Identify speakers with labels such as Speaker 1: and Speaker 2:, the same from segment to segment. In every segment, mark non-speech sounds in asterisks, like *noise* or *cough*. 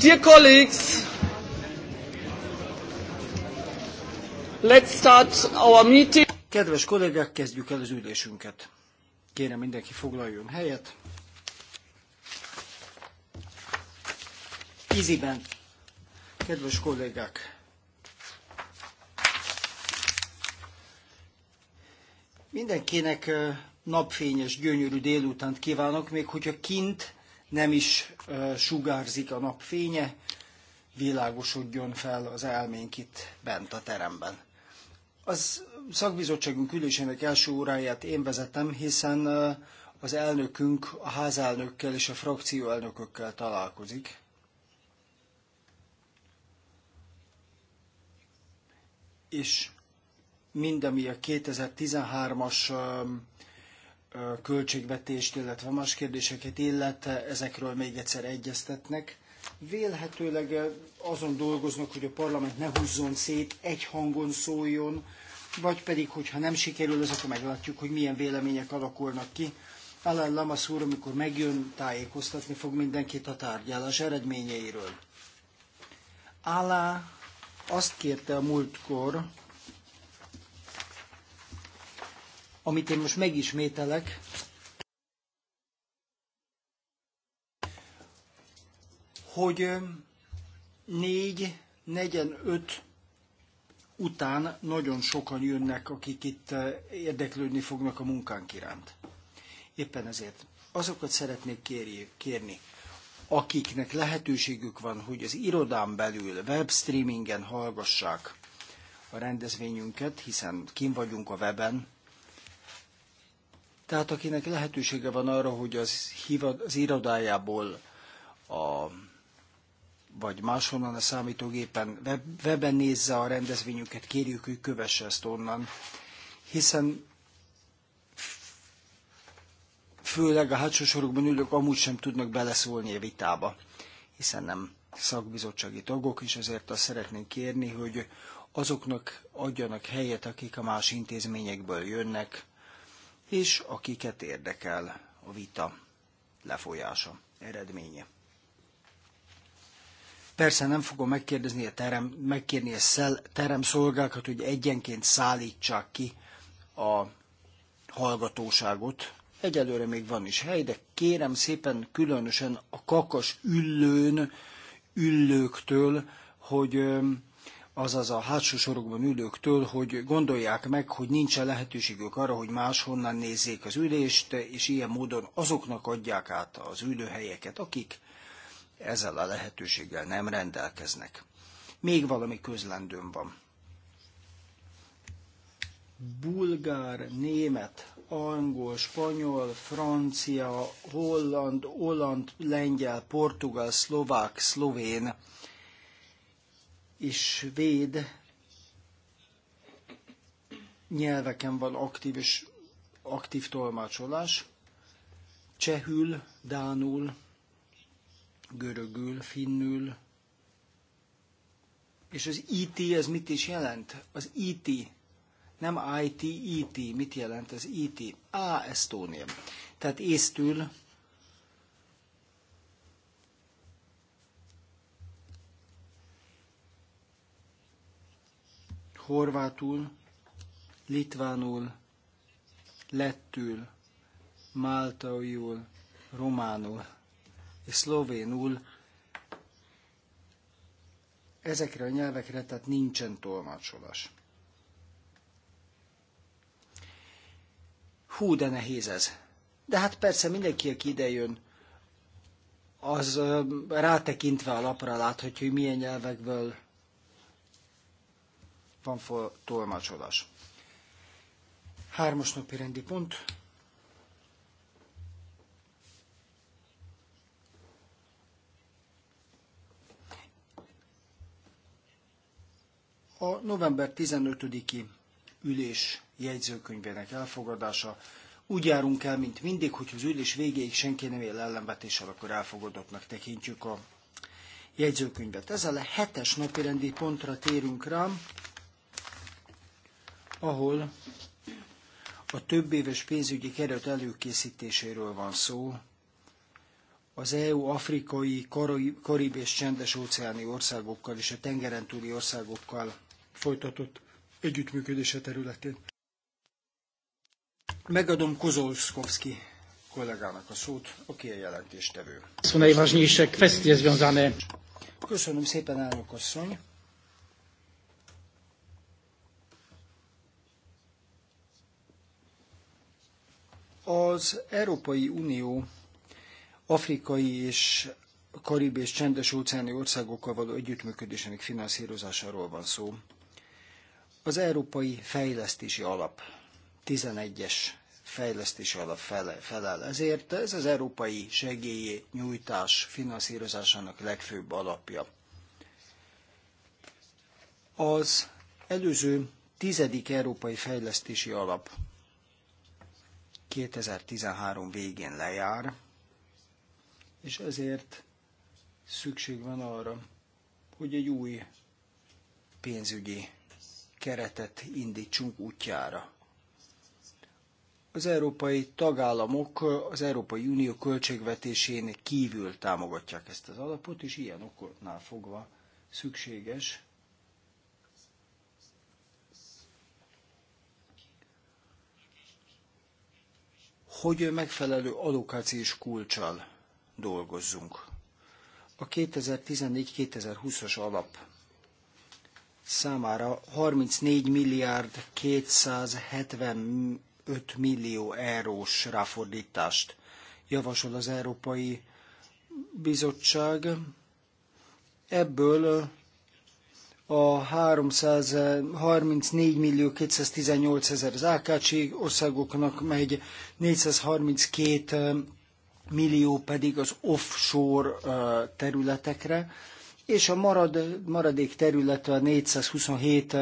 Speaker 1: Dear colleagues, let's start our meeting. Kedves kollégák, kezdjük el az ülésünket.
Speaker 2: Kérem mindenki foglaljon helyet. Íziben. Kedves kollégák, Mindenkinek eh, napfényes, gyönyörű délutánt kívánok, még hogyha kint nem is sugárzik a napfénye, világosodjon fel az elménk itt bent a teremben. Az szakbizottságunk ülésének első óráját én vezetem, hiszen az elnökünk a házelnökkel és a frakcióelnökökkel találkozik. És mind, ami a 2013-as költségvetést, illetve más kérdéseket illetve ezekről még egyszer egyeztetnek. Vélhetőleg azon dolgoznak, hogy a parlament ne húzzon szét, egy hangon szóljon, vagy pedig, hogyha nem sikerül, az akkor meglátjuk, hogy milyen vélemények alakulnak ki. Alain Lamasz úr, amikor megjön, tájékoztatni fog mindenkit a tárgyalás eredményeiről. Alá azt kérte a múltkor, amit én most megismételek, hogy 4, 5 után nagyon sokan jönnek, akik itt érdeklődni fognak a munkánk iránt. Éppen ezért azokat szeretnék kérni, akiknek lehetőségük van, hogy az irodán belül webstreamingen hallgassák a rendezvényünket, hiszen kim vagyunk a weben, tehát akinek lehetősége van arra, hogy az, hivad, az irodájából a, vagy máshonnan a számítógépen web, webben nézze a rendezvényünket, kérjük, hogy kövesse ezt onnan, hiszen főleg a hátsó sorokban ülők amúgy sem tudnak beleszólni a vitába, hiszen nem szakbizottsági tagok, és ezért azt szeretnénk kérni, hogy azoknak adjanak helyet, akik a más intézményekből jönnek, és akiket érdekel a vita lefolyása, eredménye. Persze nem fogom megkérdezni a terem, megkérni a szel, szolgákat, hogy egyenként szállítsák ki a hallgatóságot. Egyelőre még van is hely, de kérem szépen különösen a kakas üllőn, üllőktől, hogy azaz a hátsó sorokban ülőktől, hogy gondolják meg, hogy nincsen lehetőségük arra, hogy máshonnan nézzék az ülést, és ilyen módon azoknak adják át az ülőhelyeket, akik ezzel a lehetőséggel nem rendelkeznek. Még valami közlendőm van. Bulgár, német, angol, spanyol, francia, holland, oland, lengyel, portugál, szlovák, szlovén és véd nyelveken van aktív és aktív tolmácsolás. Csehül, dánul, görögül, finnül. És az IT, ez mit is jelent? Az IT, nem IT, IT. E mit jelent az IT? a estónia Tehát észtül horvátul, litvánul, lettül, máltaiul, románul és szlovénul ezekre a nyelvekre tehát nincsen tolmácsolás. Hú, de nehéz ez. De hát persze mindenki, aki idejön, az rátekintve a lapra láthatja, hogy milyen nyelvekből van tolmácsolás. Hármas napi rendi pont. A november 15-i ülés jegyzőkönyvének elfogadása. Úgy járunk el, mint mindig, hogy az ülés végéig senki nem él ellenvetéssel, akkor elfogadottnak tekintjük a jegyzőkönyvet. Ezzel a hetes napirendi pontra térünk rám ahol a több éves pénzügyi keret előkészítéséről van szó, az EU afrikai, karib és csendes óceáni országokkal és a tengeren túli országokkal folytatott együttműködése területén. Megadom Kozolszkowski kollégának a szót, aki a jelentéstevő. Köszönöm szépen, elnök asszony! Az Európai Unió afrikai és karib és csendes óceáni országokkal való együttműködésének finanszírozásáról van szó. Az Európai Fejlesztési Alap 11-es fejlesztési alap felel. Ezért ez az európai segélyi nyújtás finanszírozásának legfőbb alapja. Az előző tizedik európai fejlesztési alap 2013 végén lejár, és ezért szükség van arra, hogy egy új pénzügyi keretet indítsunk útjára. Az európai tagállamok az Európai Unió költségvetésén kívül támogatják ezt az alapot, és ilyen okoknál fogva szükséges, hogy megfelelő allokációs kulcsal dolgozzunk. A 2014-2020-as alap számára 34 milliárd 275 millió eurós ráfordítást javasol az Európai Bizottság. Ebből a 334 millió 218 ezer az AKC országoknak megy, 432 millió pedig az offshore területekre, és a marad, maradék terület a 427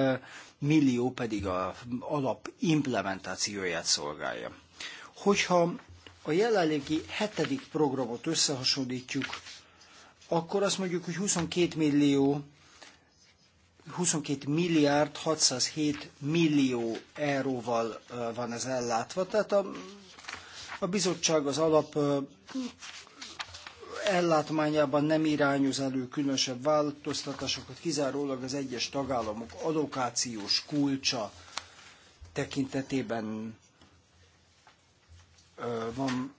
Speaker 2: millió pedig a alap implementációját szolgálja. Hogyha a jelenlegi hetedik programot összehasonlítjuk, akkor azt mondjuk, hogy 22 millió 22 milliárd 607 millió euróval van ez ellátva, tehát a, a bizottság az alap ellátmányában nem irányoz elő különösebb változtatásokat, kizárólag az egyes tagállamok adokációs kulcsa tekintetében van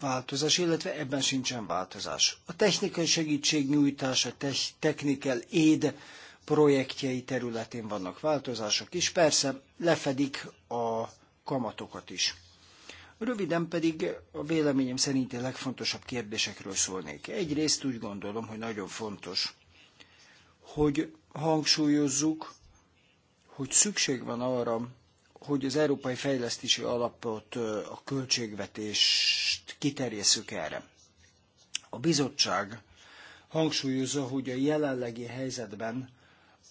Speaker 2: változás, illetve ebben sincsen változás. A technikai segítségnyújtás, a technikai aid projektjei területén vannak változások is, persze lefedik a kamatokat is. Röviden pedig a véleményem a legfontosabb kérdésekről szólnék. Egyrészt úgy gondolom, hogy nagyon fontos, hogy hangsúlyozzuk, hogy szükség van arra, hogy az Európai Fejlesztési Alapot, a költségvetést kiterjesszük erre. A bizottság hangsúlyozza, hogy a jelenlegi helyzetben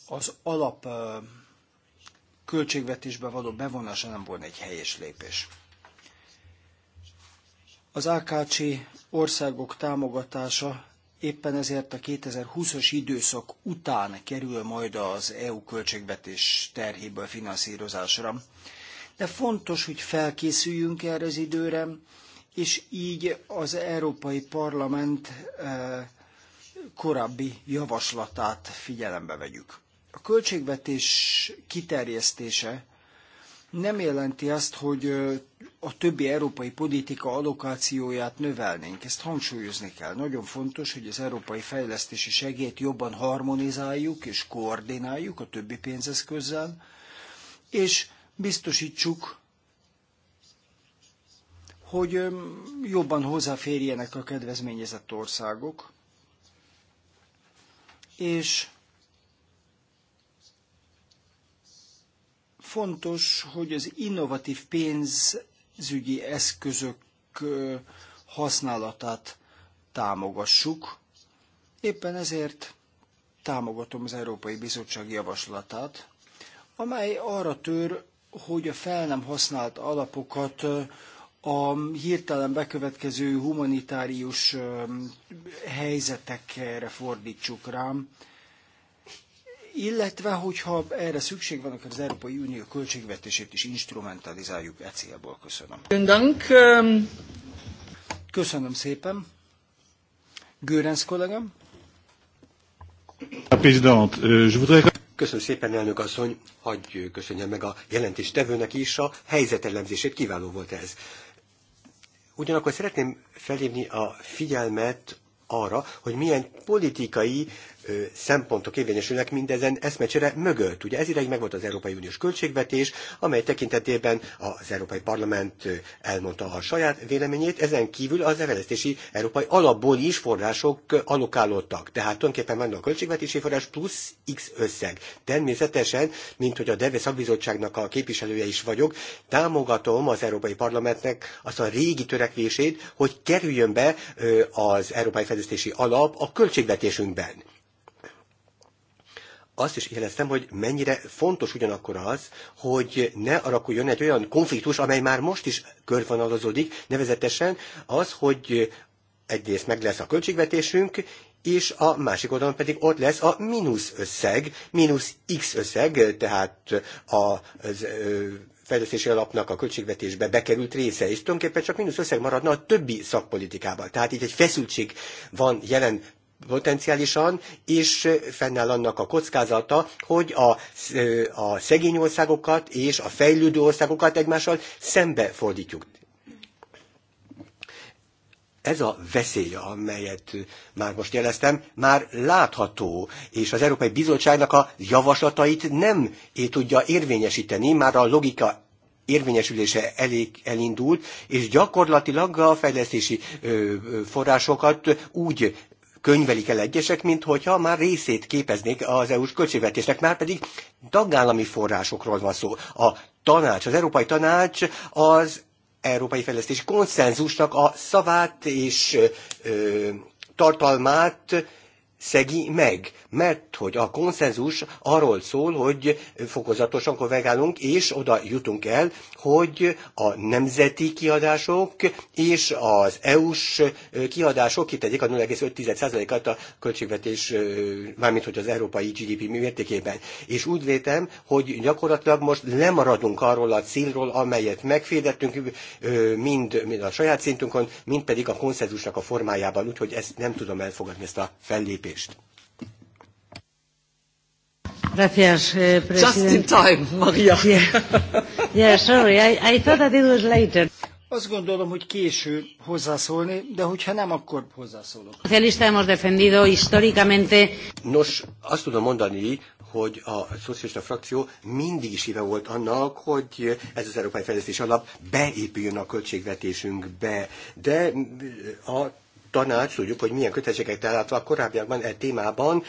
Speaker 2: az alap költségvetésbe való bevonása nem volna egy helyes lépés. Az AKC országok támogatása éppen ezért a 2020-as időszak után kerül majd az EU költségvetés terhéből finanszírozásra. De fontos, hogy felkészüljünk erre az időre, és így az Európai Parlament korábbi javaslatát figyelembe vegyük a költségvetés kiterjesztése nem jelenti azt, hogy a többi európai politika allokációját növelnénk. Ezt hangsúlyozni kell. Nagyon fontos, hogy az európai fejlesztési segélyt jobban harmonizáljuk és koordináljuk a többi pénzeszközzel, és biztosítsuk, hogy jobban hozzáférjenek a kedvezményezett országok, és Fontos, hogy az innovatív pénzügyi eszközök használatát támogassuk. Éppen ezért támogatom az Európai Bizottság javaslatát, amely arra tör, hogy a fel nem használt alapokat a hirtelen bekövetkező humanitárius helyzetekre fordítsuk rám, illetve hogyha erre szükség van, akkor az Európai Unió költségvetését is instrumentalizáljuk e célból. Köszönöm. Um, Köszönöm szépen. Görenc
Speaker 3: kollégám. Euh, Köszönöm szépen, elnök asszony, hagyj köszönjem meg a jelentéstevőnek is, a helyzetellemzését, kiváló volt ez. Ugyanakkor szeretném felhívni a figyelmet arra, hogy milyen politikai szempontok érvényesülnek mindezen eszmecsere mögött. Ugye ez ideig megvolt az Európai Uniós költségvetés, amely tekintetében az Európai Parlament elmondta a saját véleményét, ezen kívül az evelesztési európai alapból is források alokálódtak. Tehát tulajdonképpen van a költségvetési forrás plusz X összeg. Természetesen, mint hogy a DEVE szakbizottságnak a képviselője is vagyok, támogatom az Európai Parlamentnek azt a régi törekvését, hogy kerüljön be az Európai Fejlesztési Alap a költségvetésünkben azt is éreztem, hogy mennyire fontos ugyanakkor az, hogy ne alakuljon egy olyan konfliktus, amely már most is körvonalazódik, nevezetesen az, hogy egyrészt meg lesz a költségvetésünk, és a másik oldalon pedig ott lesz a mínusz összeg, mínusz x összeg, tehát a fejlesztési alapnak a költségvetésbe bekerült része, és tulajdonképpen csak mínusz összeg maradna a többi szakpolitikában. Tehát itt egy feszültség van jelen potenciálisan, és fennáll annak a kockázata, hogy a, a szegény országokat és a fejlődő országokat egymással szembe fordítjuk. Ez a veszély, amelyet már most jeleztem, már látható, és az Európai Bizottságnak a javaslatait nem tudja érvényesíteni, már a logika érvényesülése elég elindult, és gyakorlatilag a fejlesztési forrásokat úgy könyvelik el egyesek, mint hogyha már részét képeznék az EU-s költségvetésnek, már pedig tagállami forrásokról van szó. A tanács, az Európai Tanács az Európai Fejlesztési Konszenzusnak a szavát és ö, tartalmát szegi meg, mert hogy a konszenzus arról szól, hogy fokozatosan konvergálunk, és oda jutunk el, hogy a nemzeti kiadások és az EU-s kiadások egyik a 0,5%-at a költségvetés, mármint hogy az európai GDP mértékében. És úgy vétem, hogy gyakorlatilag most lemaradunk arról a célról, amelyet megfédettünk, mind, mind a saját szintünkön, mind pedig a konszenzusnak a formájában, úgyhogy ezt nem tudom elfogadni, ezt a fellépést lépést.
Speaker 4: Gracias, eh, Just in time, Maria. *laughs* yeah. yeah, sorry, I, I thought that it was later.
Speaker 3: Azt
Speaker 2: gondolom, hogy késő hozzászólni, de hogyha nem, akkor hozzászólok.
Speaker 4: hemos defendido
Speaker 3: históricamente. Nos, azt tudom mondani, hogy a szocialista frakció mindig is híve volt annak, hogy ez az Európai Fejlesztés Alap beépüljön a költségvetésünkbe, de a tanács, tudjuk, hogy milyen kötelezettségek ellátva korábbiakban e témában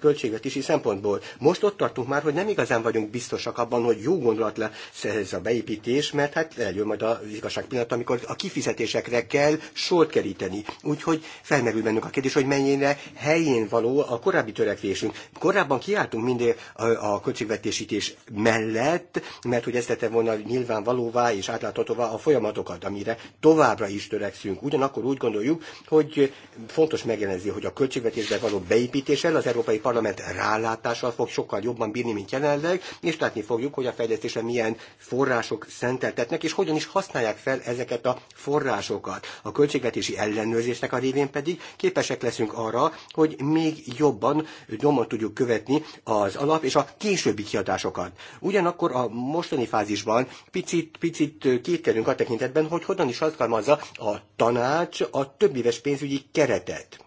Speaker 3: költségvetési szempontból. Most ott tartunk már, hogy nem igazán vagyunk biztosak abban, hogy jó gondolat lesz ez a beépítés, mert hát eljön majd az igazság pillanat, amikor a kifizetésekre kell sort keríteni. Úgyhogy felmerül bennünk a kérdés, hogy mennyire helyén való a korábbi törekvésünk. Korábban kiálltunk mindig a költségvetésítés mellett, mert hogy ez tette volna nyilvánvalóvá és átláthatóvá a folyamatokat, amire továbbra is törekszünk. Ugyanakkor úgy gondoljuk, hogy hogy fontos megjelenzi, hogy a költségvetésbe való beépítéssel az Európai Parlament rálátással fog sokkal jobban bírni, mint jelenleg, és látni fogjuk, hogy a fejlesztésre milyen források szenteltetnek, és hogyan is használják fel ezeket a forrásokat. A költségvetési ellenőrzésnek a révén pedig képesek leszünk arra, hogy még jobban nyomon tudjuk követni az alap és a későbbi kiadásokat. Ugyanakkor a mostani fázisban picit, picit kételünk a tekintetben, hogy hogyan is alkalmazza a tanács a több éves pénzügyi keretet.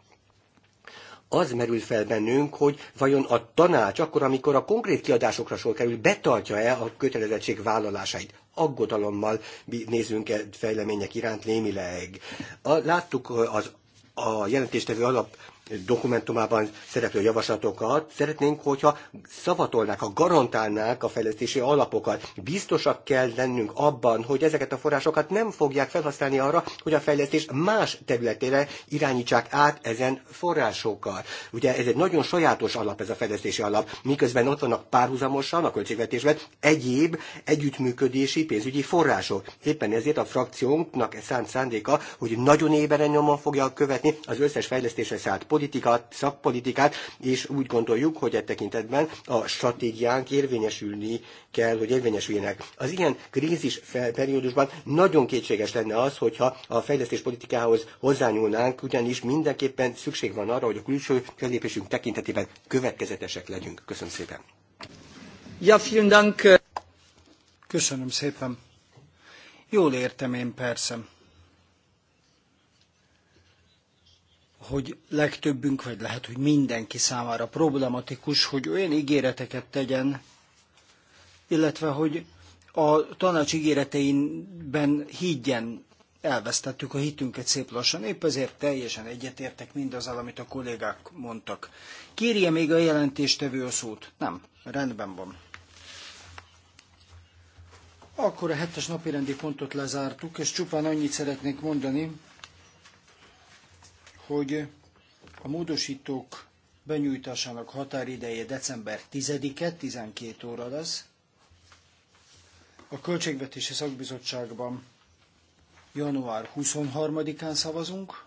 Speaker 3: Az merül fel bennünk, hogy vajon a tanács akkor, amikor a konkrét kiadásokra sor kerül, betartja-e a kötelezettség vállalásait aggodalommal nézünk el fejlemények iránt némileg. A, láttuk az a jelentéstevő alap dokumentumában szereplő javaslatokat, szeretnénk, hogyha szavatolnák, ha garantálnák a fejlesztési alapokat. Biztosak kell lennünk abban, hogy ezeket a forrásokat nem fogják felhasználni arra, hogy a fejlesztés más területére irányítsák át ezen forrásokkal. Ugye ez egy nagyon sajátos alap, ez a fejlesztési alap, miközben ott vannak párhuzamosan a költségvetésben egyéb együttműködési pénzügyi források. Éppen ezért a frakciónknak szánt szándéka, hogy nagyon éberen nyomon fogja követni az összes fejlesztésre szállt politikát, szakpolitikát, és úgy gondoljuk, hogy e tekintetben a stratégiánk érvényesülni kell, hogy érvényesüljenek. Az ilyen krízis periódusban nagyon kétséges lenne az, hogyha a fejlesztéspolitikához hozzányúlnánk, ugyanis mindenképpen szükség van arra, hogy a külső fellépésünk tekintetében következetesek legyünk. Köszönöm szépen. Ja,
Speaker 2: vielen Dank. Köszönöm szépen. Jól értem én persze, hogy legtöbbünk, vagy lehet, hogy mindenki számára problematikus, hogy olyan ígéreteket tegyen, illetve hogy a tanács ígéreteinben higgyen, elvesztettük a hitünket szép lassan, épp ezért teljesen egyetértek mindazzal, amit a kollégák mondtak. Kérje még a jelentéstevő a szót? Nem, rendben van. Akkor a hetes napi rendi pontot lezártuk, és csupán annyit szeretnék mondani, hogy a módosítók benyújtásának határideje december 10-e, 12 óra lesz. A Költségvetési Szakbizottságban január 23-án szavazunk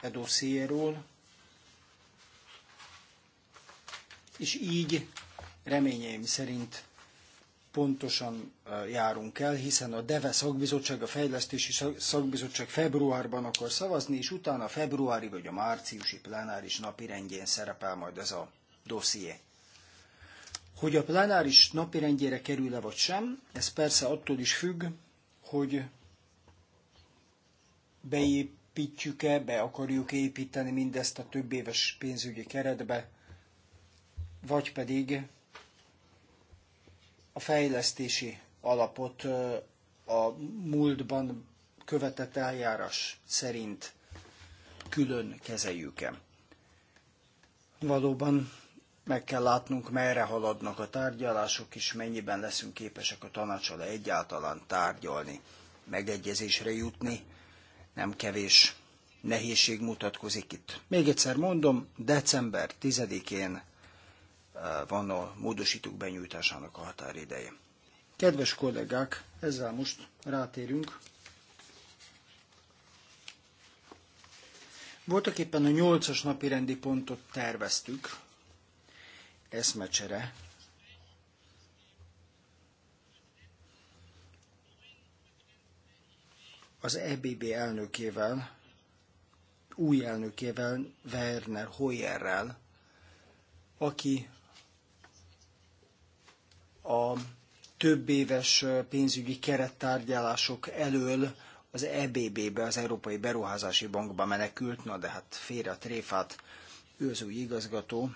Speaker 2: e és így reményeim szerint pontosan járunk el, hiszen a DEVE szakbizottság, a fejlesztési szakbizottság februárban akar szavazni, és utána a februári vagy a márciusi plenáris napi rendjén szerepel majd ez a dosszié. Hogy a plenáris napi rendjére kerül-e vagy sem, ez persze attól is függ, hogy beépítjük-e, be akarjuk építeni mindezt a több éves pénzügyi keretbe, vagy pedig a fejlesztési alapot a múltban követett eljárás szerint külön kezeljük-e. Valóban meg kell látnunk, merre haladnak a tárgyalások, és mennyiben leszünk képesek a tanácsal egyáltalán tárgyalni, megegyezésre jutni. Nem kevés nehézség mutatkozik itt. Még egyszer mondom, december 10-én Eh, van a módosítók benyújtásának a határideje. Kedves kollégák, ezzel most rátérünk. Voltak éppen a nyolcas napi rendi pontot terveztük, eszmecsere. Az EBB elnökével, új elnökével, Werner Hoyerrel, aki a több éves pénzügyi kerettárgyalások elől az EBB-be, az Európai Beruházási Bankba menekült, na de hát félre a tréfát, ő az új igazgató.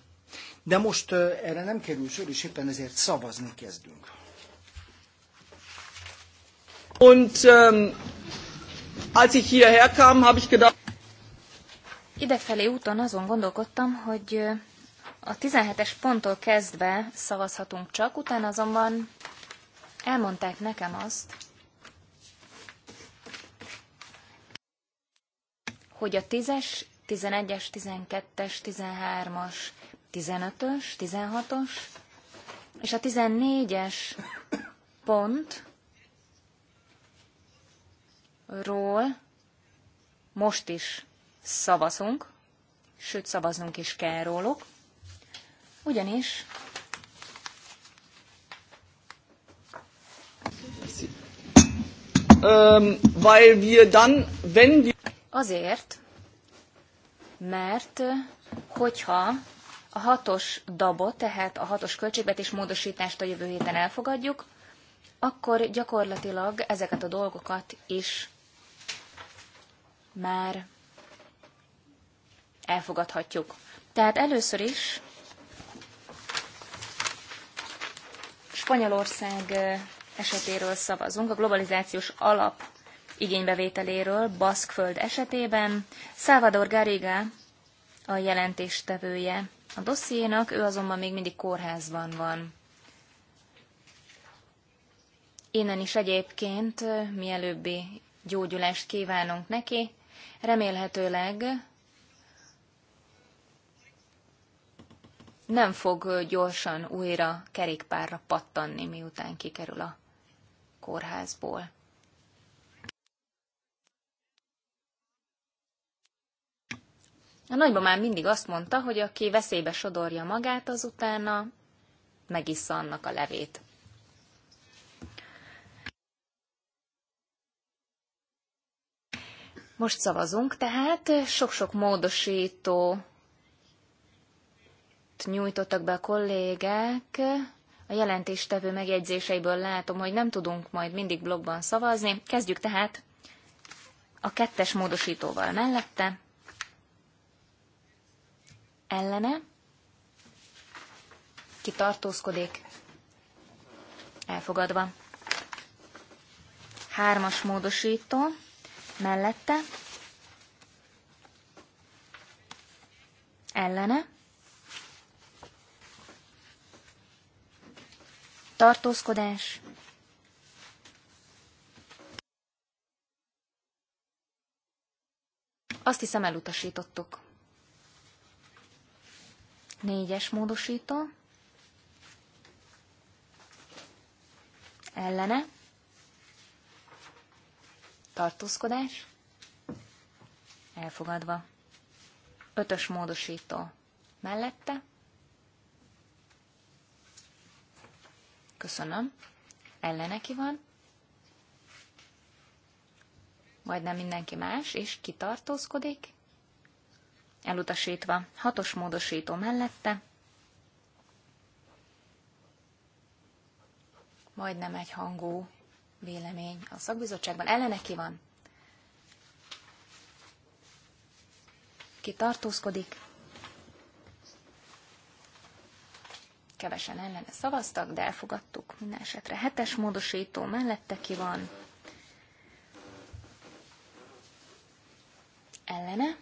Speaker 2: De most erre nem kerül sor, és éppen ezért szavazni
Speaker 1: kezdünk. Und ähm, als ich hierher kam, habe ich gedacht...
Speaker 5: Idefelé úton azon gondolkodtam, hogy a 17-es ponttól kezdve szavazhatunk csak, utána azonban elmondták nekem azt, hogy a 10-es, 11-es, 12-es, 13-as, 15-ös, 16-os és a 14-es pontról most is szavazunk, sőt szavaznunk is kell róluk. Ugyanis ähm, weil
Speaker 1: wir dann, wenn
Speaker 5: Azért, mert hogyha a hatos dabot, tehát a hatos költségvetés módosítást a jövő héten elfogadjuk, akkor gyakorlatilag ezeket a dolgokat is már elfogadhatjuk. Tehát először is Spanyolország esetéről szavazunk, a globalizációs alap igénybevételéről Baszkföld esetében. Salvador Garriga a jelentéstevője a dossziénak, ő azonban még mindig kórházban van. Innen is egyébként mielőbbi gyógyulást kívánunk neki, remélhetőleg nem fog gyorsan újra kerékpárra pattanni, miután kikerül a kórházból. A nagymamám mindig azt mondta, hogy aki veszélybe sodorja magát, az utána megissza annak a levét. Most szavazunk, tehát sok-sok módosító nyújtottak be a kollégek, A jelentéstevő megjegyzéseiből látom, hogy nem tudunk majd mindig blogban szavazni. Kezdjük tehát a kettes módosítóval mellette. Ellene. Ki tartózkodik. Elfogadva. Hármas módosító mellette. Ellene tartózkodás, Azt hiszem elutasítottuk. Négyes módosító. Ellene. Tartózkodás. Elfogadva. Ötös módosító. Mellette. Köszönöm. Ellene ki van? Majdnem mindenki más, és kitartózkodik? Elutasítva. Hatos módosító mellette. Majdnem egy hangú vélemény a szakbizottságban. Ellene ki van? Kitartózkodik? tartózkodik? kevesen ellene szavaztak, de elfogadtuk minden esetre. Hetes módosító mellette ki van. Ellene.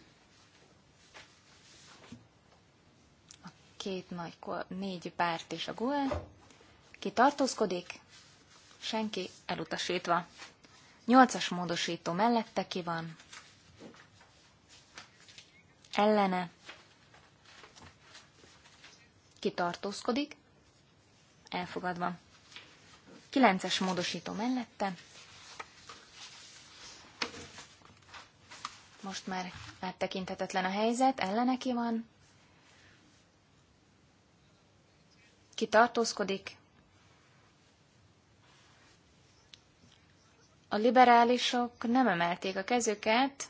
Speaker 5: A két nagy, négy párt és a gól. Ki tartózkodik? Senki elutasítva. Nyolcas módosító mellette ki van. Ellene kitartózkodik, elfogadva. Kilences módosító mellette, most már áttekinthetetlen a helyzet, ellene ki van, Kitartózkodik. A liberálisok nem emelték a kezüket,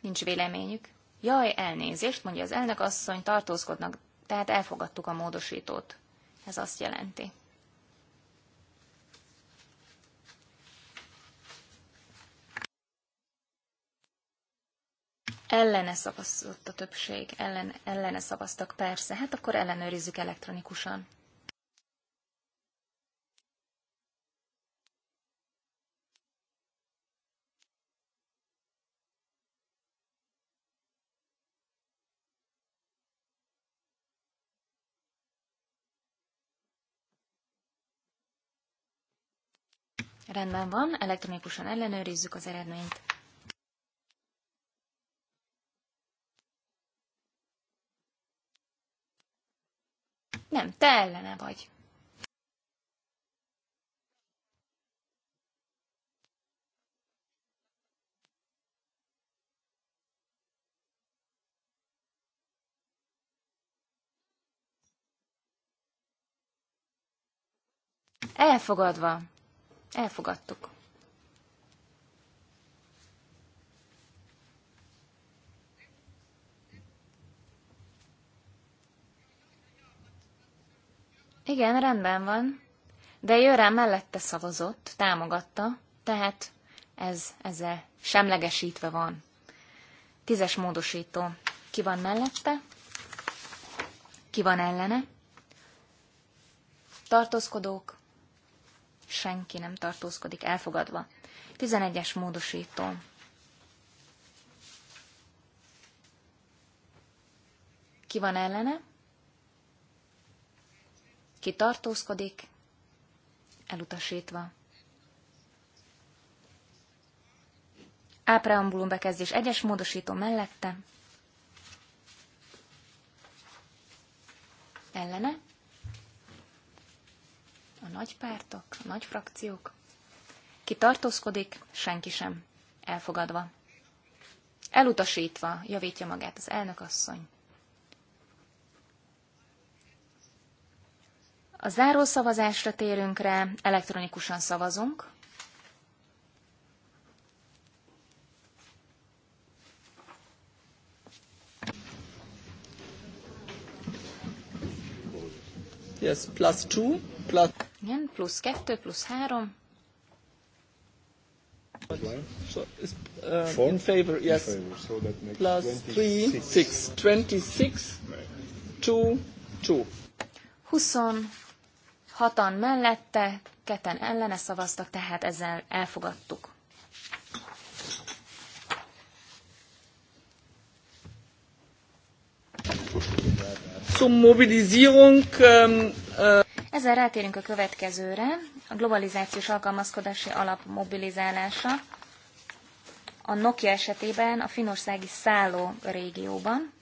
Speaker 5: nincs véleményük. Jaj, elnézést, mondja az elnök asszony, tartózkodnak. Tehát elfogadtuk a módosítót. Ez azt jelenti. Ellene szavazott a többség, ellen, ellene szavaztak persze, hát akkor ellenőrizzük elektronikusan. Rendben van, elektronikusan ellenőrizzük az eredményt. Nem, te ellene vagy. Elfogadva. Elfogadtuk. Igen, rendben van. De Jörán mellette szavazott, támogatta, tehát ez ezzel semlegesítve van. Tízes módosító. Ki van mellette? Ki van ellene? Tartózkodók senki nem tartózkodik elfogadva. 11-es módosító. Ki van ellene? Ki tartózkodik? Elutasítva. Ápreambulum bekezdés egyes módosító mellette. Ellene? a nagy pártok, a nagy frakciók. Ki tartózkodik, senki sem. Elfogadva. Elutasítva javítja magát az elnökasszony. A zárószavazásra térünk rá, elektronikusan szavazunk.
Speaker 1: Yes, plus two, plus...
Speaker 5: Igen, plusz kettő, plusz három.
Speaker 1: So is, uh, in favor, yes. In favor, so that makes plus 26. three,
Speaker 5: six. two, two. an mellette, keten ellene szavaztak, tehát ezzel elfogadtuk.
Speaker 1: zur Mobilisierung. Ähm, äh
Speaker 5: Ezzel rátérünk a következőre, a globalizációs alkalmazkodási alap mobilizálása a Nokia esetében a finországi szálló régióban.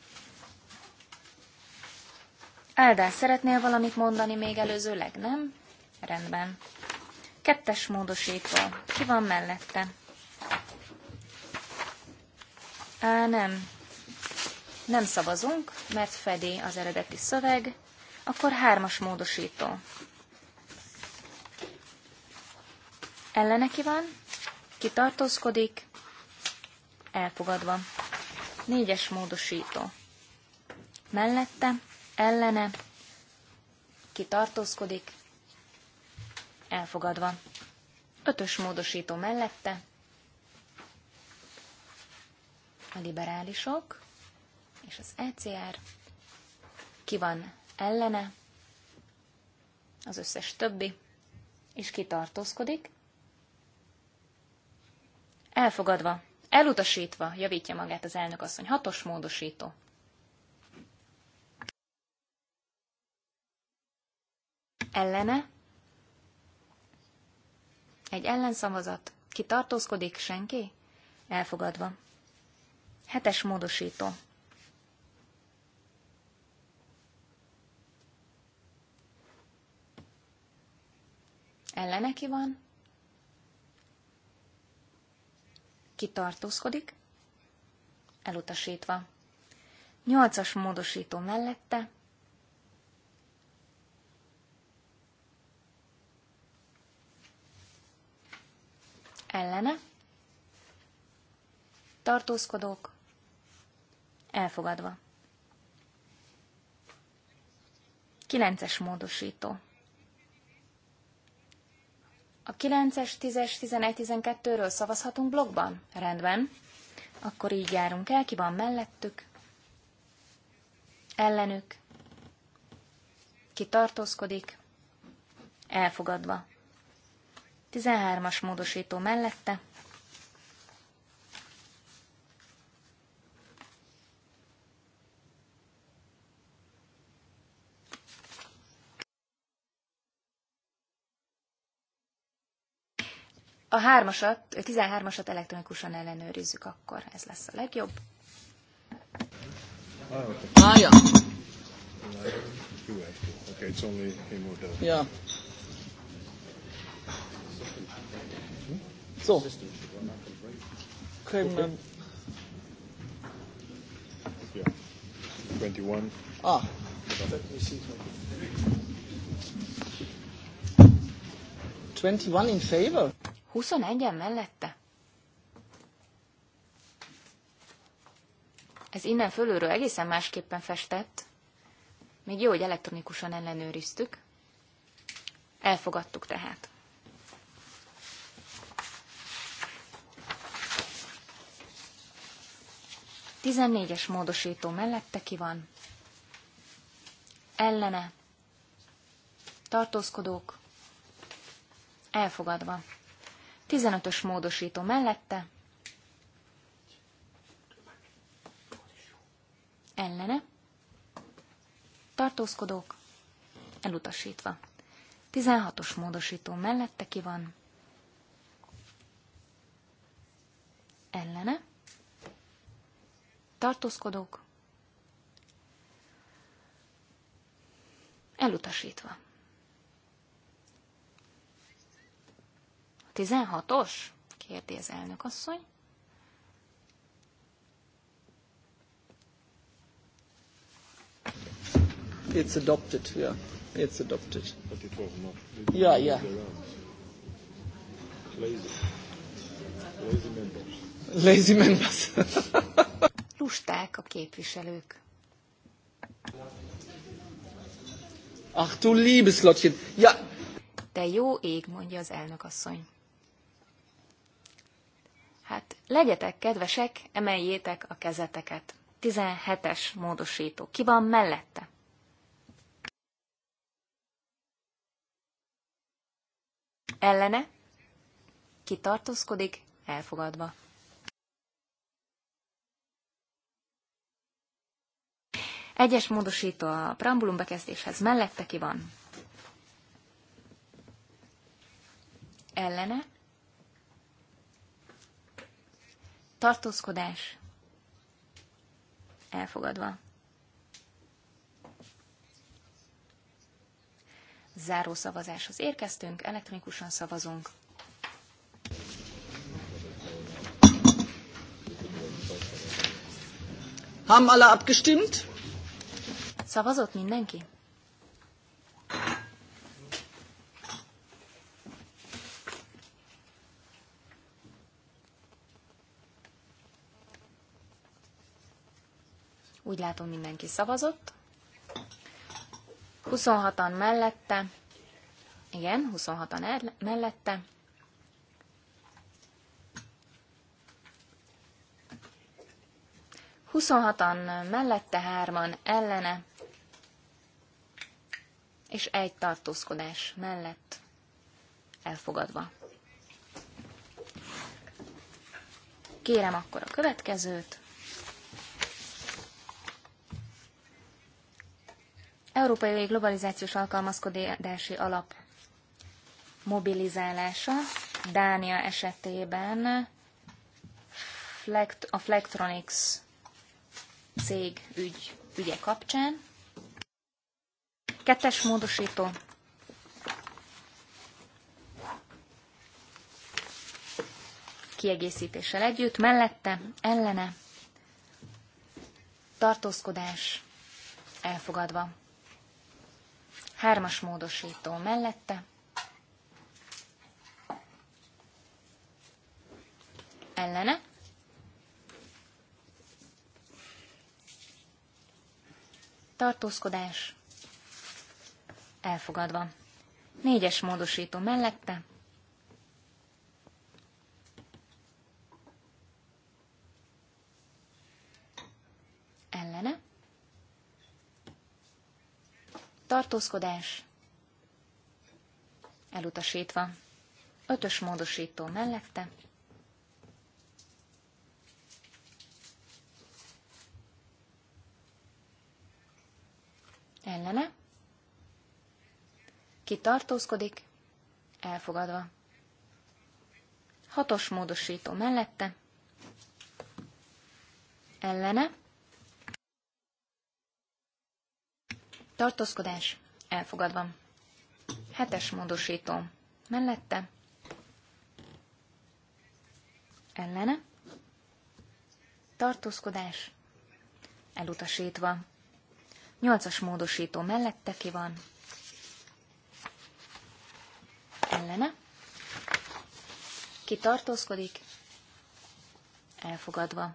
Speaker 5: Áldás, szeretnél valamit mondani még előzőleg, nem? Rendben. Kettes módosító. Ki van mellette? Á, nem nem szavazunk, mert fedi az eredeti szöveg, akkor hármas módosító. Elleneki van, kitartózkodik, elfogadva. Négyes módosító. Mellette, ellene, kitartózkodik, elfogadva. Ötös módosító mellette, a liberálisok, és az ECR. Ki van ellene? Az összes többi. És ki tartózkodik? Elfogadva. Elutasítva, javítja magát az elnök asszony. Hatos módosító. Ellene. Egy ellenszavazat. Ki tartózkodik? Senki? Elfogadva. Hetes módosító. ellene ki van, ki tartózkodik, elutasítva. Nyolcas módosító mellette, ellene, tartózkodók, elfogadva. Kilences módosító. A 9-es, 10-es, 11, 12-ről szavazhatunk blogban? Rendben. Akkor így járunk el, ki van mellettük, ellenük, ki tartózkodik, elfogadva. 13-as módosító mellette, A hármasat, asat 13-asat elektronikusan ellenőrizzük, akkor ez lesz a legjobb.
Speaker 4: Ah, ja. Okay, it's only
Speaker 1: Yeah. So. Came, yeah. 21. Ah. Twenty-one in favor.
Speaker 5: 21 mellette? Ez innen fölülről egészen másképpen festett. Még jó, hogy elektronikusan ellenőriztük. Elfogadtuk tehát. Tizennégyes módosító mellette ki van? Ellene. Tartózkodók. Elfogadva. 15-ös módosító mellette, ellene, tartózkodók, elutasítva. 16-os módosító mellette ki van, ellene, tartózkodók, elutasítva. 16-os? kérdi az elnök asszony.
Speaker 1: It's adopted, yeah. It's adopted. But it was not. It yeah, yeah. Lazy. Lazy members. Lazy members.
Speaker 5: *laughs* Lusták a képviselők.
Speaker 1: Ach du liebes Lottchen.
Speaker 5: Ja. De jó ég, mondja az elnök asszony. Hát legyetek kedvesek, emeljétek a kezeteket. 17-es módosító. Ki van mellette? Ellene? Ki tartózkodik? Elfogadva. Egyes módosító a prambulum bekezdéshez mellette ki van? Ellene? tartózkodás elfogadva. Záró szavazáshoz érkeztünk, elektronikusan szavazunk.
Speaker 1: Haben alle abgestimmt?
Speaker 5: Szavazott mindenki? Úgy látom, mindenki szavazott. 26-an mellette. Igen, 26-an mellette. Huszonhatan mellette, hárman ellene, és egy tartózkodás mellett elfogadva. Kérem akkor a következőt. Európai Globalizációs Alkalmazkodási Alap mobilizálása Dánia esetében a Flektronics cég ügy, ügye kapcsán. Kettes módosító. Kiegészítéssel együtt, mellette, ellene, tartózkodás elfogadva. Hármas módosító mellette. Ellene. Tartózkodás. Elfogadva. Négyes módosító mellette. Ellene tartózkodás, elutasítva. Ötös módosító mellette, ellene, ki tartózkodik, elfogadva. Hatos módosító mellette, ellene, tartózkodás, elfogadva. Hetes módosító, mellette, ellene, tartózkodás, elutasítva. Nyolcas módosító mellette ki van, ellene, ki tartózkodik, elfogadva.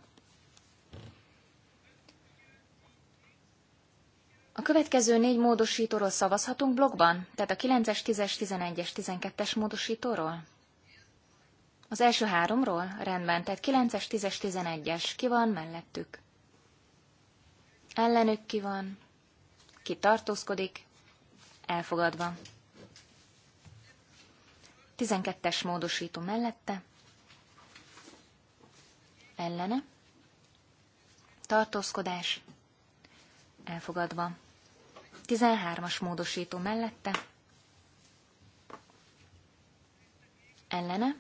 Speaker 5: A következő négy módosítóról szavazhatunk blogban? Tehát a 9-es, 10-es, 11-es, 12-es módosítóról? Az első háromról? Rendben, tehát 9-es, 10-es, 11-es. Ki van mellettük? Ellenük ki van? Ki tartózkodik? Elfogadva. 12-es módosító mellette. Ellene. Tartózkodás. Elfogadva. 13-as módosító mellette, ellene,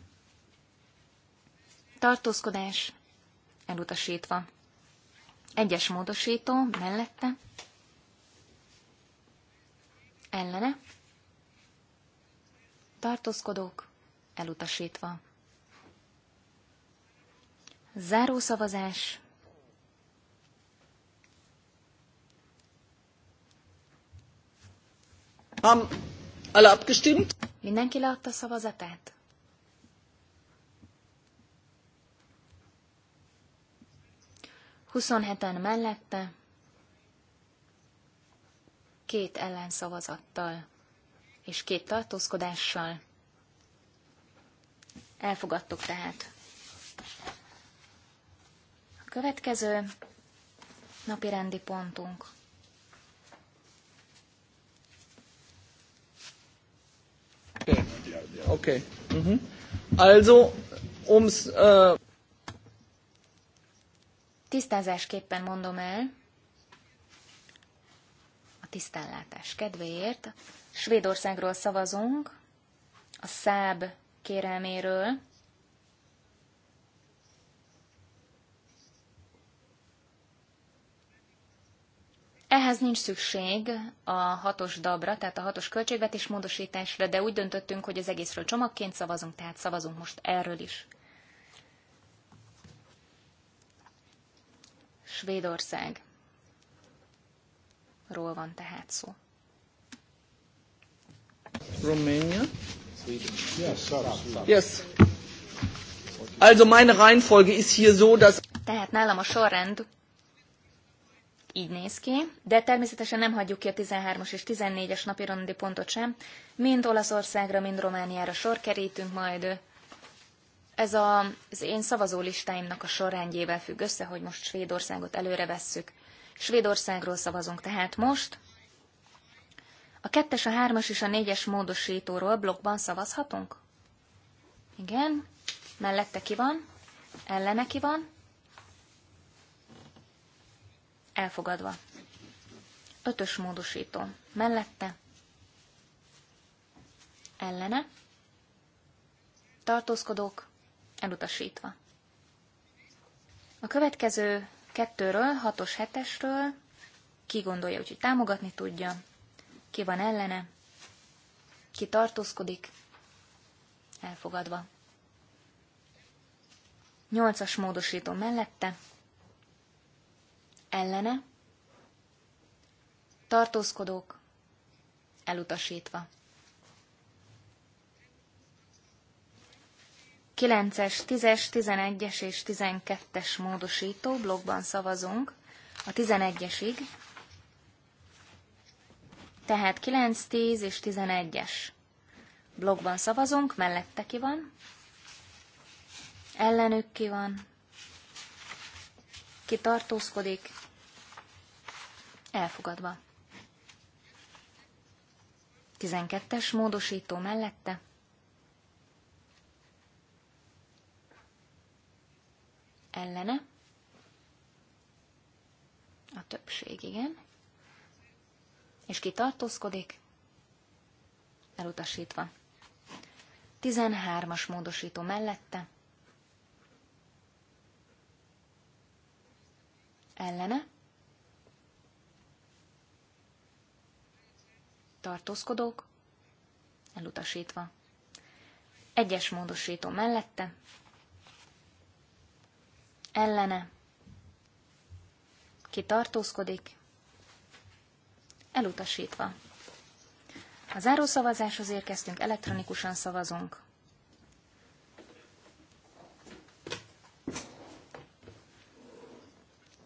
Speaker 5: tartózkodás, elutasítva. Egyes módosító mellette, ellene, tartózkodók, elutasítva. Zárószavazás, Haben alle abgestimmt? Mindenki leadta a szavazatát? Huszonheten mellette, két ellenszavazattal és két tartózkodással. Elfogadtuk tehát. A következő napi rendi pontunk
Speaker 1: Okay. okay. Mhm. Also, ums... Uh...
Speaker 5: Tisztázásképpen mondom el, a tisztánlátás kedvéért, Svédországról szavazunk, a száb kérelméről, Ehhez nincs szükség a hatos dabra, tehát a hatos költségvetés módosításra, de úgy döntöttünk, hogy az egészről csomagként szavazunk, tehát szavazunk most erről is. Svédország. Ról van tehát szó.
Speaker 1: Romania? Yes. Also meine Reihenfolge ist hier so,
Speaker 5: dass... Tehát nálam a sorrend így néz ki, de természetesen nem hagyjuk ki a 13-as és 14-es napirendi pontot sem. Mind Olaszországra, mind Romániára sor kerítünk majd. Ez a, az én szavazólistáimnak a sorrendjével függ össze, hogy most Svédországot előre vesszük. Svédországról szavazunk tehát most. A kettes, a hármas és a négyes módosítóról blokkban szavazhatunk? Igen. Mellette ki van? Ellene ki van? Elfogadva. Ötös módosító. Mellette. Ellene. Tartózkodók. Elutasítva. A következő kettőről, hatos hetesről, ki gondolja, úgyhogy támogatni tudja, ki van ellene, ki tartózkodik, elfogadva. Nyolcas módosító mellette, ellene, tartózkodók, elutasítva. 9-es, 10-es, 11-es és 12-es módosító blogban szavazunk a 11-esig, tehát 9, 10 és 11-es blogban szavazunk, mellette ki van, ellenük ki van, ki tartózkodik, Elfogadva. 12-es módosító mellette. Ellene. A többség, igen. És ki tartózkodik? Elutasítva. 13-as módosító mellette. Ellene. tartózkodók, elutasítva. Egyes módosító mellette, ellene, ki tartózkodik, elutasítva. A zárószavazáshoz érkeztünk, elektronikusan szavazunk.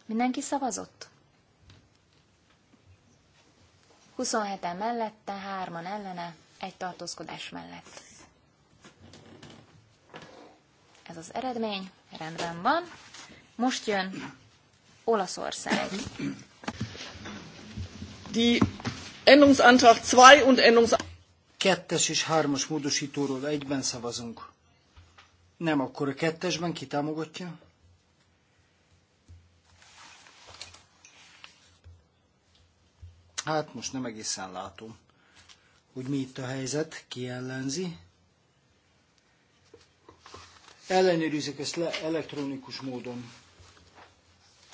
Speaker 5: Mindenki szavazott? 27-en mellette, 3-an ellene, egy tartózkodás mellett. Ez az eredmény, rendben van. Most jön Olaszország.
Speaker 1: Die Endungsantrag 2 und Änderungsantrag...
Speaker 2: Kettes és hármas módosítóról egyben szavazunk. Nem, akkor a kettesben ki támogatja? Hát most nem egészen látom, hogy mi itt a helyzet, ki ellenzi. Ellenőrizzük ezt le elektronikus módon.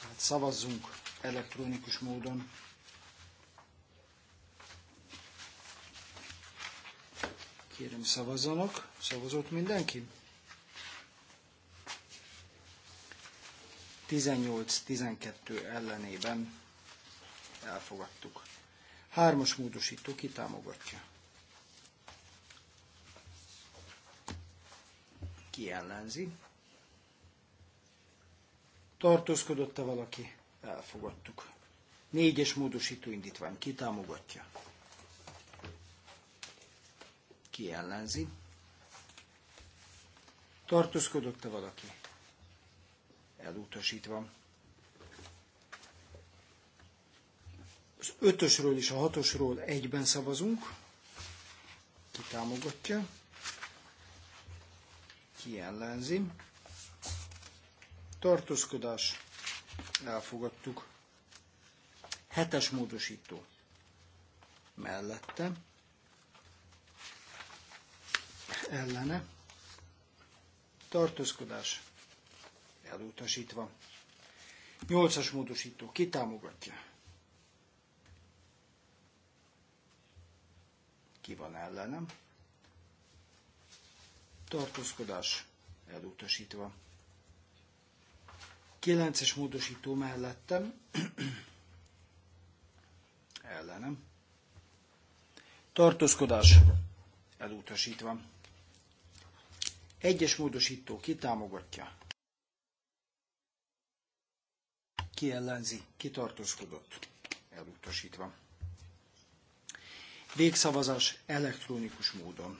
Speaker 2: Tehát szavazzunk elektronikus módon. Kérem szavazzanak. Szavazott mindenki? 18-12 ellenében elfogadtuk. Hármas módosító kitámogatja. Ki ellenzi? Tartózkodott-e valaki? Elfogadtuk. Négyes módosító indítvány kitámogatja. Ki ellenzi? Tartózkodott-e valaki? Elutasítva. az ötösről és a hatosról egyben szavazunk. Ki támogatja? Ki ellenzi? Tartózkodás. Elfogadtuk. Hetes módosító. Mellette. Ellene. Tartózkodás. Elutasítva. Nyolcas módosító. Ki támogatja? ki van ellenem. Tartózkodás elutasítva. 9-es módosító mellettem, *clears throat* ellenem. Tartózkodás elutasítva. Egyes módosító kitámogatja. támogatja? Ki ellenzi? Ki Elutasítva. Végszavazás elektronikus módon.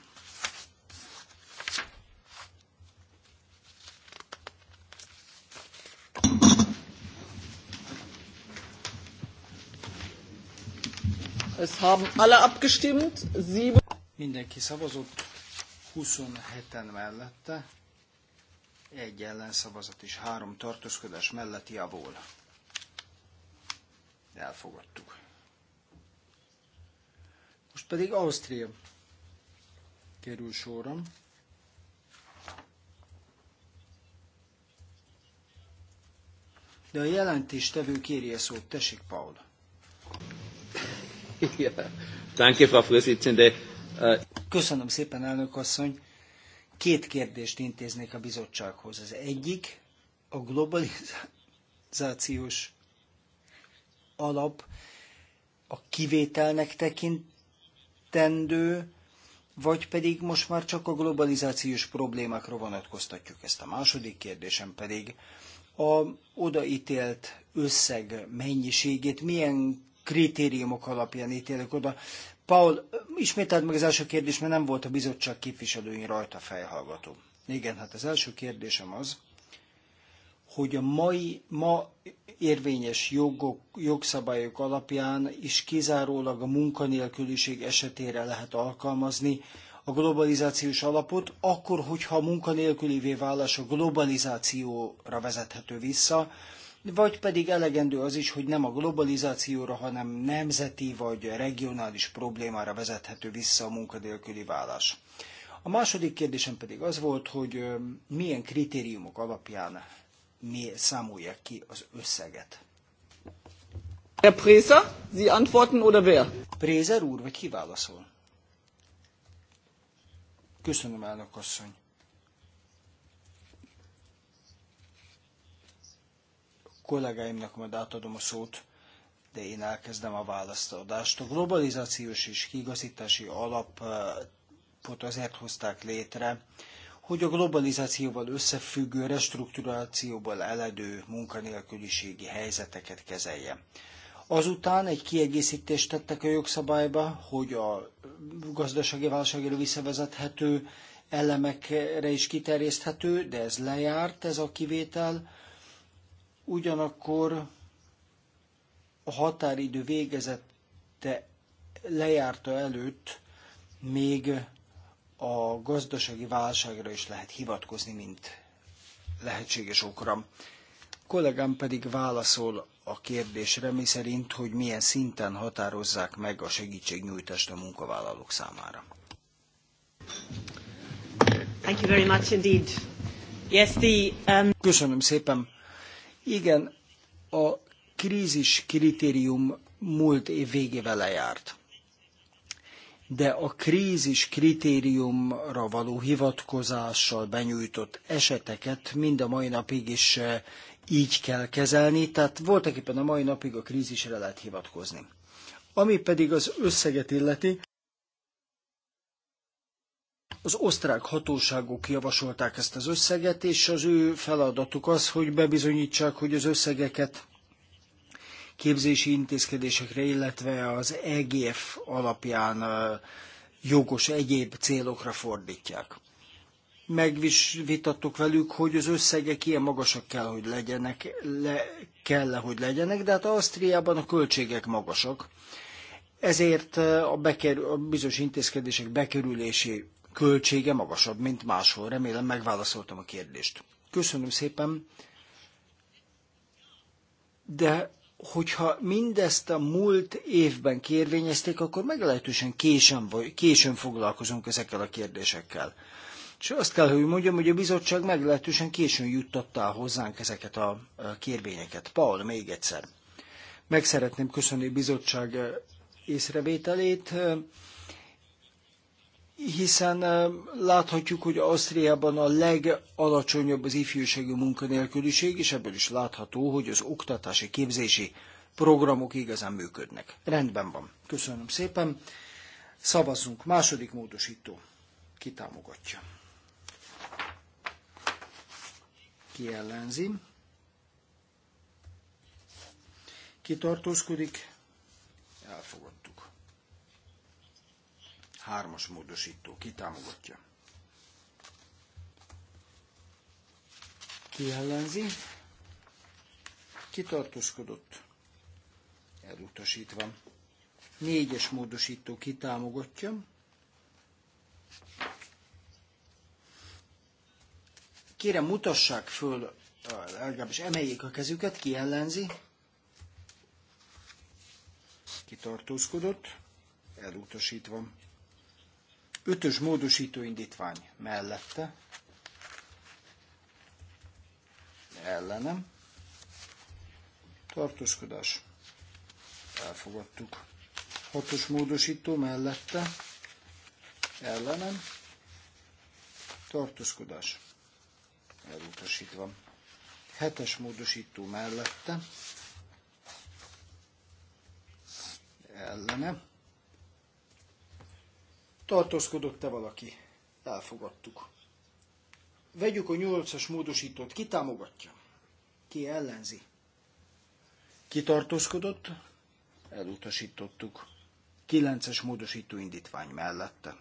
Speaker 1: Es haben alle abgestimmt. Sieben. Mindenki szavazott,
Speaker 2: 27-en mellette, egy ellenszavazat és három tartózkodás mellett javul. Elfogadtuk pedig Ausztria kerül sorra. De a jelentéstevő kéri a szót. Tessék, Paul.
Speaker 1: *laughs* Äh,
Speaker 2: Köszönöm szépen, elnök asszony. Két kérdést intéznék a bizottsághoz. Az egyik a globalizációs alap a kivételnek tekint, tendő, vagy pedig most már csak a globalizációs problémákra vonatkoztatjuk ezt. A második kérdésem pedig a odaítélt összeg mennyiségét milyen kritériumok alapján ítélek oda. Paul, ismételd meg az első kérdés, mert nem volt a bizottság képviselőin rajta fejhallgató. Igen, hát az első kérdésem az, hogy a mai, ma érvényes jogok, jogszabályok alapján is kizárólag a munkanélküliség esetére lehet alkalmazni a globalizációs alapot, akkor, hogyha a munkanélkülivé válás a globalizációra vezethető vissza, vagy pedig elegendő az is, hogy nem a globalizációra, hanem nemzeti vagy regionális problémára vezethető vissza a munkanélküli válás. A második kérdésem pedig az volt, hogy milyen kritériumok alapján mi számolják ki az összeget. Herr Préser, Sie antworten oder wer? Préser úr, vagy ki válaszol? Köszönöm, elnök asszony. kollégáimnak majd átadom a szót, de én elkezdem a választadást. A globalizációs és kiigazítási alapot azért hozták létre, hogy a globalizációval összefüggő restrukturációval eledő munkanélküliségi helyzeteket kezelje. Azután egy kiegészítést tettek a jogszabályba, hogy a gazdasági válságra visszavezethető elemekre is kiterjeszthető, de ez lejárt, ez a kivétel. Ugyanakkor a határidő végezette lejárta előtt még a gazdasági válságra is lehet hivatkozni, mint lehetséges okra. Kollégám pedig válaszol a kérdésre, mi szerint, hogy milyen szinten határozzák meg a segítségnyújtást a munkavállalók számára.
Speaker 3: Thank you very much indeed.
Speaker 2: Yes, the, um... Köszönöm szépen. Igen, a krízis kritérium múlt év végével lejárt de a krízis kritériumra való hivatkozással benyújtott eseteket mind a mai napig is eh, így kell kezelni, tehát voltak éppen a mai napig a krízisre lehet hivatkozni. Ami pedig az összeget illeti, az osztrák hatóságok javasolták ezt az összeget, és az ő feladatuk az, hogy bebizonyítsák, hogy az összegeket képzési intézkedésekre, illetve az EGF alapján jogos egyéb célokra fordítják. Megvitattuk velük, hogy az összegek ilyen magasak kell, hogy legyenek, le, kell, hogy legyenek, de hát Ausztriában a költségek magasak. Ezért a, bekerül, a bizonyos intézkedések bekerülési költsége magasabb, mint máshol. Remélem megválaszoltam a kérdést. Köszönöm szépen, de hogyha mindezt a múlt évben kérvényezték, akkor meglehetősen későn, vagy, későn foglalkozunk ezekkel a kérdésekkel. És azt kell, hogy mondjam, hogy a bizottság meglehetősen későn juttatta hozzánk ezeket a kérvényeket. Paul, még egyszer. Meg szeretném köszönni a bizottság eh, észrevételét hiszen láthatjuk, hogy Ausztriában a legalacsonyabb az ifjúsági munkanélküliség, és ebből is látható, hogy az oktatási képzési programok igazán működnek. Rendben van. Köszönöm szépen. Szavazzunk. Második módosító. Ki támogatja? Ki ellenzi? Ki tartózkodik? Elfogadta. Hármas módosító. Ki támogatja? Ki ellenzi? Ki Elutasítva. Négyes módosító. Ki támogatja? Kérem, mutassák föl, eh, legalábbis emeljék a kezüket, ki ellenzi. Kitartózkodott? Elutasítva. Ötös módosító indítvány mellette. Ellenem. Tartózkodás. Elfogadtuk. Hatos módosító mellette. Ellenem. Tartózkodás. Elutasítva. Hetes módosító mellette. ellenem. Tartózkodott-e valaki? Elfogadtuk. Vegyük a nyolcas módosítót. Ki támogatja? Ki ellenzi? Ki tartózkodott? Elutasítottuk. kilences módosító indítvány mellette.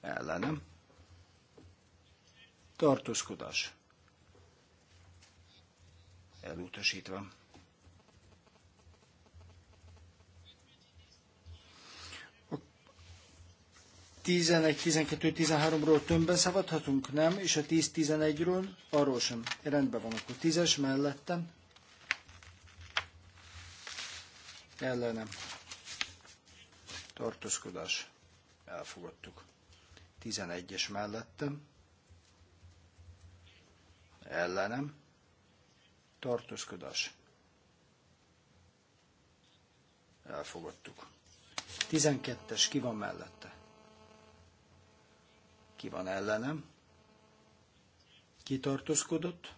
Speaker 2: Ellenem. Tartózkodás. Elutasítva. 11, 12, 13-ról tömbben szavadhatunk? Nem, és a 10, 11-ről arról sem. Rendben van, akkor 10-es mellettem. Ellenem. Tartózkodás. Elfogadtuk. 11-es mellettem. Ellenem. Tartózkodás. Elfogadtuk. 12-es ki van mellette? ki van ellenem, kitartózkodott,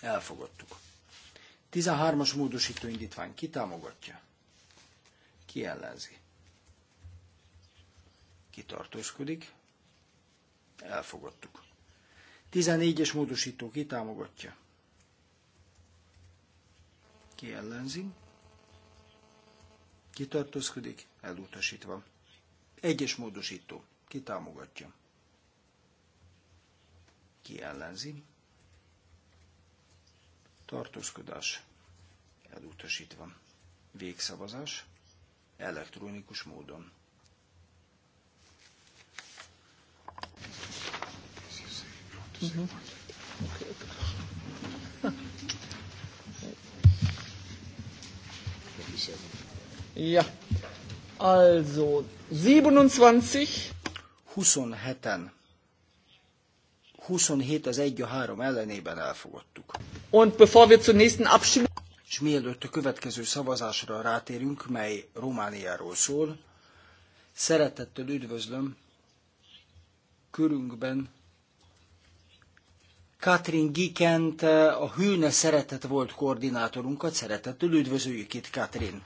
Speaker 2: elfogadtuk. 13-as módosító indítvány ki támogatja, ki ellenzi, kitartózkodik, elfogadtuk. 14-es módosító ki támogatja, ki ellenzi, kitartózkodik, elutasítva. Egyes módosító ki támogatja? Ki ellenzi? Tartózkodás. Elutasítva. Végszavazás. Elektronikus módon.
Speaker 1: Ja, also 27.
Speaker 2: 27-en 27 az 1 a 3 ellenében elfogadtuk. Und bevor wir zur nächsten Abstimmung és mielőtt a következő szavazásra rátérünk, mely Romániáról szól, szeretettel üdvözlöm körünkben Katrin Gikent, a Hűne szeretet volt koordinátorunkat, szeretettel üdvözöljük
Speaker 1: itt Katrin.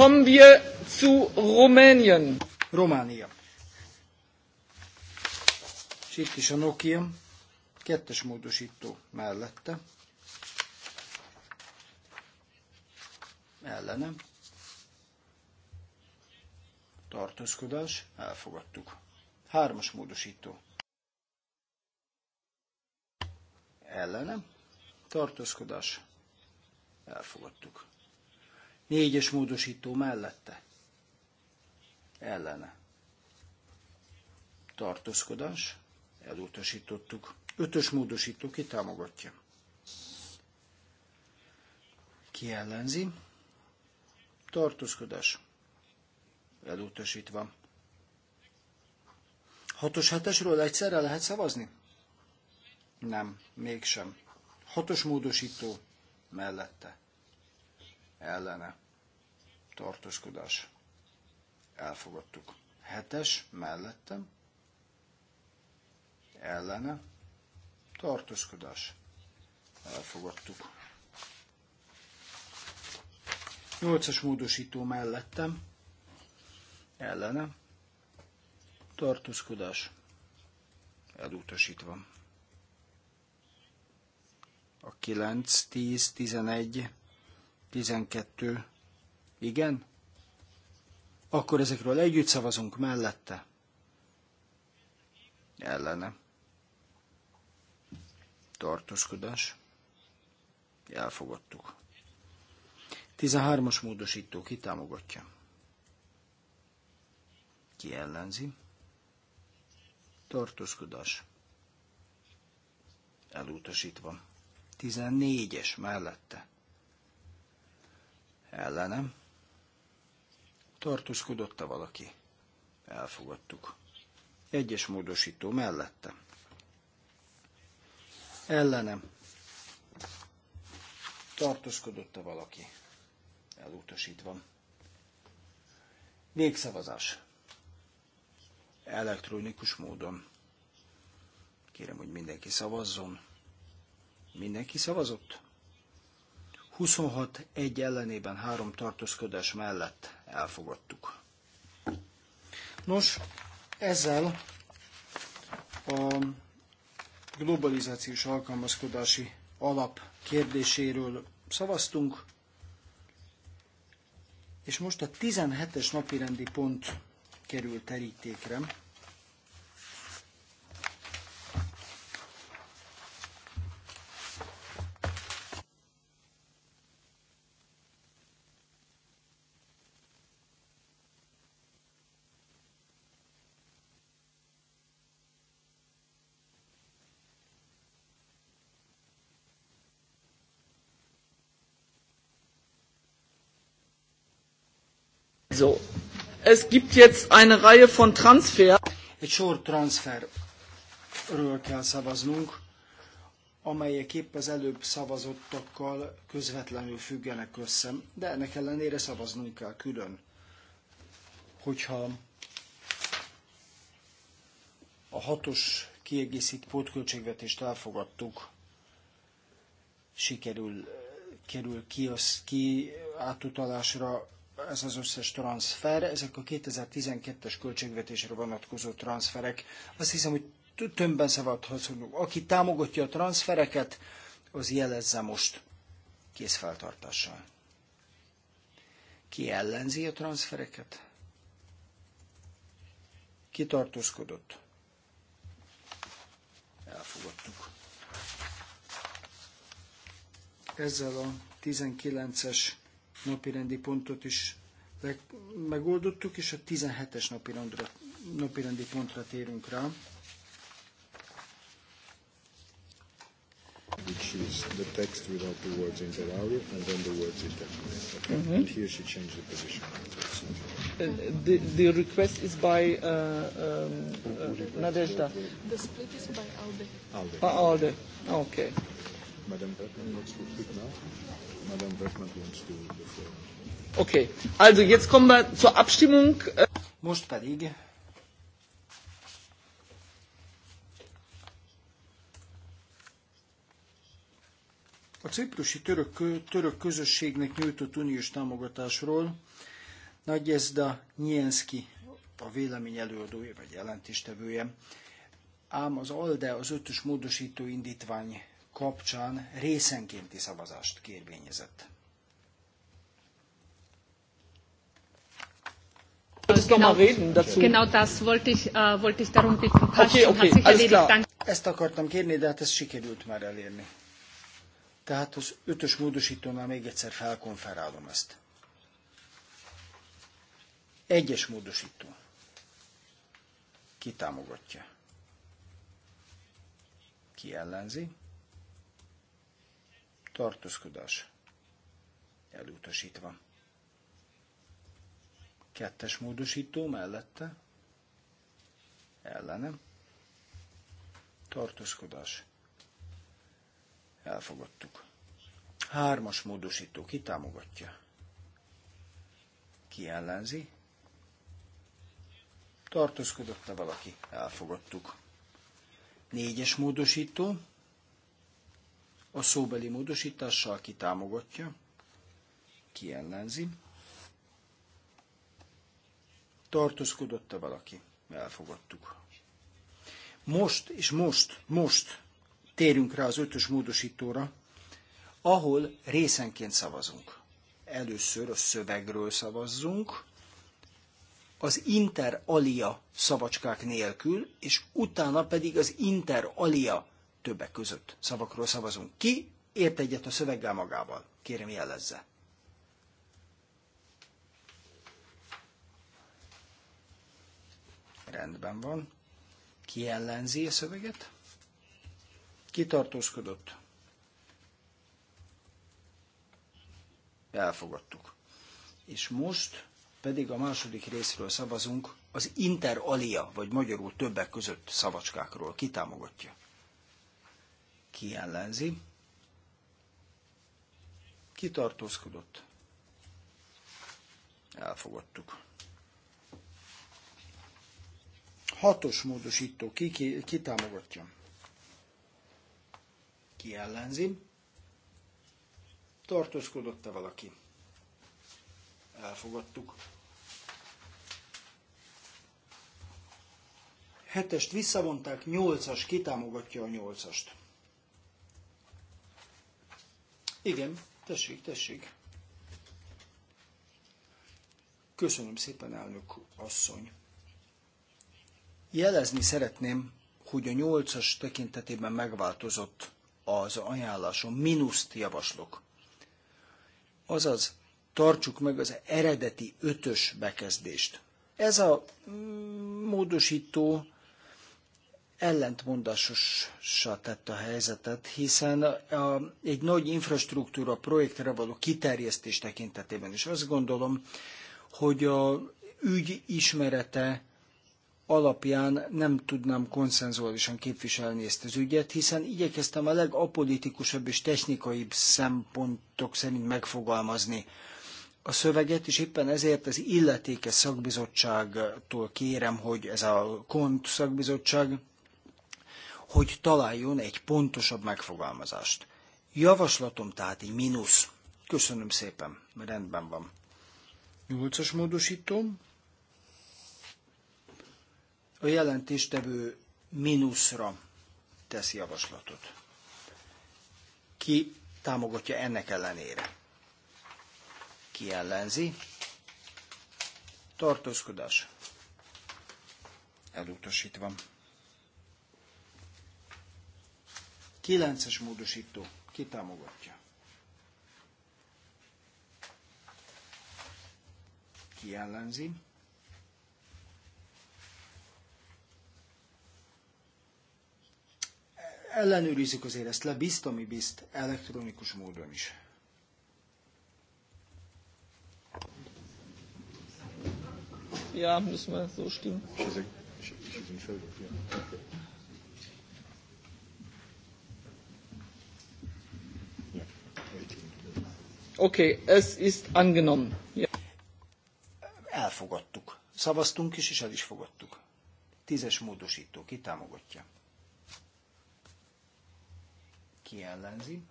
Speaker 1: Kommen wir zu Rumänien. Románia.
Speaker 2: És itt is a Nokia, kettes módosító mellette. Ellene. Tartózkodás, elfogadtuk. Hármas módosító. Ellene. Tartózkodás, elfogadtuk. Négyes módosító mellette. Ellene. Tartózkodás. Elutasítottuk. Ötös módosító ki támogatja. Ki ellenzi? Tartózkodás. Elutasítva. Hatos hetesről egyszerre lehet szavazni? Nem, mégsem. Hatos módosító mellette ellene tartózkodás elfogadtuk. Hetes mellettem ellene tartózkodás elfogadtuk. Nyolcas módosító mellettem ellene tartózkodás elutasítva. A 9, 10, 11 12. Igen? Akkor ezekről együtt szavazunk mellette. Ellene. Tartózkodás. Elfogadtuk. 13-as módosító ki támogatja? Ki ellenzi? Tartózkodás. Elutasítva. 14-es mellette ellenem. Tartózkodott-e valaki? Elfogadtuk. Egyes módosító mellettem. Ellenem. Tartózkodott-e valaki? Elutasítva. Végszavazás. Elektronikus módon. Kérem, hogy mindenki szavazzon. Mindenki szavazott? 26 egy ellenében három tartózkodás mellett elfogadtuk. Nos, ezzel a globalizációs alkalmazkodási alap kérdéséről szavaztunk, és most a 17-es napirendi pont kerül terítékre.
Speaker 1: Also, es gibt jetzt eine Reihe von Transfer. Egy
Speaker 2: sor transferről kell szavaznunk, amelyek épp az előbb szavazottakkal közvetlenül függenek össze, de ennek ellenére szavaznunk kell külön. Hogyha a hatos kiegészít pótköltségvetést elfogadtuk, sikerül kerül ki, az, ki átutalásra ez az összes transfer, ezek a 2012-es költségvetésre vonatkozó transferek. Azt hiszem, hogy többen szabad hazudnunk. Aki támogatja a transfereket, az jelezze most készfeltartással. Ki ellenzi a transfereket? Ki tartózkodott? Elfogadtuk. Ezzel a 19-es napirendi pontot is megoldottuk, és a 17-es napirendre, napirendi pontra térünk rá.
Speaker 4: Which is the text without the words in and then the words in Okay. Mm-hmm. And here she changed
Speaker 1: the position. Uh, the, the request is by uh, um, uh, Nadezhda. The split is by Alde. Alde. Ah, Alde. Okay.
Speaker 2: Madame wants to speak now. Madame wants to
Speaker 1: Okay, also jetzt kommen wir zur Abstimmung. Most pedig
Speaker 2: a ciprusi török, török közösségnek nyújtott uniós támogatásról Nagyezda Nyienszki a vélemény előadója vagy jelentéstevője. Ám az ALDE az ötös módosító indítvány kapcsán részenkénti szavazást kérvényezett. Genau, genau
Speaker 5: das wollte ich, uh, wollte ich darum bitten. Okay, okay,
Speaker 2: Ezt akartam kérni, de hát ezt sikerült már elérni. Tehát az ötös módosítónál még egyszer felkonferálom ezt. Egyes módosító. Ki támogatja? Ki ellenzi? tartózkodás elutasítva. Kettes módosító mellette ellenem tartózkodás elfogadtuk. Hármas módosító kitámogatja. Ki ellenzi? Tartózkodott-e valaki? Elfogadtuk. Négyes módosító a szóbeli módosítással ki támogatja, ki ellenzi. Tartózkodott-e valaki? Elfogadtuk. Most, és most, most térünk rá az ötös módosítóra, ahol részenként szavazunk. Először a szövegről szavazzunk, az interalia szavacskák nélkül, és utána pedig az interalia többek között szavakról szavazunk. Ki ért egyet a szöveggel magával? Kérem jelezze. Rendben van. Ki ellenzi a szöveget? Ki tartózkodott? Elfogadtuk. És most pedig a második részről szavazunk, az Interalia vagy magyarul többek között szavacskákról. Ki támogatja? Ki ellenzi? Ki Elfogadtuk. Hatos módosító ki, ki, ki támogatja? Ki ellenzi? Tartózkodott-e valaki? Elfogadtuk. Hetest visszavonták, nyolcas kitámogatja a nyolcast. Igen, tessék, tessék. Köszönöm szépen, elnök asszony. Jelezni szeretném, hogy a nyolcas tekintetében megváltozott az ajánlásom, mínuszt javaslok. Azaz, tartsuk meg az eredeti ötös bekezdést. Ez a mm, módosító ellentmondásossá tette a helyzetet, hiszen a, egy nagy infrastruktúra projektre való kiterjesztés tekintetében is azt gondolom, hogy a ügy ismerete alapján nem tudnám konszenzuálisan képviselni ezt az ügyet, hiszen igyekeztem a legapolitikusabb és technikaibb szempontok szerint megfogalmazni a szöveget, és éppen ezért az illetékes szakbizottságtól kérem, hogy ez a KONT szakbizottság hogy találjon egy pontosabb megfogalmazást. Javaslatom tehát egy mínusz. Köszönöm szépen, rendben van. Nyolcas módosítom. A jelentéstevő mínuszra tesz javaslatot. Ki támogatja ennek ellenére? Ki ellenzi? Tartózkodás. Elutasítva. Kilences módosító. Ki támogatja? Ki ellenzi? Ellenőrizzük azért ezt le, bizt, ami bizt, elektronikus módon is.
Speaker 1: Ja, müssen wir so stimmen. ich, ez egy, és, és ez egy Okay, es ist angenommen. Ja.
Speaker 2: Elfogadtuk. Szavaztunk is, és el is fogadtuk. Tízes módosító, ki támogatja? Ki ellenzi?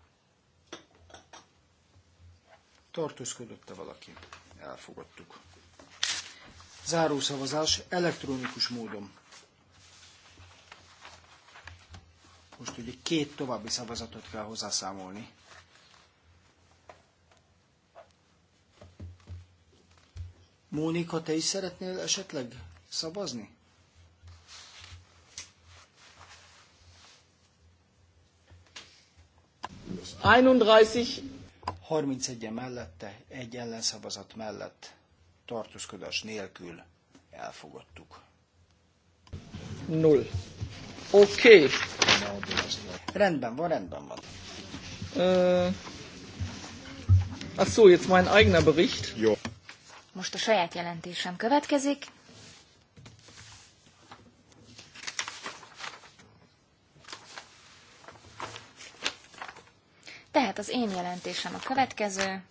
Speaker 2: Tartózkodott-e valaki? Elfogadtuk. Zárószavazás elektronikus módon. Most ugye két további szavazatot kell hozzászámolni. Mónika, te is szeretnél esetleg szavazni? Einunddreißig. 31 -e mellette, egy ellenszavazat mellett, tartózkodás nélkül elfogadtuk.
Speaker 1: Null. Oké. Okay.
Speaker 2: Rendben van, rendben van.
Speaker 1: uh, ach so, jetzt mein eigener Bericht. Jó.
Speaker 5: Most a saját jelentésem következik. Tehát az én jelentésem a következő.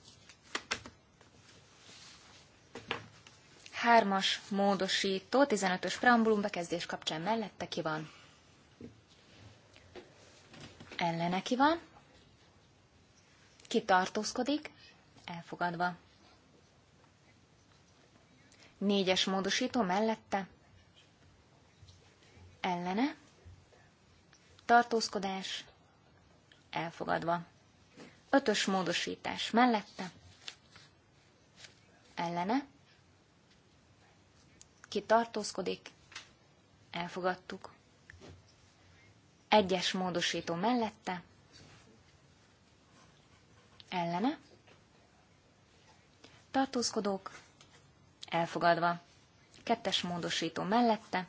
Speaker 5: Hármas módosító, 15-ös preambulum bekezdés kapcsán mellette ki van? Ellene ki van? Kitartózkodik. Elfogadva. Négyes módosító mellette. Ellene. Tartózkodás. Elfogadva. Ötös módosítás mellette. Ellene. Ki tartózkodik. Elfogadtuk. Egyes módosító mellette. Ellene. Tartózkodók Elfogadva. Kettes módosító mellette.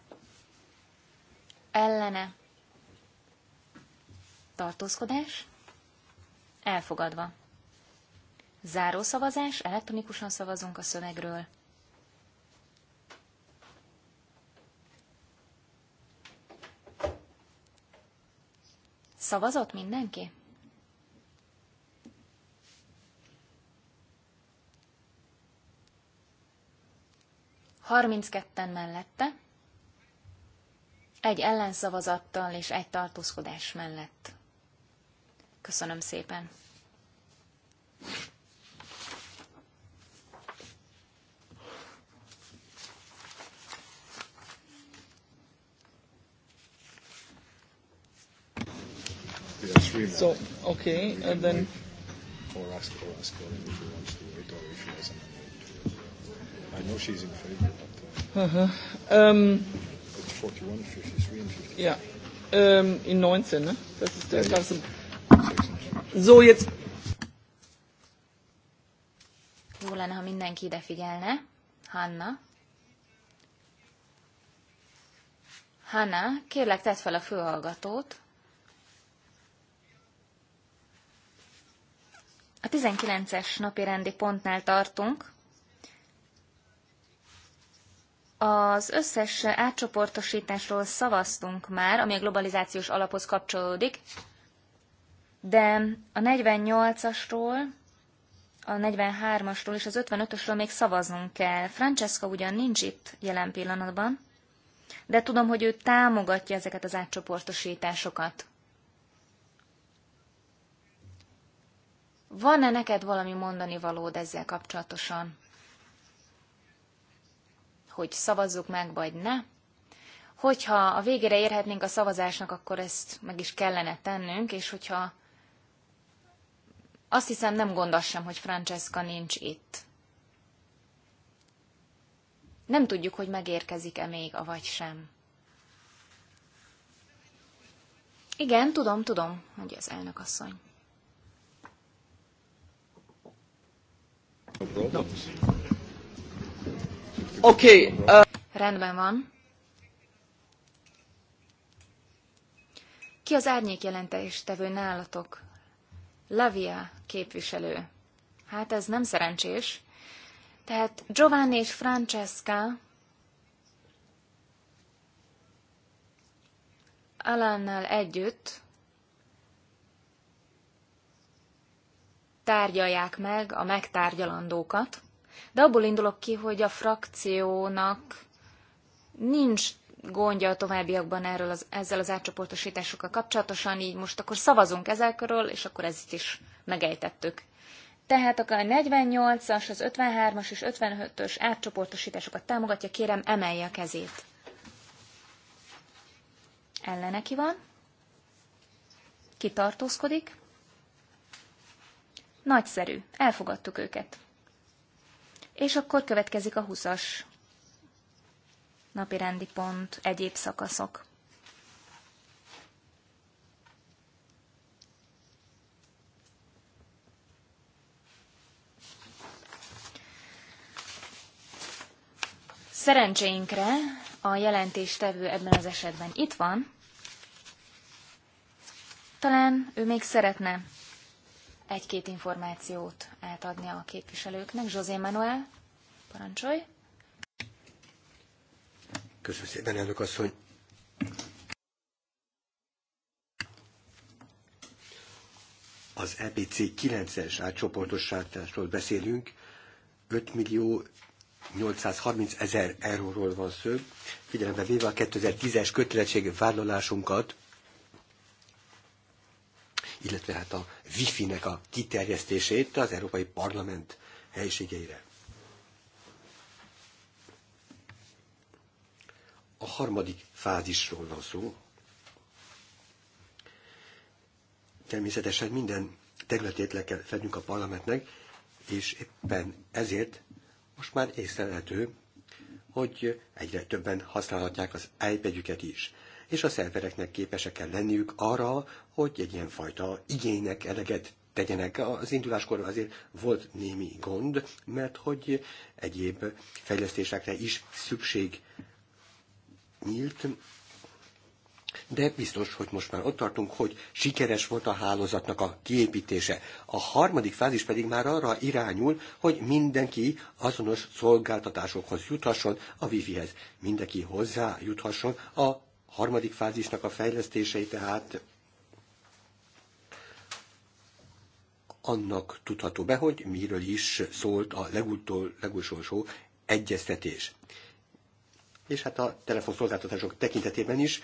Speaker 5: Ellene. Tartózkodás. Elfogadva. Záró szavazás, elektronikusan szavazunk a szövegről. Szavazott mindenki? 32-en mellette, egy ellenszavazattal és egy tartózkodás mellett. Köszönöm szépen!
Speaker 1: So, okay, and then...
Speaker 4: Or ask, or ask, or if you want to, wait, or if you want to.
Speaker 1: I know she's in favor, but. Uh, uh-huh. um, it's 41, 53 and 53. Yeah. Ähm, in 19, ne? Das ist der ja, ganze. Ja. So, jetzt.
Speaker 5: Jó lenne, ha mindenki ide figyelne. Hanna. Hanna, kérlek, tedd fel a főhallgatót. A 19-es napi rendi pontnál tartunk. Az összes átcsoportosításról szavaztunk már, ami a globalizációs alaphoz kapcsolódik, de a 48-asról, a 43-asról és az 55-ösről még szavaznunk kell. Francesca ugyan nincs itt jelen pillanatban, de tudom, hogy ő támogatja ezeket az átcsoportosításokat. Van-e neked valami mondani valód ezzel kapcsolatosan? hogy szavazzuk meg, vagy ne. Hogyha a végére érhetnénk a szavazásnak, akkor ezt meg is kellene tennünk, és hogyha azt hiszem nem gond sem, hogy Francesca nincs itt. Nem tudjuk, hogy megérkezik-e még, avagy sem. Igen, tudom, tudom, mondja az elnök asszony.
Speaker 1: Köszönöm.
Speaker 5: Oké. Okay, uh... Rendben van. Ki az árnyék jelentéstevő nálatok? Lavia képviselő. Hát ez nem szerencsés. Tehát Giovanni és Francesca Alannal együtt tárgyalják meg a megtárgyalandókat de abból indulok ki, hogy a frakciónak nincs gondja a továbbiakban erről az, ezzel az átcsoportosításokkal kapcsolatosan, így most akkor szavazunk ezekről, és akkor ezt is megejtettük. Tehát a 48-as, az 53-as és 55-ös átcsoportosításokat támogatja, kérem emelje a kezét. Ellene ki van? Ki Nagyszerű, elfogadtuk őket. És akkor következik a 20-as napi rendi pont, egyéb szakaszok. Szerencsénkre a jelentéstevő ebben az esetben itt van. Talán ő még szeretne egy-két információt átadni a képviselőknek. José Manuel, parancsolj!
Speaker 3: Köszönöm szépen, elnök asszony! Az EPC 9-es átcsoportosításról beszélünk, 5 millió 830 ezer euróról van szó, figyelembe véve a 2010-es kötelezettségvállalásunkat, vállalásunkat, illetve hát a wi fi nek a kiterjesztését az Európai Parlament helyiségeire. A harmadik fázisról van szó. Természetesen minden területét le kell fednünk a parlamentnek, és éppen ezért most már észrevehető, hogy egyre többen használhatják az iPad-üket is és a szervereknek képesek kell lenniük arra, hogy egy ilyen fajta igénynek eleget tegyenek. Az induláskor azért volt némi gond, mert hogy egyéb fejlesztésekre is szükség nyílt, de biztos, hogy most már ott tartunk, hogy sikeres volt a hálózatnak a kiépítése. A harmadik fázis pedig már arra irányul, hogy mindenki azonos szolgáltatásokhoz juthasson a wifi-hez, mindenki juthasson a harmadik fázisnak a fejlesztései tehát annak tudható be, hogy miről is szólt a legutol, legutolsó egyeztetés. És hát a telefonszolgáltatások tekintetében is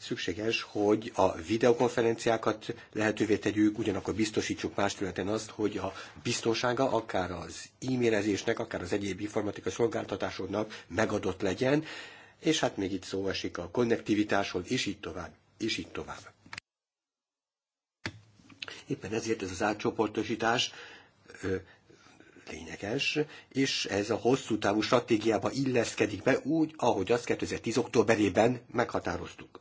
Speaker 3: szükséges, hogy a videokonferenciákat lehetővé tegyük, ugyanakkor biztosítsuk más területen azt, hogy a biztonsága akár az e-mailezésnek, akár az egyéb informatikai szolgáltatásoknak megadott legyen, és hát még itt szó esik a konnektivitásról, és így tovább, és így tovább. Éppen ezért ez az átcsoportosítás ö, lényeges, és ez a hosszú távú stratégiába illeszkedik be úgy, ahogy azt 2010. októberében meghatároztuk.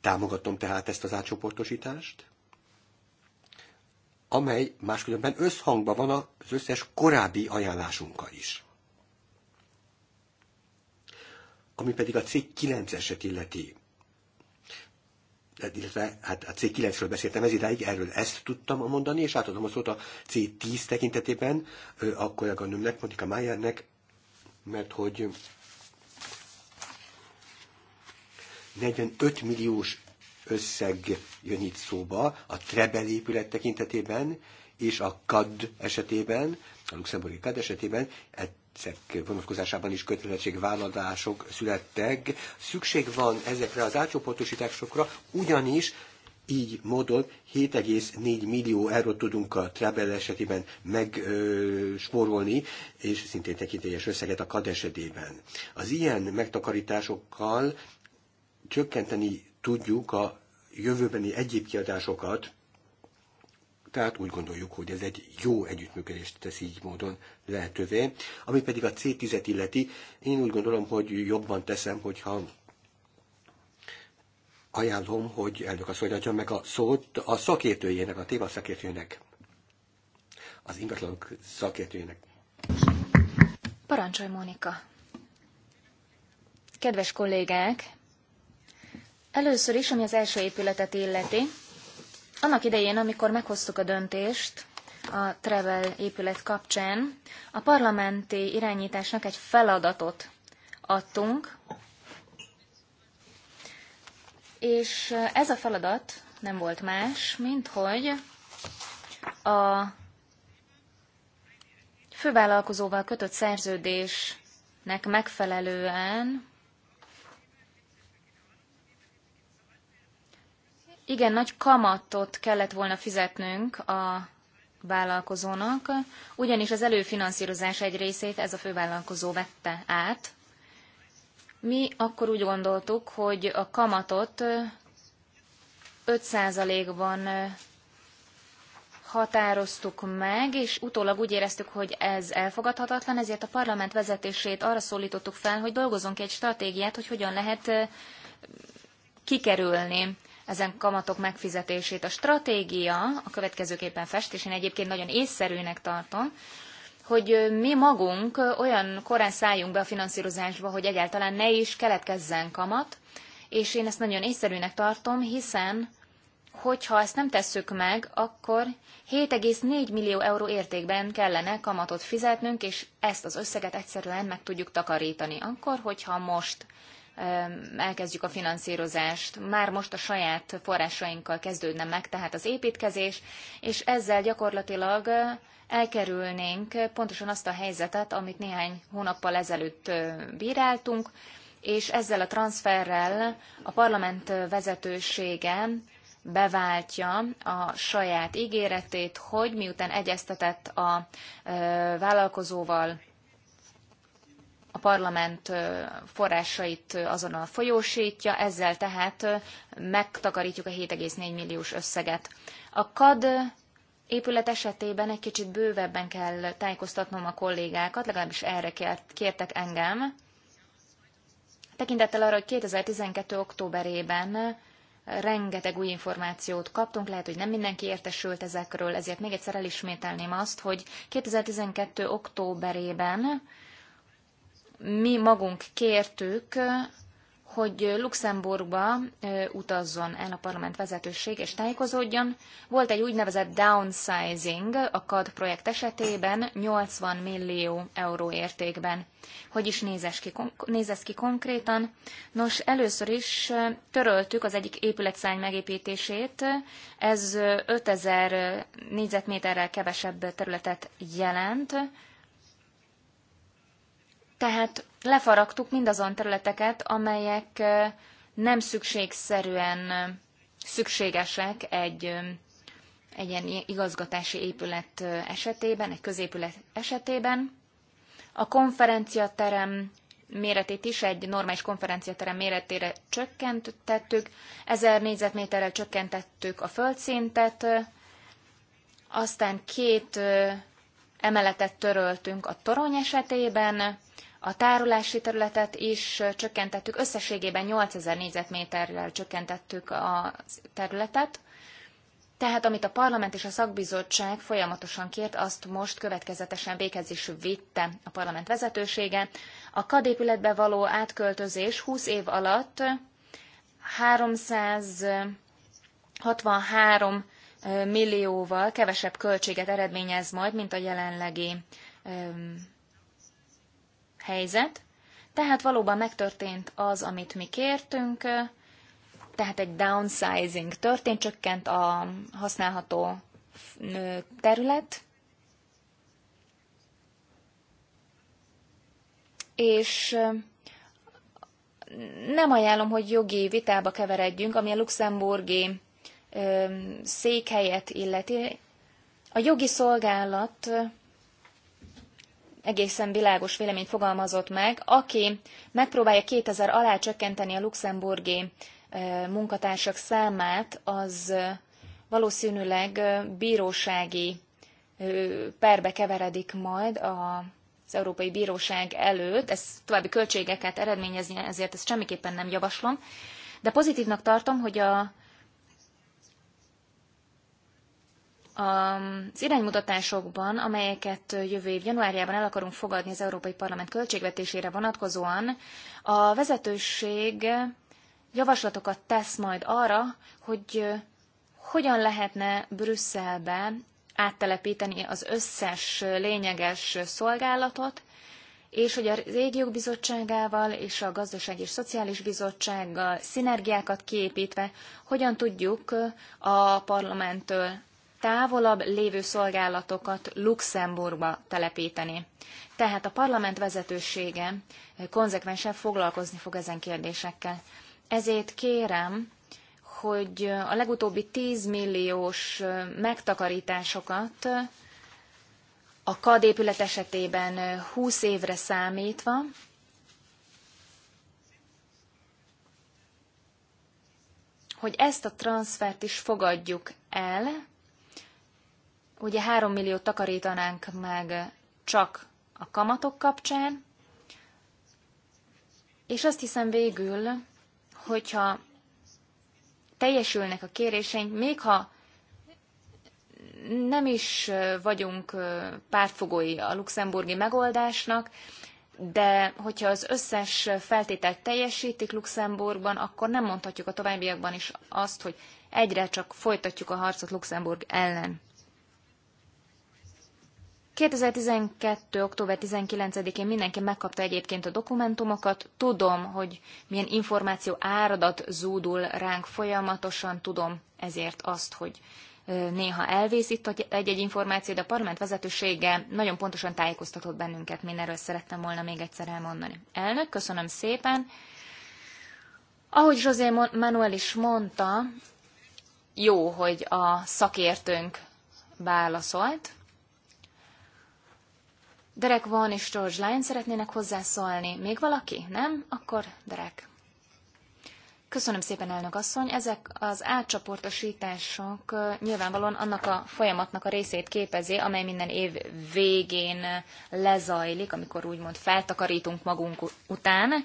Speaker 3: Támogatom tehát ezt az átcsoportosítást, amely máskülönben összhangban van az összes korábbi ajánlásunkkal is. Ami pedig a C9-eset illeti, illetve hát a C9-ről beszéltem ez idáig, erről ezt tudtam mondani, és átadom a szót a C10 tekintetében a kolléganőmnek, a Mayernek, mert hogy 45 milliós összeg jön itt szóba a Trebel épület tekintetében, és a CAD esetében, a luxemburgi CAD esetében, cek vonatkozásában is kötelezettségvállalások születtek. Szükség van ezekre az átcsoportosításokra, ugyanis így módon 7,4 millió eurót tudunk a Trebel esetében megspórolni, és szintén tekintélyes összeget a KAD esetében. Az ilyen megtakarításokkal csökkenteni tudjuk a jövőbeni egyéb kiadásokat, tehát úgy gondoljuk, hogy ez egy jó együttműködést tesz így módon lehetővé. Ami pedig a C10-et illeti, én úgy gondolom, hogy jobban teszem, hogyha ajánlom, hogy elnök asszony adja meg a szót a szakértőjének, a téma szakértőjének, az ingatlanok szakértőjének.
Speaker 5: Parancsolj, Mónika! Kedves kollégák! Először is, ami az első épületet illeti, annak idején, amikor meghoztuk a döntést a Travel épület kapcsán, a parlamenti irányításnak egy feladatot adtunk, és ez a feladat nem volt más, mint hogy a fővállalkozóval kötött szerződésnek megfelelően igen nagy kamatot kellett volna fizetnünk a vállalkozónak, ugyanis az előfinanszírozás egy részét ez a fővállalkozó vette át. Mi akkor úgy gondoltuk, hogy a kamatot 5%-ban határoztuk meg, és utólag úgy éreztük, hogy ez elfogadhatatlan, ezért a parlament vezetését arra szólítottuk fel, hogy dolgozzon egy stratégiát, hogy hogyan lehet kikerülni ezen kamatok megfizetését. A stratégia a következőképpen fest, és én egyébként nagyon észszerűnek tartom, hogy mi magunk olyan korán szálljunk be a finanszírozásba, hogy egyáltalán ne is keletkezzen kamat, és én ezt nagyon észszerűnek tartom, hiszen hogyha ezt nem tesszük meg, akkor 7,4 millió euró értékben kellene kamatot fizetnünk, és ezt az összeget egyszerűen meg tudjuk takarítani. Akkor, hogyha most elkezdjük a finanszírozást. Már most a saját forrásainkkal kezdődne meg, tehát az építkezés, és ezzel gyakorlatilag elkerülnénk pontosan azt a helyzetet, amit néhány hónappal ezelőtt bíráltunk, és ezzel a transferrel a parlament vezetősége beváltja a saját ígéretét, hogy miután egyeztetett a vállalkozóval, a parlament forrásait azonnal folyósítja, ezzel tehát megtakarítjuk a 7,4 milliós összeget. A CAD épület esetében egy kicsit bővebben kell tájékoztatnom a kollégákat, legalábbis erre kértek engem. Tekintettel arra, hogy 2012. októberében rengeteg új információt kaptunk, lehet, hogy nem mindenki értesült ezekről, ezért még egyszer elismételném azt, hogy 2012. októberében mi magunk kértük, hogy Luxemburgba utazzon el a parlament vezetőség és tájékozódjon. Volt egy úgynevezett downsizing a CAD projekt esetében 80 millió euró értékben. Hogy is nézes ki, néz ez ki konkrétan? Nos, először is töröltük az egyik épületszány megépítését. Ez 5000 négyzetméterrel kevesebb területet jelent, tehát lefaragtuk mindazon területeket, amelyek nem szükségszerűen szükségesek egy, egy ilyen igazgatási épület esetében, egy középület esetében. A konferenciaterem méretét is egy normális konferenciaterem méretére csökkentettük, 1000 négyzetméterrel csökkentettük a földszintet, aztán két emeletet töröltünk a torony esetében, a tárolási területet is csökkentettük, összességében 8000 négyzetméterrel csökkentettük a területet, tehát amit a parlament és a szakbizottság folyamatosan kért, azt most következetesen véghez vitte a parlament vezetősége. A kadépületbe való átköltözés 20 év alatt 363 millióval kevesebb költséget eredményez majd, mint a jelenlegi helyzet. Tehát valóban megtörtént az, amit mi kértünk, tehát egy downsizing történt, csökkent a használható terület, és nem ajánlom, hogy jogi vitába keveredjünk, ami a luxemburgi székhelyet illeti, a jogi szolgálat egészen világos véleményt fogalmazott meg, aki megpróbálja 2000 alá csökkenteni a luxemburgi munkatársak számát, az valószínűleg bírósági perbe keveredik majd a az Európai Bíróság előtt, ez további költségeket eredményezni, ezért ezt semmiképpen nem javaslom. De pozitívnak tartom, hogy a az iránymutatásokban, amelyeket jövő év januárjában el akarunk fogadni az Európai Parlament költségvetésére vonatkozóan, a vezetőség javaslatokat tesz majd arra, hogy hogyan lehetne Brüsszelbe áttelepíteni az összes lényeges szolgálatot, és hogy a régiók bizottságával és a gazdasági és szociális bizottsággal szinergiákat kiépítve hogyan tudjuk a parlamenttől távolabb lévő szolgálatokat Luxemburgba telepíteni. Tehát a parlament vezetősége konzekvensen foglalkozni fog ezen kérdésekkel. Ezért kérem, hogy a legutóbbi 10 milliós megtakarításokat a KAD épület esetében 20 évre számítva, hogy ezt a transfert is fogadjuk el, ugye 3 milliót takarítanánk meg csak a kamatok kapcsán, és azt hiszem végül, hogyha teljesülnek a kéréseink, még ha nem is vagyunk pártfogói a luxemburgi megoldásnak, de hogyha az összes feltételt teljesítik Luxemburgban, akkor nem mondhatjuk a továbbiakban is azt, hogy egyre csak folytatjuk a harcot Luxemburg ellen. 2012. október 19-én mindenki megkapta egyébként a dokumentumokat. Tudom, hogy milyen információ áradat zúdul ránk folyamatosan, tudom ezért azt, hogy néha elvész itt egy-egy információ, de a parlament vezetősége nagyon pontosan tájékoztatott bennünket, mindenről szerettem volna még egyszer elmondani. Elnök, köszönöm szépen. Ahogy José Manuel is mondta, jó, hogy a szakértőnk válaszolt, Derek Vaughan és George Lyon szeretnének hozzászólni. Még valaki? Nem? Akkor Derek. Köszönöm szépen, elnök asszony. Ezek az átcsoportosítások nyilvánvalóan annak a folyamatnak a részét képezi, amely minden év végén lezajlik, amikor úgymond feltakarítunk magunk után.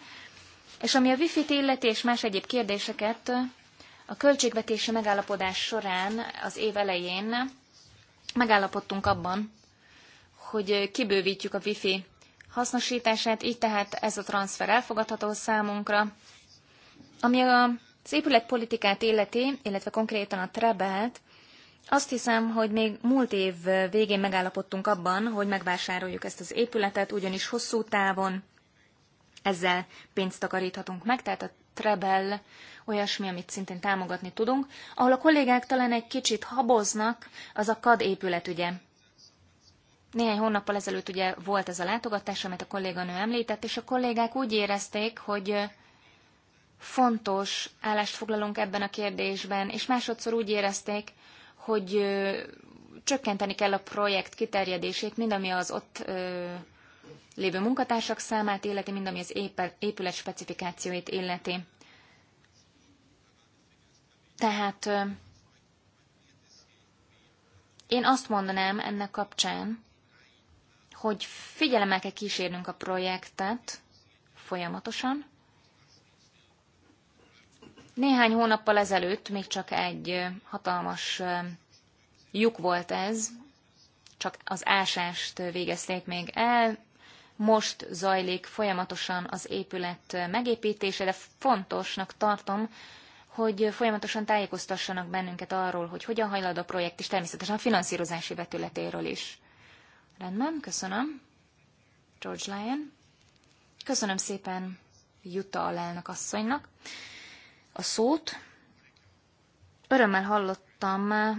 Speaker 5: És ami a wifi-t illeti és más egyéb kérdéseket, a költségvetési megállapodás során az év elején megállapodtunk abban, hogy kibővítjük a wifi hasznosítását, így tehát ez a transfer elfogadható számunkra. Ami az épületpolitikát illeti, illetve konkrétan a trebelt, azt hiszem, hogy még múlt év végén megállapodtunk abban, hogy megvásároljuk ezt az épületet, ugyanis hosszú távon ezzel pénzt takaríthatunk meg, tehát a Trebel olyasmi, amit szintén támogatni tudunk. Ahol a kollégák talán egy kicsit haboznak, az a KAD épület ugye. Néhány hónappal ezelőtt ugye volt ez a látogatás, amit a kolléganő említett, és a kollégák úgy érezték, hogy fontos állást foglalunk ebben a kérdésben, és másodszor úgy érezték, hogy csökkenteni kell a projekt kiterjedését, mind ami az ott lévő munkatársak számát illeti, mind ami az épület specifikációit illeti. Tehát én azt mondanám ennek kapcsán, hogy figyelemmel kell kísérnünk a projektet folyamatosan. Néhány hónappal ezelőtt még csak egy hatalmas lyuk volt ez, csak az ásást végezték még el, most zajlik folyamatosan az épület megépítése, de fontosnak tartom, hogy folyamatosan tájékoztassanak bennünket arról, hogy hogyan hajlad a projekt, és természetesen a finanszírozási vetületéről is. Rendben, köszönöm. George Lyon. Köszönöm szépen Jutta alelnök asszonynak a szót. Örömmel hallottam eh,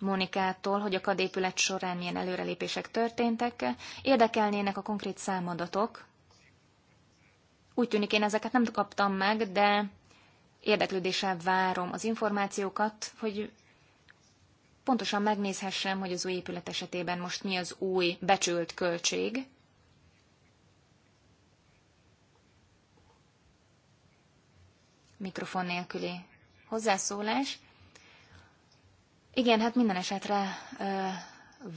Speaker 5: Monikától, hogy a kadépület során milyen előrelépések történtek. Érdekelnének a konkrét számadatok. Úgy tűnik, én ezeket nem kaptam meg, de érdeklődéssel várom az információkat, hogy pontosan megnézhessem, hogy az új épület esetében most mi az új becsült költség. Mikrofon nélküli hozzászólás. Igen, hát minden esetre ö,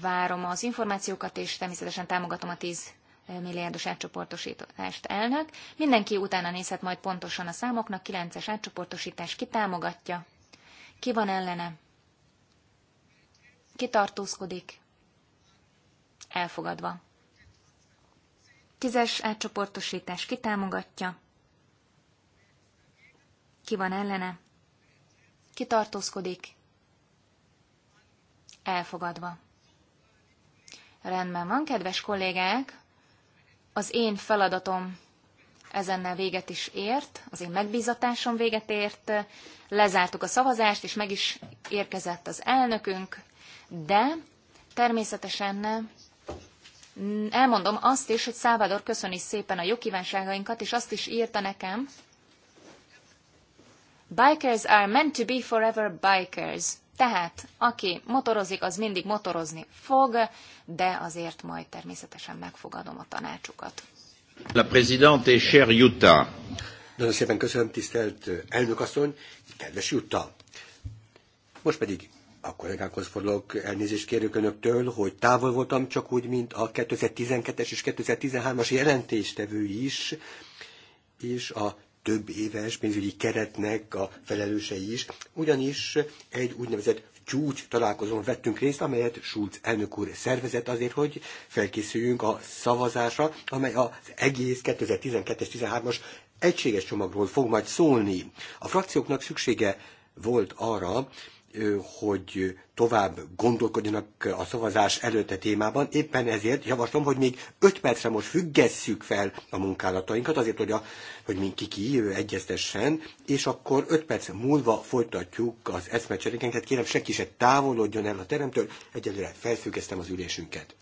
Speaker 5: várom az információkat, és természetesen támogatom a 10 milliárdos átcsoportosítást elnök. Mindenki utána nézhet majd pontosan a számoknak, 9-es átcsoportosítás ki támogatja, ki van ellene Kitartózkodik. Elfogadva. Tízes átcsoportosítás kitámogatja. Ki van ellene? Kitartózkodik. Elfogadva. Rendben van, kedves kollégák. Az én feladatom ezennel véget is ért, az én megbízatásom véget ért. Lezártuk a szavazást, és meg is érkezett az elnökünk de természetesen mm, elmondom azt is, hogy Szávador köszöni szépen a jó kívánságainkat, és azt is írta nekem, Bikers are meant to be forever bikers. Tehát, aki motorozik, az mindig motorozni fog, de azért majd természetesen megfogadom a tanácsukat.
Speaker 3: La présidente
Speaker 5: et cher Jutta.
Speaker 3: Nagyon szépen köszönöm, tisztelt elnök asszony, kedves Jutta. Most pedig a kollégákhoz fordulok, elnézést kérjük önöktől, hogy távol voltam, csak úgy, mint a 2012-es és 2013-as jelentéstevő is, és a több éves pénzügyi keretnek a felelősei is, ugyanis egy úgynevezett csúcs találkozón vettünk részt, amelyet Schulz elnök úr szervezett azért, hogy felkészüljünk a szavazásra, amely az egész 2012-13-as egységes csomagról fog majd szólni. A frakcióknak szüksége volt arra, hogy tovább gondolkodjanak a szavazás előtt témában. Éppen ezért javaslom, hogy még 5 percre most függesszük fel a munkálatainkat, azért, hogy, a, hogy minki ki egyeztessen, és akkor 5 perc múlva folytatjuk az eszmecserékenket. Kérem, senki se távolodjon el a teremtől, egyelőre felfüggesztem az ülésünket.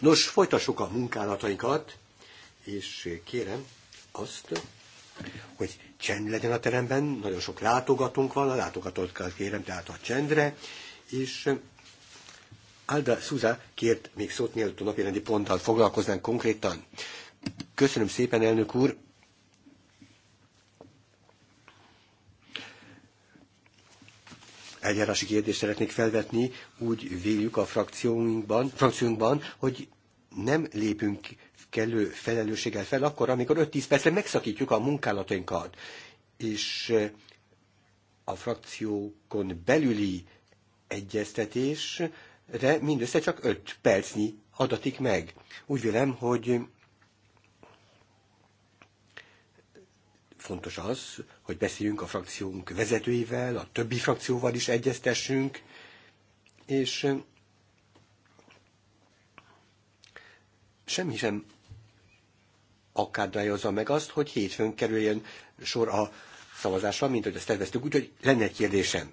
Speaker 3: Nos, folytassuk a munkálatainkat, és kérem azt, hogy csend legyen a teremben, nagyon sok látogatónk van, a látogatókkal kérem, tehát a csendre, és eh, Alda Szuza kért még szót, mielőtt a napirendi ponttal foglalkoznánk konkrétan. Köszönöm szépen, elnök úr! eljárási kérdést szeretnék felvetni, úgy véljük a frakciónkban, frakciónkban hogy nem lépünk kellő felelősséggel fel akkor, amikor 5-10 percre megszakítjuk a munkálatainkat, és eh, a frakciókon belüli egyeztetésre mindössze csak 5 percnyi adatik meg. Úgy vélem, hogy fontos az, hogy beszéljünk a frakciónk vezetőivel, a többi frakcióval is egyeztessünk, és semmi sem akadályozza meg azt, hogy hétfőn kerüljön sor a szavazásra, mint hogy azt terveztük, úgyhogy lenne egy kérdésem.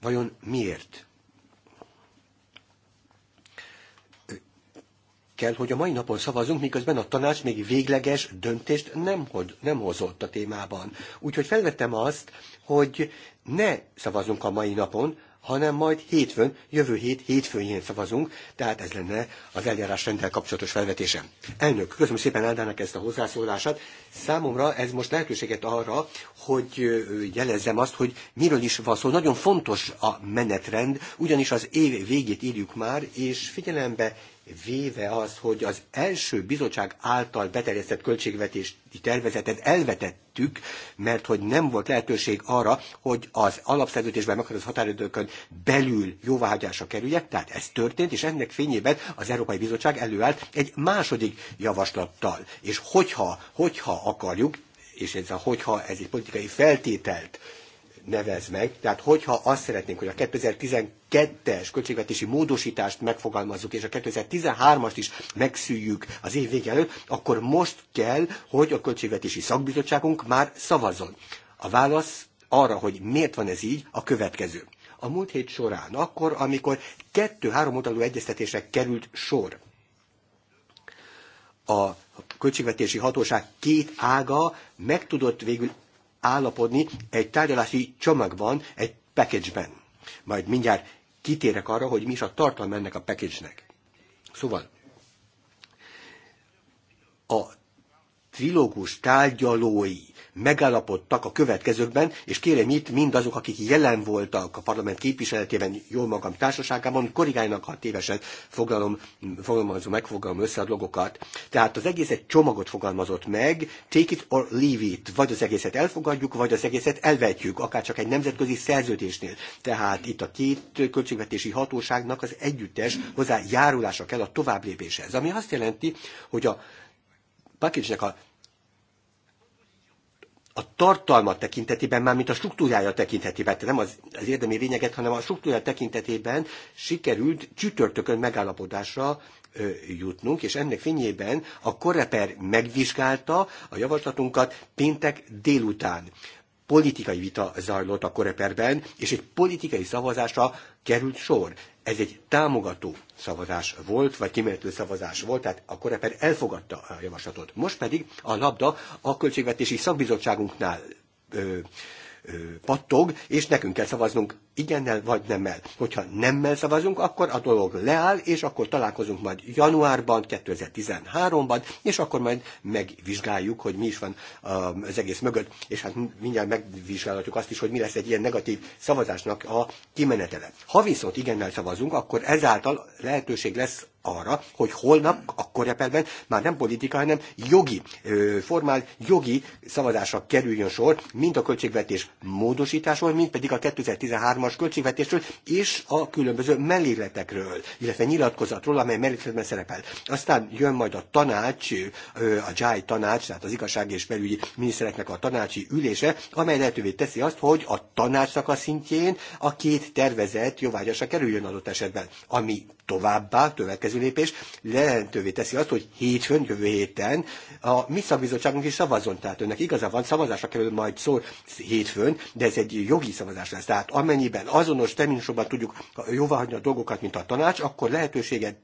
Speaker 3: Vajon miért? kell, hogy a mai napon szavazunk, miközben a tanács még végleges döntést nem, hod, nem hozott a témában. Úgyhogy felvettem azt, hogy ne szavazunk a mai napon, hanem majd hétfőn, jövő hét hétfőjén szavazunk, tehát ez lenne az eljárás rendel kapcsolatos felvetésem. Elnök, köszönöm szépen Áldának ezt a hozzászólását. Számomra ez most lehetőséget arra, hogy jelezzem azt, hogy miről is van szó. Nagyon fontos a menetrend, ugyanis az év végét írjuk már, és figyelembe véve azt, hogy az első bizottság által beterjesztett költségvetési tervezetet elvetettük, mert hogy nem volt lehetőség arra, hogy az alapszerződésben meghatározott határidőkön belül jóváhagyásra kerüljek, tehát ez történt, és ennek fényében az Európai Bizottság előállt egy második javaslattal. És hogyha, hogyha akarjuk, és ez a hogyha, ez egy politikai feltételt nevez meg. Tehát hogyha azt szeretnénk, hogy a 2012-es költségvetési módosítást megfogalmazzuk, és a 2013-ast is megszűjjük az év vége előtt, akkor most kell, hogy a költségvetési szakbizottságunk már szavazzon. A válasz arra, hogy miért van ez így, a következő. A múlt hét során, akkor, amikor kettő-három oldalú egyeztetésre került sor, a költségvetési hatóság két ága meg tudott végül állapodni egy tárgyalási csomagban, egy package-ben. Majd mindjárt kitérek arra, hogy mi is a tartalma ennek a package-nek. Szóval a trilógus tárgyalói megállapodtak a következőkben, és kérem itt mindazok, akik jelen voltak a parlament képviseletében, jól magam társaságában, korrigálnak hat évesen foglalom, fogalmazom, megfogalom össze a logokat. Tehát az egészet csomagot fogalmazott meg, take it or leave it, vagy az egészet elfogadjuk, vagy az egészet elvetjük, akár csak egy nemzetközi szerződésnél. Tehát itt a két költségvetési hatóságnak az együttes hozzájárulása kell a továbblépéshez, ami azt jelenti, hogy a Pakicsnek a a tartalma tekintetében, mint a struktúrája tekintetében, tehát nem az, az érdemi lényeget, hanem a struktúrája tekintetében sikerült csütörtökön megállapodásra ö, jutnunk, és ennek fényében a Koreper megvizsgálta a javaslatunkat péntek délután politikai vita zajlott a koreperben, és egy politikai szavazásra került sor. Ez egy támogató szavazás volt, vagy kimenető szavazás volt, tehát a koreper elfogadta a javaslatot. Most pedig a labda a Költségvetési Szakbizottságunknál ö, pattog, és nekünk kell szavaznunk igennel vagy nemmel. Hogyha nemmel szavazunk, akkor a dolog leáll, és akkor találkozunk majd januárban, 2013-ban, és akkor majd megvizsgáljuk, hogy mi is van um, az egész mögött, és hát mindjárt megvizsgálhatjuk azt is, hogy mi lesz egy ilyen negatív szavazásnak a kimenetele. Ha viszont igennel szavazunk, akkor ezáltal lehetőség lesz arra, hogy holnap a korepelben már nem politika, hanem jogi, formál jogi szavazásra kerüljön sor, mind a költségvetés módosításról, mind pedig a 2013-as költségvetésről és a különböző melléletekről, illetve nyilatkozatról, amely mellékletben szerepel. Aztán jön majd a tanács, a JAI tanács, tehát az igazság és belügyi minisztereknek a tanácsi ülése, amely lehetővé teszi azt, hogy a tanács szakasz szintjén a két tervezet jóvágyásra kerüljön adott esetben, ami Továbbá következő lépés lehetővé teszi azt, hogy hétfőn, jövő héten a mi szakbizottságunk is szavazzon. Tehát önnek igaza van, szavazásra kerül majd szó hétfőn, de ez egy jogi szavazás lesz. Tehát amennyiben azonos terminusokban tudjuk jóváhagyni a dolgokat, mint a tanács, akkor lehetőséget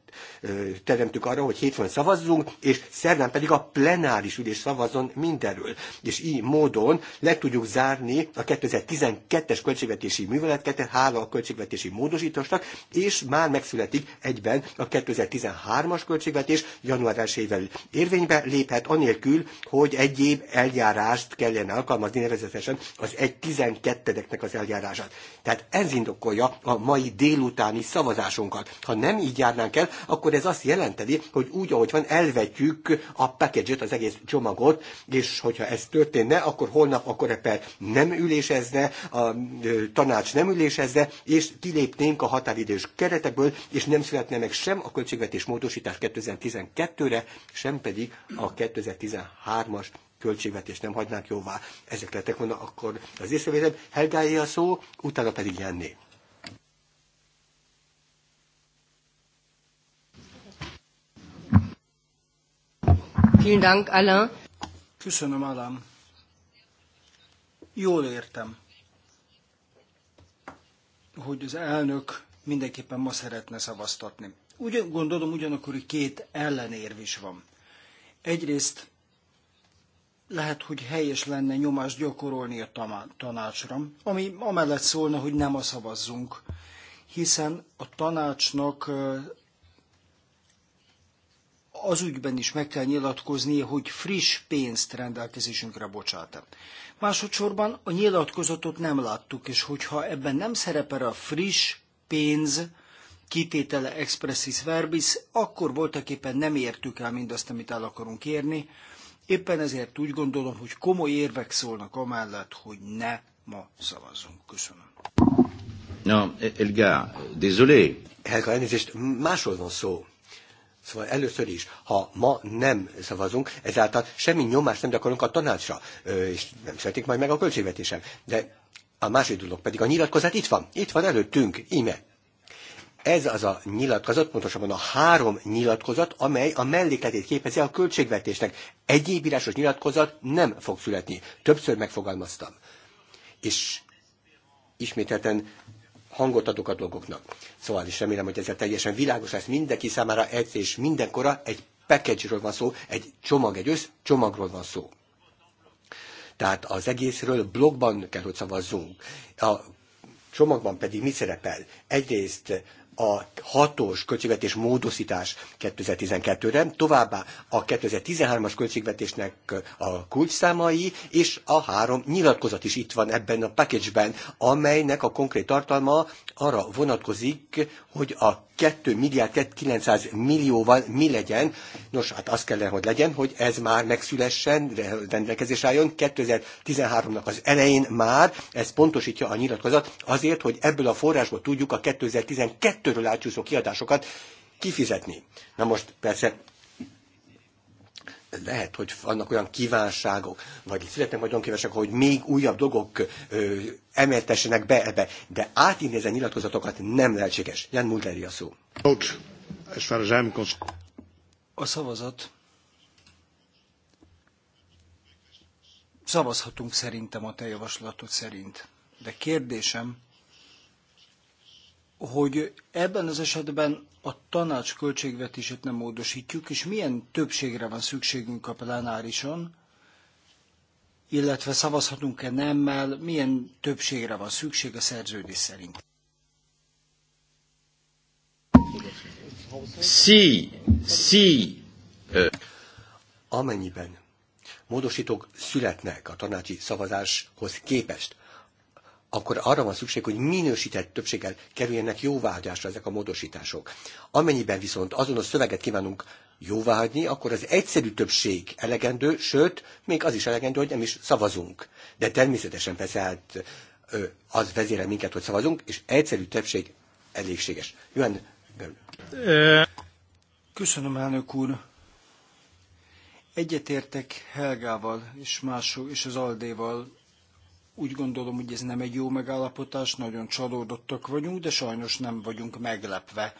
Speaker 3: teremtük arra, hogy hétfőn szavazzunk, és szerdán pedig a plenáris ülés szavazzon mindenről. És így módon le tudjuk zárni a 2012-es költségvetési művelet hála a költségvetési módosításnak, és már megszületik egyben a 2013-as költségvetés január 1 érvénybe léphet, anélkül, hogy egyéb eljárást kellene alkalmazni, nevezetesen az 1.12-eknek az eljárását. Tehát ez indokolja a mai délutáni szavazásunkat. Ha nem így járnánk el, akkor ez azt jelenteni, hogy úgy, ahogy van, elvetjük a package az egész csomagot, és hogyha ez történne, akkor holnap a koreper nem ülésezne, a tanács nem ülésezne, és kilépnénk a határidős keretekből, és nem születne meg sem a költségvetés módosítás 2012-re, sem pedig a 2013-as költségvetés nem hagynák jóvá. Ezek lettek volna akkor az észrevételem. Helgáé a szó, utána pedig Jenné.
Speaker 2: Köszönöm, Alain. Jól értem, hogy az elnök mindenképpen ma szeretne szavaztatni. úgy gondolom ugyanakkor, hogy két ellenérv is van. Egyrészt lehet, hogy helyes lenne nyomást gyakorolni a tanácsra, ami amellett szólna, hogy nem a szavazzunk, hiszen a tanácsnak az ügyben is meg kell nyilatkozni, hogy friss pénzt rendelkezésünkre bocsát. Másodszorban a nyilatkozatot nem láttuk, és hogyha ebben nem szerepel a friss pénz kitétele expressis verbis, akkor voltak éppen nem értük el mindazt, amit el akarunk érni. Éppen ezért úgy gondolom, hogy komoly érvek szólnak amellett, hogy ne ma szavazzunk. Köszönöm.
Speaker 3: No, Elga, désolé. Helga, elnézést, másról van szó. Szóval először is, ha ma nem szavazunk, ezáltal semmi nyomást nem gyakorlunk a tanácsra, és nem szeretik majd meg a költségvetésem. De a másik dolog pedig a nyilatkozat itt van, itt van előttünk, íme. Ez az a nyilatkozat, pontosabban a három nyilatkozat, amely a mellékletét képezi a költségvetésnek. Egyéb írásos nyilatkozat nem fog születni. Többször megfogalmaztam. És ismételten hangot adok a dolgoknak. Szóval is remélem, hogy ezzel teljesen világos lesz mindenki számára egyszer és mindenkora egy package-ről van szó, egy csomag, egy össz csomagról van szó. Tehát az egészről blogban kell, hogy szavazzunk. A csomagban pedig mi szerepel? Egyrészt a hatós költségvetés módosítás 2012-re, továbbá a 2013-as költségvetésnek a kulcsszámai, és a három nyilatkozat is itt van ebben a package-ben, amelynek a konkrét tartalma arra vonatkozik, hogy a 2 milliárd 900 millióval mi legyen. Nos, hát az kellene, hogy legyen, hogy ez már megszülessen, rendelkezés álljon. 2013-nak az elején már, ez pontosítja a nyilatkozat, azért, hogy ebből a forrásból tudjuk a 2012-ről átcsúszó kiadásokat kifizetni. Na most persze lehet, hogy vannak olyan kívánságok, vagy születnek majd olyan kívánságok, hogy még újabb dolgok ö, emeltessenek be ebbe, de átírni ezen nyilatkozatokat nem lehetséges. Jan Mulderi a szó.
Speaker 2: A szavazat. Szavazhatunk szerintem a te javaslatod szerint. De kérdésem, hogy ebben az esetben a tanács költségvetését nem módosítjuk, és milyen többségre van szükségünk a plenárison, illetve szavazhatunk-e nemmel, milyen többségre van szükség a szerződés szerint.
Speaker 3: Szí, szí. Amennyiben módosítók születnek a tanácsi szavazáshoz képest, akkor arra van szükség, hogy minősített többséggel kerüljenek jóváhagyásra ezek a módosítások. Amennyiben viszont azonos szöveget kívánunk jóváhagyni, akkor az egyszerű többség elegendő, sőt, még az is elegendő, hogy nem is szavazunk. De természetesen persze hát az vezére minket, hogy szavazunk, és egyszerű többség elégséges. Jön,
Speaker 2: Köszönöm, elnök úr. Egyetértek Helgával és mások és az Aldéval úgy gondolom, hogy ez nem egy jó megállapotás, nagyon csalódottak vagyunk, de sajnos nem vagyunk meglepve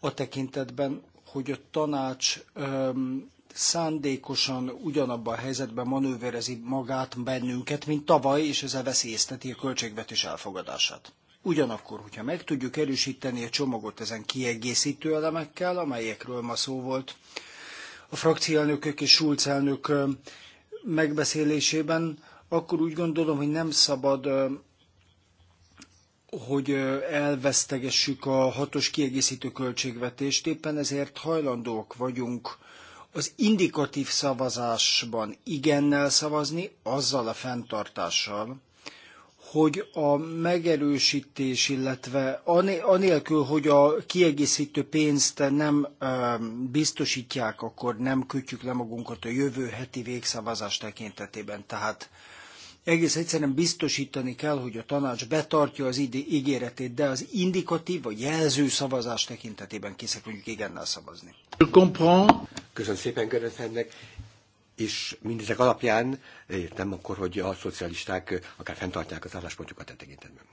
Speaker 2: a tekintetben, hogy a tanács öm, szándékosan ugyanabban a helyzetben manőverezi magát bennünket, mint tavaly, és ezzel veszélyezteti a költségvetés elfogadását. Ugyanakkor, hogyha meg tudjuk erősíteni a csomagot ezen kiegészítő elemekkel, amelyekről ma szó volt a frakcielnökök és Schulz elnök megbeszélésében, akkor úgy gondolom, hogy nem szabad hogy elvesztegessük a hatos kiegészítő költségvetést, éppen ezért hajlandók vagyunk az indikatív szavazásban igennel szavazni, azzal a fenntartással, hogy a megerősítés, illetve anélkül, hogy a kiegészítő pénzt nem biztosítják, akkor nem kötjük le magunkat a jövő heti végszavazás tekintetében. Tehát egész egyszerűen biztosítani kell, hogy a tanács betartja az idő ígéretét, de az indikatív vagy jelző szavazás tekintetében készek vagyunk igennel szavazni.
Speaker 3: Köszönöm szépen, Görönszendnek és mindezek alapján értem akkor, hogy a szocialisták akár fenntartják az álláspontjukat a e tekintetben.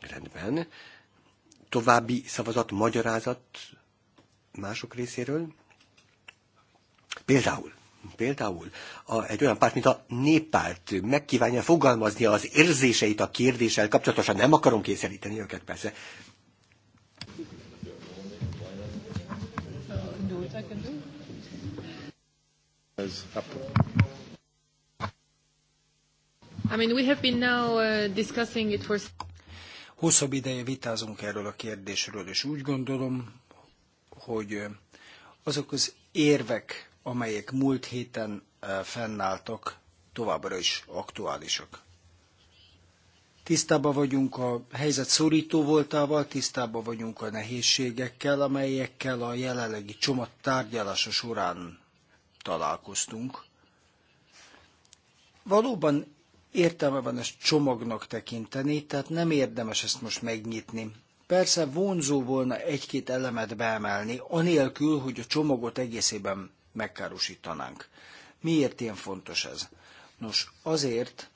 Speaker 3: Rendben. További szavazat, magyarázat mások részéről. Például például a, egy olyan párt, mint a néppárt megkívánja fogalmazni az érzéseit a kérdéssel kapcsolatosan, nem akarom készíteni őket persze.
Speaker 5: I mean, we have been now uh, discussing it for...
Speaker 2: Hosszabb ideje vitázunk erről a kérdésről, és úgy gondolom, hogy azok az érvek, amelyek múlt héten fennálltak, továbbra is aktuálisak. Tisztában vagyunk a helyzet szorító voltával, tisztában vagyunk a nehézségekkel, amelyekkel a jelenlegi csomag tárgyalása során találkoztunk. Valóban értelme van ezt csomagnak tekinteni, tehát nem érdemes ezt most megnyitni. Persze vonzó volna egy-két elemet beemelni, anélkül, hogy a csomagot egészében megkárosítanánk. Miért ilyen fontos ez? Nos, azért,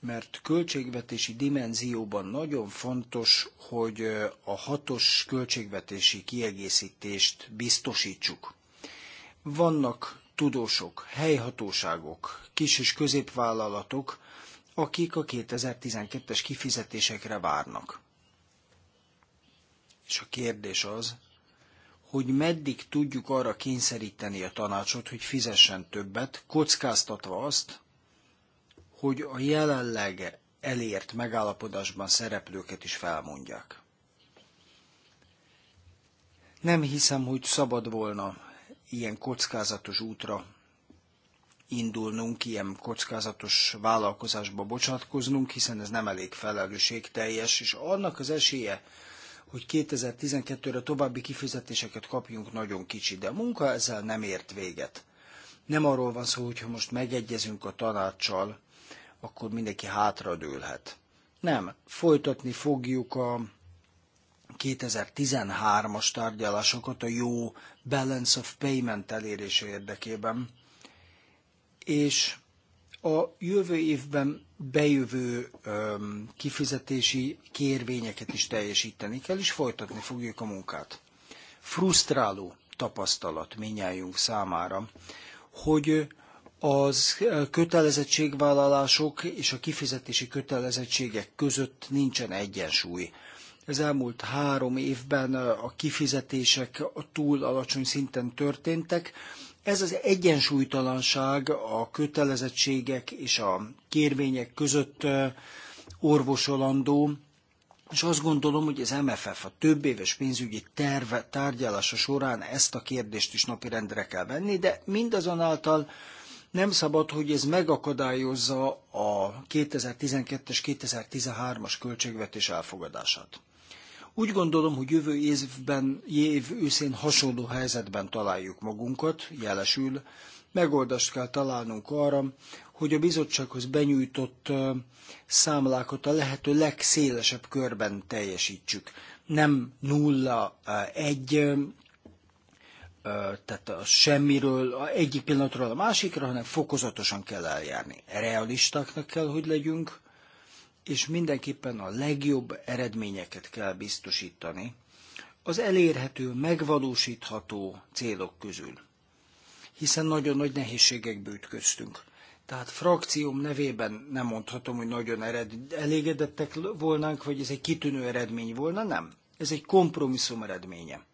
Speaker 2: mert költségvetési dimenzióban nagyon fontos, hogy a hatos költségvetési kiegészítést biztosítsuk. Vannak tudósok, helyhatóságok, kis és középvállalatok, akik a 2012-es kifizetésekre várnak. És a kérdés az, hogy meddig tudjuk arra kényszeríteni a tanácsot, hogy fizessen többet, kockáztatva azt, hogy a jelenleg elért megállapodásban szereplőket is felmondják. Nem hiszem, hogy szabad volna ilyen kockázatos útra indulnunk, ilyen kockázatos vállalkozásba bocsátkoznunk, hiszen ez nem elég felelősségteljes, és annak az esélye, hogy 2012-re további kifizetéseket kapjunk nagyon kicsi, de a munka ezzel nem ért véget. Nem arról van szó, hogyha most megegyezünk a tanácssal, akkor mindenki hátradőlhet. Nem, folytatni fogjuk a 2013-as tárgyalásokat a jó balance of payment elérése érdekében, és a jövő évben bejövő öm, kifizetési kérvényeket is teljesíteni kell, és folytatni fogjuk a munkát. Frusztráló tapasztalat minnyájunk számára, hogy az kötelezettségvállalások és a kifizetési kötelezettségek között nincsen egyensúly. Az elmúlt három évben a kifizetések túl alacsony szinten történtek, ez az egyensúlytalanság a kötelezettségek és a kérvények között orvosolandó, és azt gondolom, hogy az MFF a több éves pénzügyi terve tárgyalása során ezt a kérdést is napirendre kell venni, de mindazonáltal nem szabad, hogy ez megakadályozza a 2012-es, 2013-as költségvetés elfogadását. Úgy gondolom, hogy jövő évben, év őszén hasonló helyzetben találjuk magunkat, jelesül. Megoldást kell találnunk arra, hogy a bizottsághoz benyújtott számlákat a lehető legszélesebb körben teljesítsük. Nem nulla egy tehát a semmiről, a egyik pillanatról a másikra, hanem fokozatosan kell eljárni. Realistáknak kell, hogy legyünk, és mindenképpen a legjobb eredményeket kell biztosítani az elérhető, megvalósítható célok közül. Hiszen nagyon nagy nehézségekbe ütköztünk. Tehát frakcióm nevében nem mondhatom, hogy nagyon ered, elégedettek volnánk, vagy ez egy kitűnő eredmény volna, nem. Ez egy kompromisszum eredménye.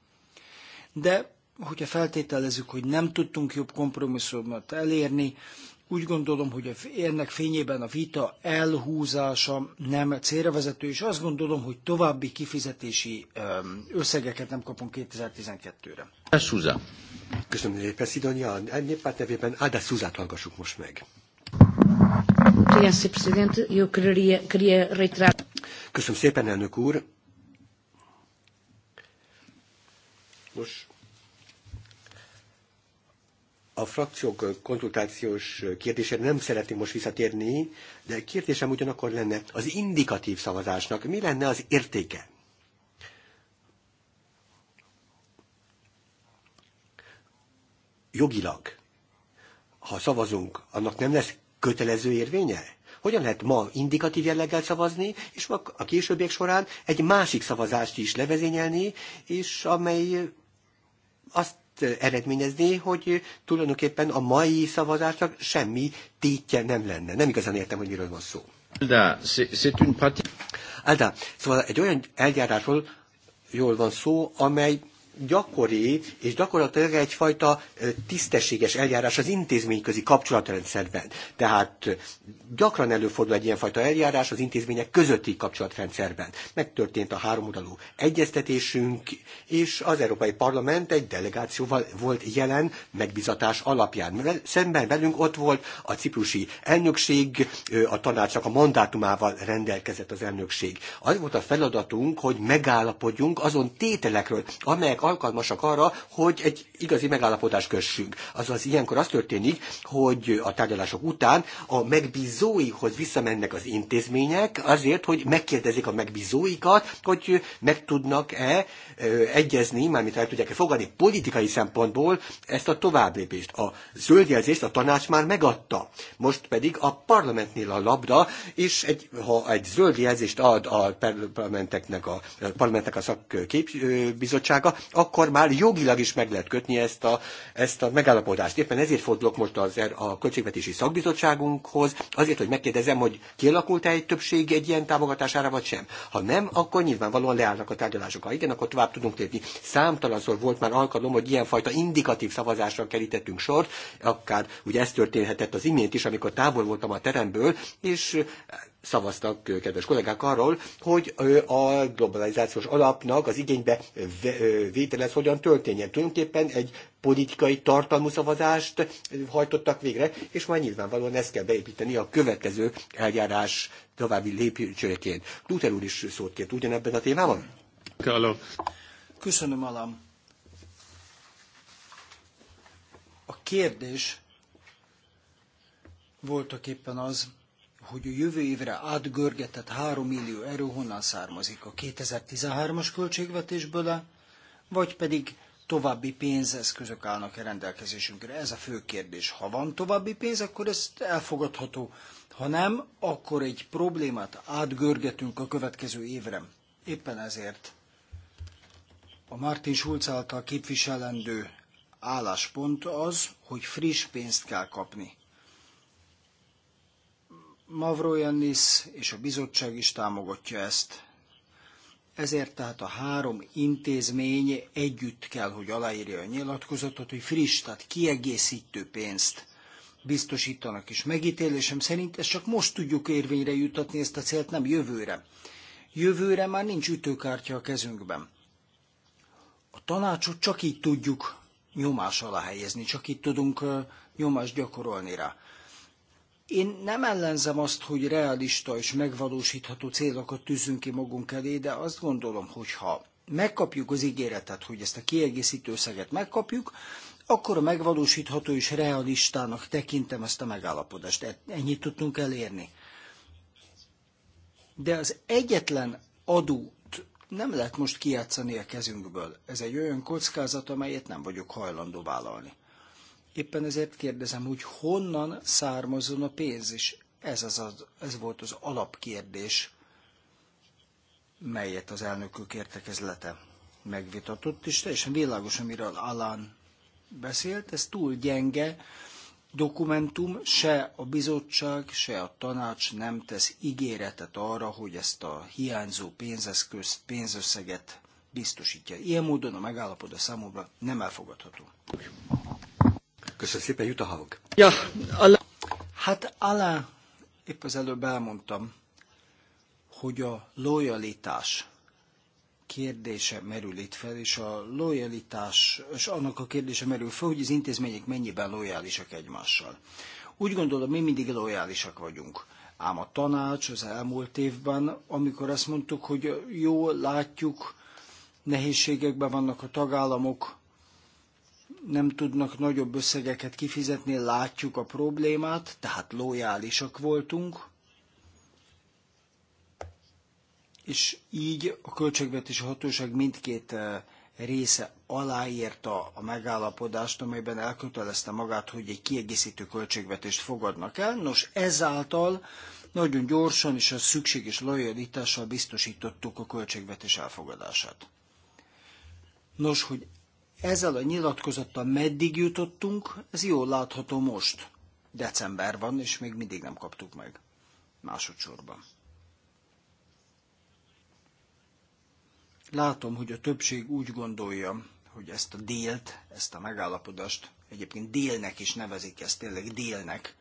Speaker 2: De hogyha feltételezzük, hogy nem tudtunk jobb kompromisszumot elérni, úgy gondolom, hogy ennek fényében a vita elhúzása nem célravezető, és azt
Speaker 3: gondolom, hogy további kifizetési összegeket nem kapunk 2012-re. Szúza. Köszönöm szépen, Szidonia. Ennyi párt nevében Áda Szúzát hallgassuk most meg. Köszönöm szépen, elnök úr. Nos, a frakciók konzultációs kérdésére nem szeretném most visszatérni, de kérdésem ugyanakkor lenne az indikatív szavazásnak. Mi lenne az értéke? Jogilag, ha szavazunk, annak nem lesz kötelező érvénye? Hogyan lehet ma indikatív jelleggel szavazni, és a későbbiek során egy másik szavazást is levezényelni, és amely azt eredményezni, hogy tulajdonképpen a mai szavazásnak semmi tétje nem lenne. Nem igazán értem, hogy miről van szó. Alda, c'est une pratique. Alda, szóval egy olyan eljárásról jól van szó, amely gyakori, és gyakorlatilag egyfajta tisztességes eljárás az intézményközi kapcsolatrendszerben. Tehát gyakran előfordul egy ilyenfajta eljárás az intézmények közötti kapcsolatrendszerben. Megtörtént a háromoldalú egyeztetésünk, és az Európai Parlament egy delegációval volt jelen megbizatás alapján. Szemben velünk ott volt a ciprusi elnökség, a tanácsnak a mandátumával rendelkezett az elnökség. Az volt a feladatunk, hogy megállapodjunk azon tételekről, amelyek alkalmasak arra, hogy egy igazi megállapodást kössünk. Azaz ilyenkor az történik, hogy a tárgyalások után a megbízóihoz visszamennek az intézmények azért, hogy megkérdezik a megbízóikat, hogy meg tudnak-e egyezni, mármint el tudják-e fogadni politikai szempontból ezt a továbblépést. A zöldjelzést a tanács már megadta. Most pedig a parlamentnél a labda, és egy, ha egy zöldjelzést ad a parlamenteknek a, a parlamentnek a szakképbizottsága, akkor már jogilag is meg lehet kötni ezt a, ezt a megállapodást. Éppen ezért fordulok most az, er-, a költségvetési szakbizottságunkhoz, azért, hogy megkérdezem, hogy kialakult-e egy többség egy ilyen támogatására, vagy sem. Ha nem, akkor nyilvánvalóan leállnak a tárgyalások. Ha igen, akkor tovább tovább tudunk lépni. Számtalanszor volt már alkalom, hogy ilyenfajta indikatív szavazásra kerítettünk sort, akár ugye ez történhetett az imént is, amikor távol voltam a teremből, és szavaztak kedves kollégák arról, hogy a globalizációs alapnak az igénybe vételez hogyan történjen. Tulajdonképpen egy politikai tartalmú szavazást hajtottak végre, és majd nyilvánvalóan ezt kell beépíteni a következő eljárás további lépcsőjeként. Luther úr is szót kért ugyanebben a témában? Köszönöm Köszönöm, Alam. A kérdés
Speaker 2: voltak éppen az, hogy a jövő évre átgörgetett 3 millió euró honnan származik, a 2013-as költségvetésből, vagy pedig további pénzeszközök állnak a rendelkezésünkre? Ez a fő kérdés. Ha van további pénz, akkor ez elfogadható. Ha nem, akkor egy problémát átgörgetünk a következő évre. Éppen ezért a Martin Schulz által képviselendő álláspont az, hogy friss pénzt kell kapni. Mavroyannis és a bizottság is támogatja ezt. Ezért tehát a három intézmény együtt kell, hogy aláírja a nyilatkozatot, hogy friss, tehát kiegészítő pénzt biztosítanak. És megítélésem szerint ezt csak most tudjuk érvényre jutatni ezt a célt, nem jövőre. Jövőre már nincs ütőkártya a kezünkben. A tanácsot csak így tudjuk nyomás alá helyezni, csak így tudunk nyomást gyakorolni rá. Én nem ellenzem azt, hogy realista és megvalósítható célokat tűzünk ki magunk elé, de azt gondolom, hogy ha megkapjuk az ígéretet, hogy ezt a kiegészítő összeget megkapjuk, akkor a megvalósítható és realistának tekintem ezt a megállapodást. E-, ennyit tudtunk elérni. De az egyetlen adó, nem lehet most kijátszani a kezünkből. Ez egy olyan kockázat, amelyet nem vagyok hajlandó vállalni. Éppen ezért kérdezem, hogy honnan származon a pénz, is? ez, az az, ez volt az alapkérdés, melyet az elnökök értekezlete megvitatott, és teljesen világos, amiről alán beszélt, ez túl gyenge, dokumentum, se a bizottság, se a tanács nem tesz ígéretet arra, hogy ezt a hiányzó pénzeszközt, pénzösszeget biztosítja. Ilyen módon a megállapodás számomra nem elfogadható.
Speaker 3: Köszönöm szépen, Jutta Haug.
Speaker 2: Ja, Hát alá épp az előbb elmondtam, hogy a lojalitás kérdése merül itt fel, és a lojalitás, és annak a kérdése merül fel, hogy az intézmények mennyiben lojálisak egymással. Úgy gondolom, mi mindig lojálisak vagyunk. Ám a tanács az elmúlt évben, amikor azt mondtuk, hogy jó látjuk, nehézségekben vannak a tagállamok, nem tudnak nagyobb összegeket kifizetni, látjuk a problémát, tehát lojálisak voltunk, és így a költségvetési hatóság mindkét eh, része aláírta a megállapodást, amelyben elkötelezte magát, hogy egy kiegészítő költségvetést fogadnak el. Nos, ezáltal nagyon gyorsan és a szükséges lojalitással biztosítottuk a költségvetés elfogadását. Nos, hogy ezzel a nyilatkozattal meddig jutottunk, ez jól látható most. December van, és még mindig nem kaptuk meg. Másodszorban. Látom, hogy a többség úgy gondolja, hogy ezt a délt, ezt a megállapodást, egyébként délnek is nevezik ezt, tényleg délnek,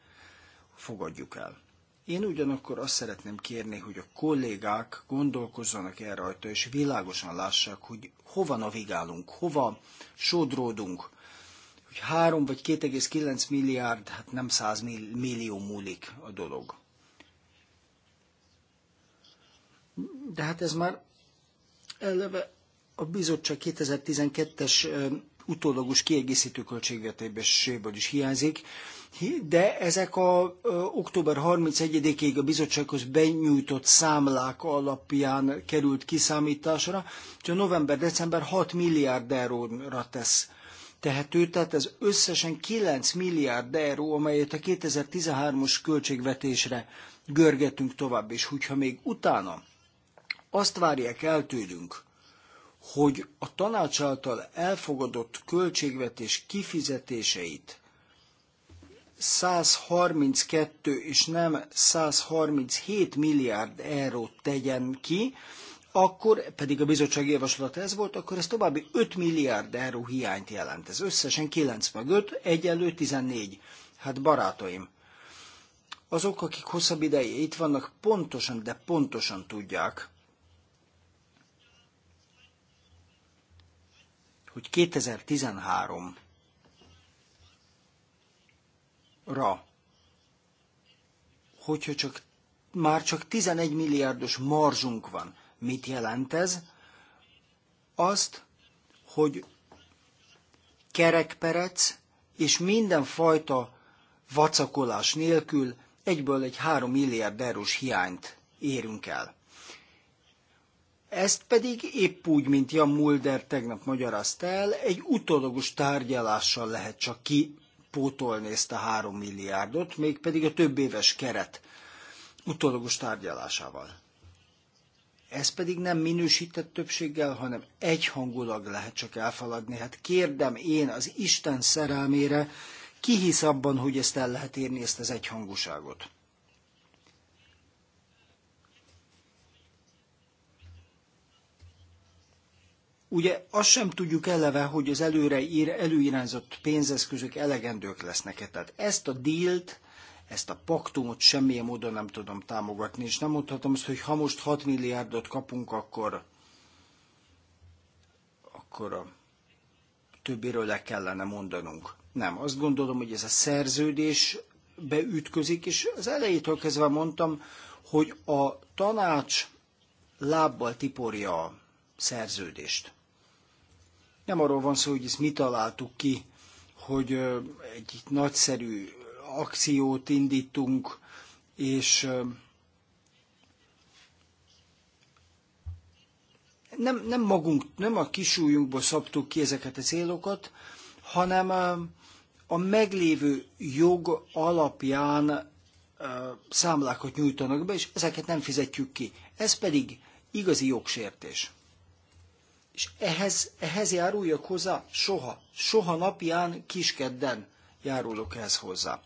Speaker 2: fogadjuk el. Én ugyanakkor azt szeretném kérni, hogy a kollégák gondolkozzanak el rajta, és világosan lássák, hogy hova navigálunk, hova sodródunk, hogy 3 vagy 2,9 milliárd, hát nem 100 millió múlik a dolog. De hát ez már Eleve a bizottság 2012-es utólagos kiegészítő költségvetéséből is hiányzik, de ezek a ö, október 31-ig a bizottsághoz benyújtott számlák alapján került kiszámításra, hogy a november-december 6 milliárd euróra tesz tehető, tehát ez összesen 9 milliárd euró, amelyet a 2013-os költségvetésre görgetünk tovább, és hogyha még utána azt várják el tőlünk, hogy a tanács által elfogadott költségvetés kifizetéseit 132 és nem 137 milliárd eurót tegyen ki, akkor pedig a bizottság javaslata ez volt, akkor ez további 5 milliárd euró hiányt jelent. Ez összesen 9 meg 5, egyenlő 14. Hát barátaim, azok, akik hosszabb ideje itt vannak, pontosan, de pontosan tudják, hogy 2013-ra, hogyha csak, már csak 11 milliárdos marzsunk van, mit jelent ez? Azt, hogy kerekperec és mindenfajta vacakolás nélkül egyből egy 3 milliárd eurós hiányt érünk el. Ezt pedig épp úgy, mint Jan Mulder tegnap magyarázta el, egy utólagos tárgyalással lehet csak kipótolni ezt a három milliárdot, mégpedig a több éves keret utólagos tárgyalásával. Ez pedig nem minősített többséggel, hanem egyhangulag lehet csak elfaladni. Hát kérdem én az Isten szerelmére, ki hisz abban, hogy ezt el lehet érni, ezt az egyhangúságot? Ugye azt sem tudjuk eleve, hogy az előre ír, előirányzott pénzeszközök elegendők lesznek-e. Tehát ezt a dílt, ezt a paktumot semmilyen módon nem tudom támogatni, és nem mondhatom azt, hogy ha most 6 milliárdot kapunk, akkor, akkor a többiről le kellene mondanunk. Nem, azt gondolom, hogy ez a szerződés beütközik, és az elejétől kezdve mondtam, hogy a tanács lábbal tiporja a szerződést. Nem arról van szó, hogy ezt mi találtuk ki, hogy egy nagyszerű akciót indítunk, és nem, nem magunk, nem a kisújunkból szabtuk ki ezeket a célokat, hanem a meglévő jog alapján számlákat nyújtanak be, és ezeket nem fizetjük ki. Ez pedig igazi jogsértés. És ehhez, ehhez járuljak hozzá? Soha. Soha napján kiskedden járulok ehhez hozzá.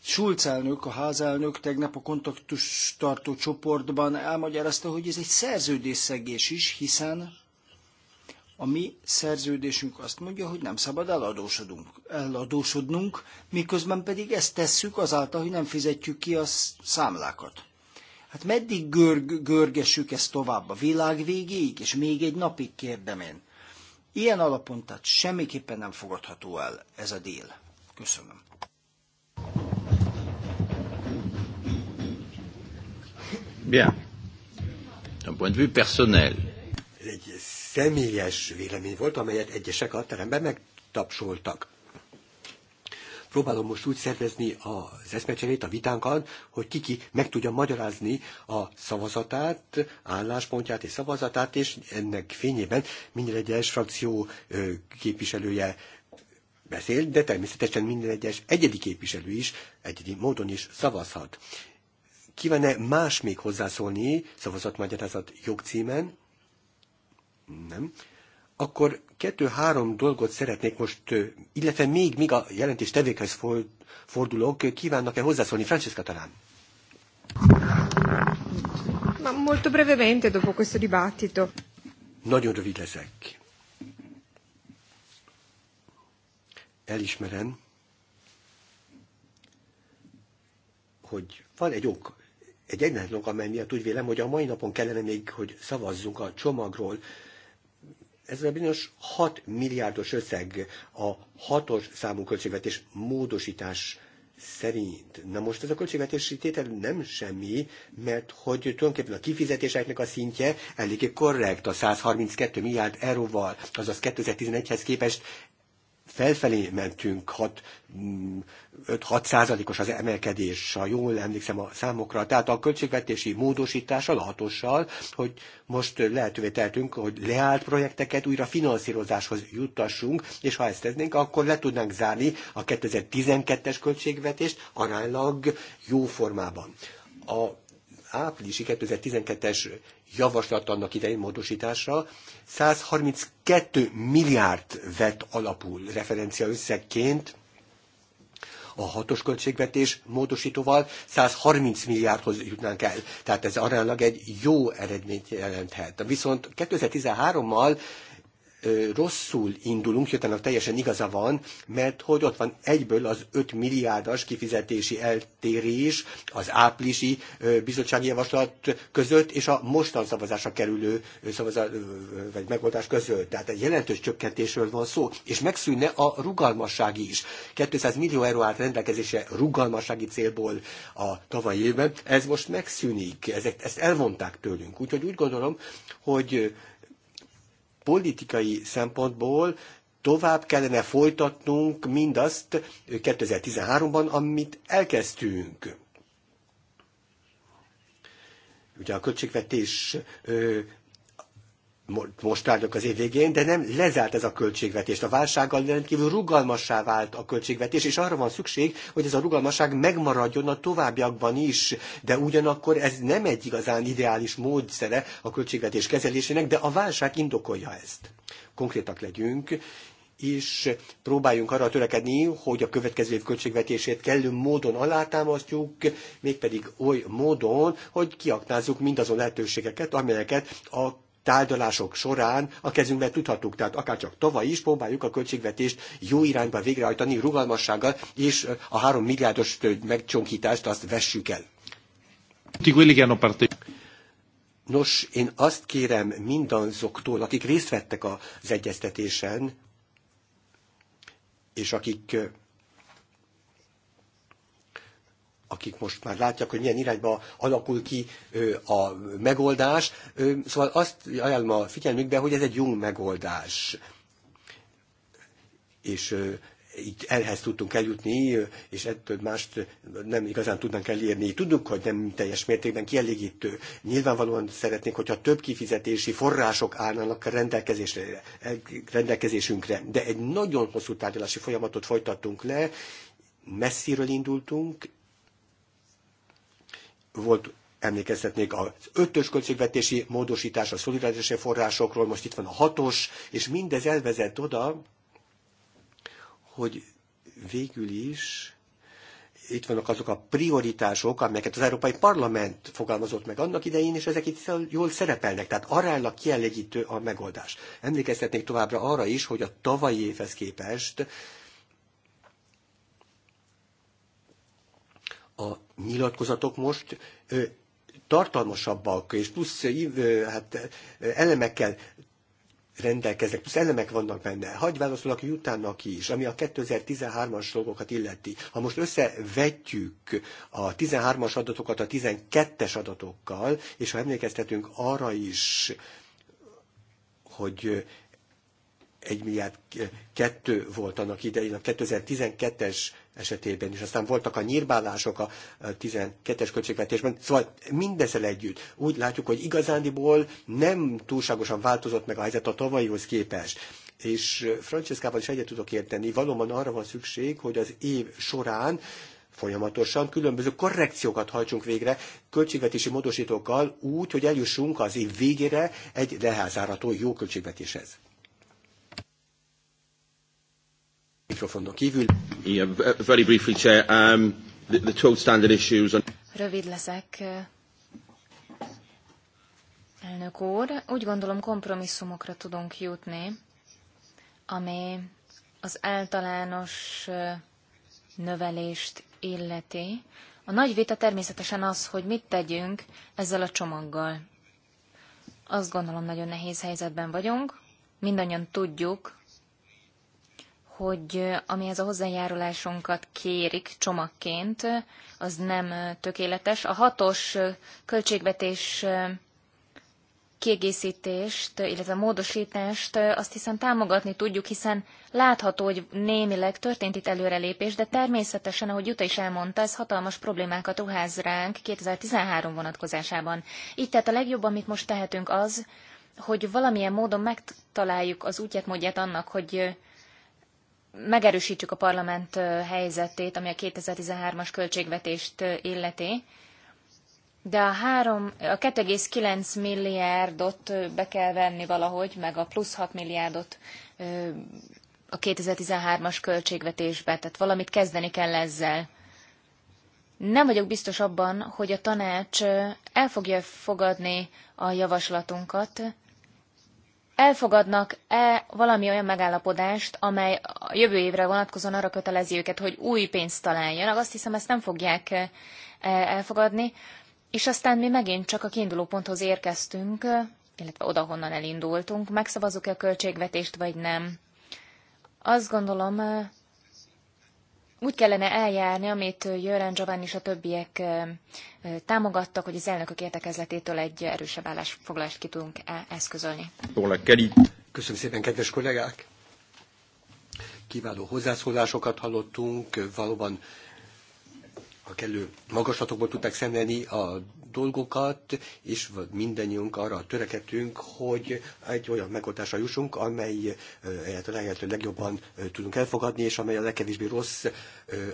Speaker 2: Schulz elnök, a házelnök tegnap a kontaktus tartó csoportban elmagyarázta, hogy ez egy szerződésszegés is, hiszen a mi szerződésünk azt mondja, hogy nem szabad eladósodunk, eladósodnunk, miközben pedig ezt tesszük azáltal, hogy nem fizetjük ki a számlákat. Hát meddig görg, görgessük ezt tovább? A világ végéig? És még egy napig kérdem én. Ilyen alapon tehát semmiképpen nem fogadható el ez a dél. Köszönöm. Bien. D'un point de vue personnel.
Speaker 3: egy személyes vélemény volt, amelyet egyesek a teremben megtapsoltak próbálom most úgy szervezni az eszmecserét, a vitánkat, hogy kiki meg tudja magyarázni a szavazatát, álláspontját és szavazatát, és ennek fényében minden egyes frakció képviselője beszél, de természetesen minden egyes egyedi képviselő is egyedi módon is szavazhat. Kívánne más még hozzászólni szavazatmagyarázat jogcímen? Nem akkor kettő-három dolgot szeretnék most, illetve még, még a jelentés tevékhez fordulok, kívánnak-e hozzászólni, Francesca talán?
Speaker 5: Ma molto brevemente dopo questo dibattito.
Speaker 3: Nagyon rövid leszek. Elismerem, hogy van egy ok, egy egyetlen ok, amely miatt úgy vélem, hogy a mai napon kellene még, hogy szavazzunk a csomagról, ez a bizonyos 6 milliárdos összeg a hatos számú költségvetés módosítás szerint. Na most ez a költségvetési tétel nem semmi, mert hogy tulajdonképpen a kifizetéseknek a szintje eléggé korrekt a 132 milliárd euróval, azaz 2011-hez képest felfelé mentünk, 5-6 mm, százalékos az emelkedés, ha jól emlékszem a számokra, tehát a költségvetési módosítás a hogy most lehetővé tehetünk, hogy leállt projekteket újra finanszírozáshoz juttassunk, és ha ezt tennénk, akkor le tudnánk zárni a 2012-es költségvetést aránylag jó formában. A áprilisi 2012-es javaslat annak idején módosításra 132 milliárd vett alapul referencia összegként, a hatos költségvetés módosítóval 130 milliárdhoz jutnánk el. Tehát ez aránylag egy jó eredményt jelenthet. Viszont 2013-mal rosszul indulunk, Jötának teljesen igaza van, mert hogy ott van egyből az 5 milliárdas kifizetési eltérés az áprilisi bizottsági javaslat között és a mostan szavazásra kerülő szavazat, vagy megoldás között. Tehát egy jelentős csökkentésről van szó, és megszűnne a rugalmasság is. 200 millió euró állt rendelkezésre rugalmassági célból a tavalyi évben. Ez most megszűnik, ezek, ezt elvonták tőlünk. Úgyhogy úgy gondolom, hogy politikai szempontból tovább kellene folytatnunk mindazt 2013-ban, amit elkezdtünk. Ugye a költségvetés most tárgyalok az év végén, de nem lezárt ez a költségvetést. A válsággal rendkívül rugalmassá vált a költségvetés, és arra van szükség, hogy ez a rugalmasság megmaradjon a továbbiakban is. De ugyanakkor ez nem egy igazán ideális módszere a költségvetés kezelésének, de a válság indokolja ezt. Konkrétak legyünk, és próbáljunk arra törekedni, hogy a következő év költségvetését kellő módon alátámasztjuk, mégpedig oly módon, hogy kiaknázzuk mindazon lehetőségeket, amelyeket a tárgyalások során a kezünkben tudhatunk. Tehát akár csak tavaly is próbáljuk a költségvetést jó irányba végrehajtani, rugalmassággal, és a három milliárdos megcsonkítást azt vessük el. Nos, én azt kérem mindazoktól, akik részt vettek az egyeztetésen, és akik akik most már látják, hogy milyen irányba alakul ki a megoldás. Szóval azt ajánlom a figyelmükbe, hogy ez egy jó megoldás. És így elhez tudtunk eljutni, és ettől mást nem igazán tudnánk elérni. Tudjuk, hogy nem teljes mértékben kielégítő. Nyilvánvalóan szeretnénk, hogyha több kifizetési források állnának rendelkezésre, e, rendelkezésünkre. De egy nagyon hosszú tárgyalási folyamatot folytattunk le, messziről indultunk, volt emlékeztetnék az ötös költségvetési módosítás a szolidaritási forrásokról, most itt van a hatos, és mindez elvezet oda, hogy végül is itt vannak azok a prioritások, amelyeket az Európai Parlament fogalmazott meg annak idején, és ezek itt jól szerepelnek, tehát aránylag kielégítő a megoldás. Emlékeztetnék továbbra arra is, hogy a tavalyi évhez képest a nyilatkozatok most tartalmasabbak, és plusz hát, elemekkel rendelkeznek, plusz elemek vannak benne. Hagy válaszolok jutánnak is, ami a 2013-as dolgokat illeti. Ha most összevetjük a 13-as adatokat a 12-es adatokkal, és ha emlékeztetünk arra is, hogy 1 milliárd 2 volt annak idején, a 2012-es esetében is. Aztán voltak a nyírbálások a 12-es költségvetésben. Szóval mindezzel együtt úgy látjuk, hogy igazándiból nem túlságosan változott meg a helyzet a tavalyihoz képest. És Franceszkával is egyet tudok érteni, valóban arra van szükség, hogy az év során folyamatosan különböző korrekciókat hajtsunk végre költségvetési módosítókkal úgy, hogy eljussunk az év végére egy leházárató jó költségvetéshez. mikrofonon kívül. Yeah, very briefly, Chair. Um, the, the standard issues on...
Speaker 5: Rövid leszek. Elnök úr, úgy gondolom kompromisszumokra tudunk jutni, ami az általános növelést illeti. A nagy vita természetesen az, hogy mit tegyünk ezzel a csomaggal. Azt gondolom, nagyon nehéz helyzetben vagyunk. Mindannyian tudjuk, hogy ami ez a hozzájárulásunkat kérik csomagként, az nem tökéletes. A hatos költségvetés kiegészítést, illetve módosítást azt hiszen támogatni tudjuk, hiszen látható, hogy némileg történt itt előrelépés, de természetesen, ahogy Juta is elmondta, ez hatalmas problémákat ruház ránk 2013 vonatkozásában. Így tehát a legjobb, amit most tehetünk az, hogy valamilyen módon megtaláljuk az útját, módját annak, hogy megerősítsük a parlament helyzetét, ami a 2013-as költségvetést illeti, de a, három, a 2,9 milliárdot be kell venni valahogy, meg a plusz 6 milliárdot a 2013-as költségvetésbe, tehát valamit kezdeni kell ezzel. Nem vagyok biztos abban, hogy a tanács el fogja fogadni a javaslatunkat, elfogadnak-e valami olyan megállapodást, amely a jövő évre vonatkozóan arra kötelezi őket, hogy új pénzt találjanak. Azt hiszem, ezt nem fogják e, elfogadni. És aztán mi megint csak a kiinduló ponthoz érkeztünk, illetve odahonnan elindultunk, megszavazzuk-e a költségvetést, vagy nem. Azt gondolom, e, úgy kellene eljárni, amit Jörán Giovanni és a többiek támogattak, hogy az elnökök értekezletétől egy erősebb állásfoglalást ki tudunk e- eszközölni.
Speaker 3: Szóval Köszönöm szépen, kedves kollégák! Kiváló hozzászólásokat hallottunk, valóban a kellő magaslatokból tudták szemlélni a dolgokat, és mindannyiunk arra törekedtünk, hogy egy olyan megoldásra jussunk, amely a lehető legjobban tudunk elfogadni, és amely a legkevésbé rossz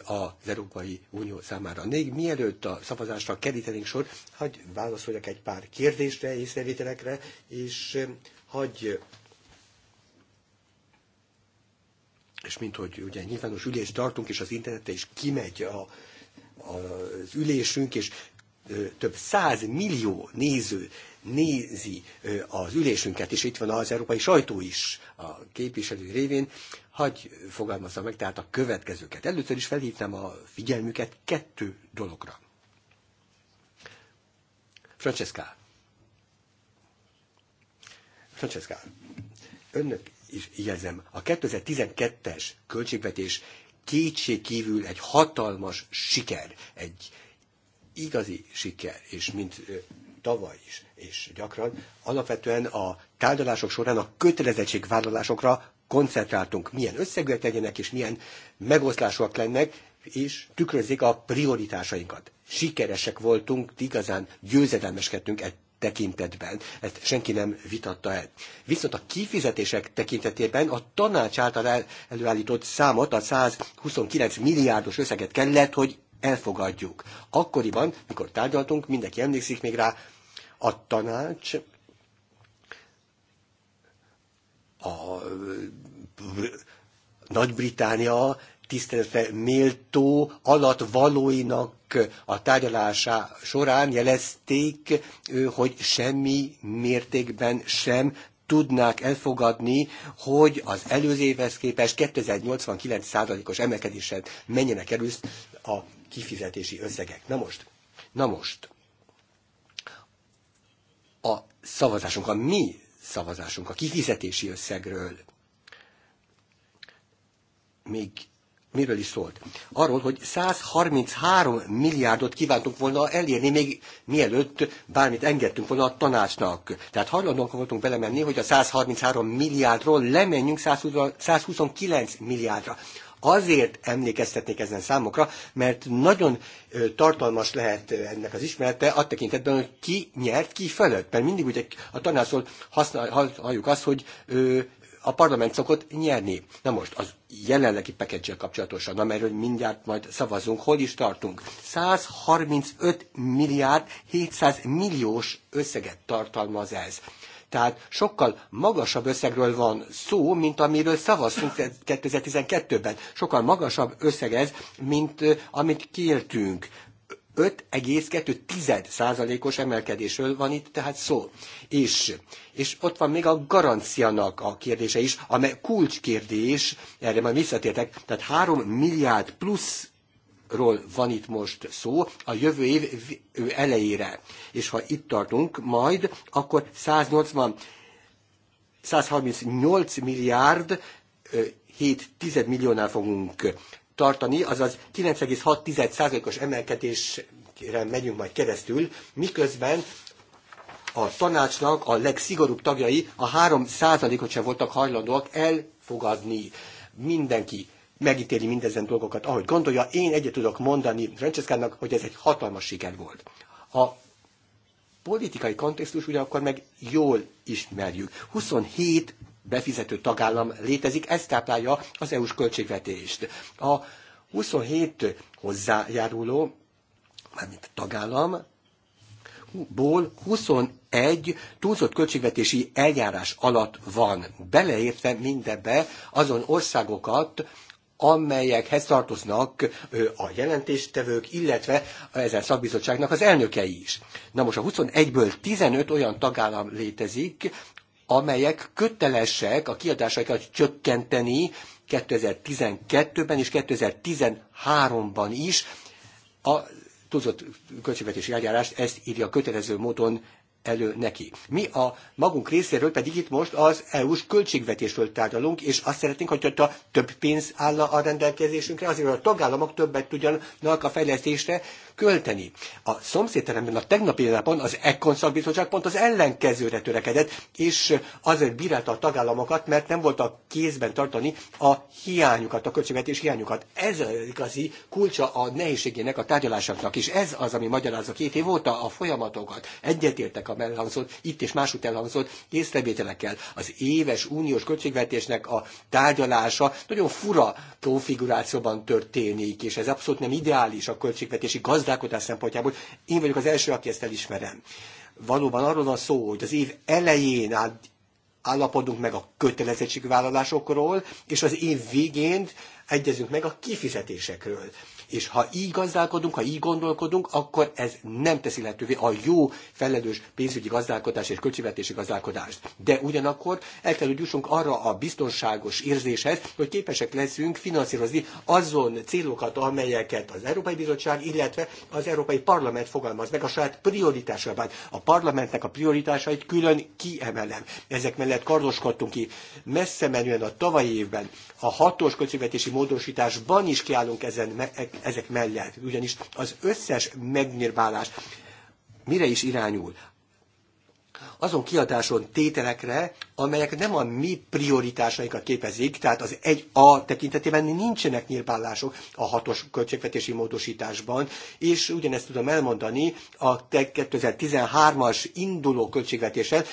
Speaker 3: az Európai Unió számára. Még mielőtt a szavazásra kerítenénk sor, hagyj válaszoljak egy pár kérdésre, és szervételekre, és hagyj és mint hogy ugye nyilvános ülést tartunk, és az internete is kimegy a, az ülésünk, és több száz millió néző nézi az ülésünket, és itt van az európai sajtó is a képviselő révén, hagy fogalmazza meg tehát a következőket. Először is felhívtam a figyelmüket kettő dologra. Francesca. Francesca, önnek is jelzem, a 2012-es költségvetés kétség kívül egy hatalmas siker, egy igazi siker, és mint tavaly is, és gyakran, alapvetően a tárgyalások során a kötelezettségvállalásokra koncentráltunk, milyen összegűek legyenek, és milyen megoszlásúak lennek, és tükrözik a prioritásainkat. Sikeresek voltunk, igazán győzedelmeskedtünk e tekintetben. Ezt senki nem vitatta el. Viszont a kifizetések tekintetében a tanács által el, előállított számot, a 129 milliárdos összeget kellett, hogy elfogadjuk. Akkoriban, mikor tárgyaltunk, mindenki emlékszik még rá, a tanács a Nagy-Británia tiszteletre méltó alatt a tárgyalása során jelezték, hogy semmi mértékben sem tudnák elfogadni, hogy az előző évhez képest 2089 százalékos emelkedésen menjenek elősz a kifizetési összegek. Na most, na most, a szavazásunk, a mi szavazásunk, a kifizetési összegről még miről is szólt? Arról, hogy 133 milliárdot kívántunk volna elérni, még mielőtt bármit engedtünk volna a tanácsnak. Tehát hajlandók voltunk belemenni, hogy a 133 milliárdról lemenjünk 129 milliárdra. Azért emlékeztetnék ezen számokra, mert nagyon tartalmas lehet ennek az ismerete a tekintetben, hogy ki nyert, ki fölött. Mert mindig ugye a tanácsról használ, halljuk azt, hogy ö, a parlament szokott nyerni. Na most, az jelenlegi package kapcsolatosan, amelyről mindjárt majd szavazunk, hol is tartunk? 135 milliárd 700 milliós összeget tartalmaz ez. Tehát sokkal magasabb összegről van szó, mint amiről szavaztunk 2012-ben. Sokkal magasabb összeg ez, mint amit kértünk. 5,2%-os emelkedésről van itt tehát szó. És, és ott van még a garanciának a kérdése is, amely kulcskérdés, erre majd visszatértek, tehát 3 milliárd plusz ról van itt most szó a jövő év elejére. És ha itt tartunk majd, akkor 180, 138 milliárd 7 tized milliónál fogunk tartani, azaz 9,6%-os emelkedésre megyünk majd keresztül, miközben a tanácsnak a legszigorúbb tagjai a 3%-ot sem voltak hajlandóak elfogadni. Mindenki megítéli mindezen dolgokat, ahogy gondolja. Én egyet tudok mondani Francescának, hogy ez egy hatalmas siker volt. A politikai kontextus ugyanakkor meg jól ismerjük. 27 befizető tagállam létezik, ez táplálja az EU-s költségvetést. A 27 hozzájáruló, mármint tagállam, ból 21 túlzott költségvetési eljárás alatt van, beleértve mindebbe azon országokat, amelyekhez tartoznak a jelentéstevők, illetve ezen szakbizottságnak az elnöke is. Na most a 21-ből 15 olyan tagállam létezik, amelyek kötelesek a kiadásaikat csökkenteni 2012-ben és 2013-ban is. A tudott költségvetési eljárást ezt írja kötelező módon elő neki. Mi a magunk részéről pedig itt most az EU-s költségvetésről tárgyalunk, és azt szeretnénk, hogy a több pénz áll a rendelkezésünkre, azért, hogy a tagállamok többet tudjanak a fejlesztésre költeni. A szomszédteremben a tegnapi napon az Ekkon szakbizottság pont az ellenkezőre törekedett, és azért bírálta a tagállamokat, mert nem voltak kézben tartani a hiányukat, a költségvetés hiányukat. Ez az igazi kulcsa a nehézségének, a tárgyalásoknak, és ez az, ami magyarázza két év óta a folyamatokat. Egyetértek a elhangzott, itt és máshogy elhangzott észrevételekkel. Az éves uniós költségvetésnek a tárgyalása nagyon fura konfigurációban történik, és ez abszolút nem ideális a költségvetési gazdaság gazdálkodás szempontjából. Én vagyok az első, aki ezt elismerem. Valóban arról van szó, hogy az év elején áll, állapodunk meg a kötelezettségvállalásokról, és az év végén egyezünk meg a kifizetésekről. És ha így gazdálkodunk, ha így gondolkodunk, akkor ez nem teszi lehetővé a jó, felelős pénzügyi gazdálkodás és költségvetési gazdálkodást. De ugyanakkor el kell, hogy jussunk arra a biztonságos érzéshez, hogy képesek leszünk finanszírozni azon célokat, amelyeket az Európai Bizottság, illetve az Európai Parlament fogalmaz meg a saját prioritásában. A parlamentnek a prioritásait külön kiemelem. Ezek mellett kardoskodtunk ki messze menően a tavalyi évben, a hatós költségvetési módosításban is kiállunk ezen ezek mellett, ugyanis az összes megnyírválás mire is irányul? azon kiadáson tételekre, amelyek nem a mi prioritásainkat képezik, tehát az egy a tekintetében nincsenek nyilvánlások a hatos költségvetési módosításban, és ugyanezt tudom elmondani a 2013-as induló költségvetéssel,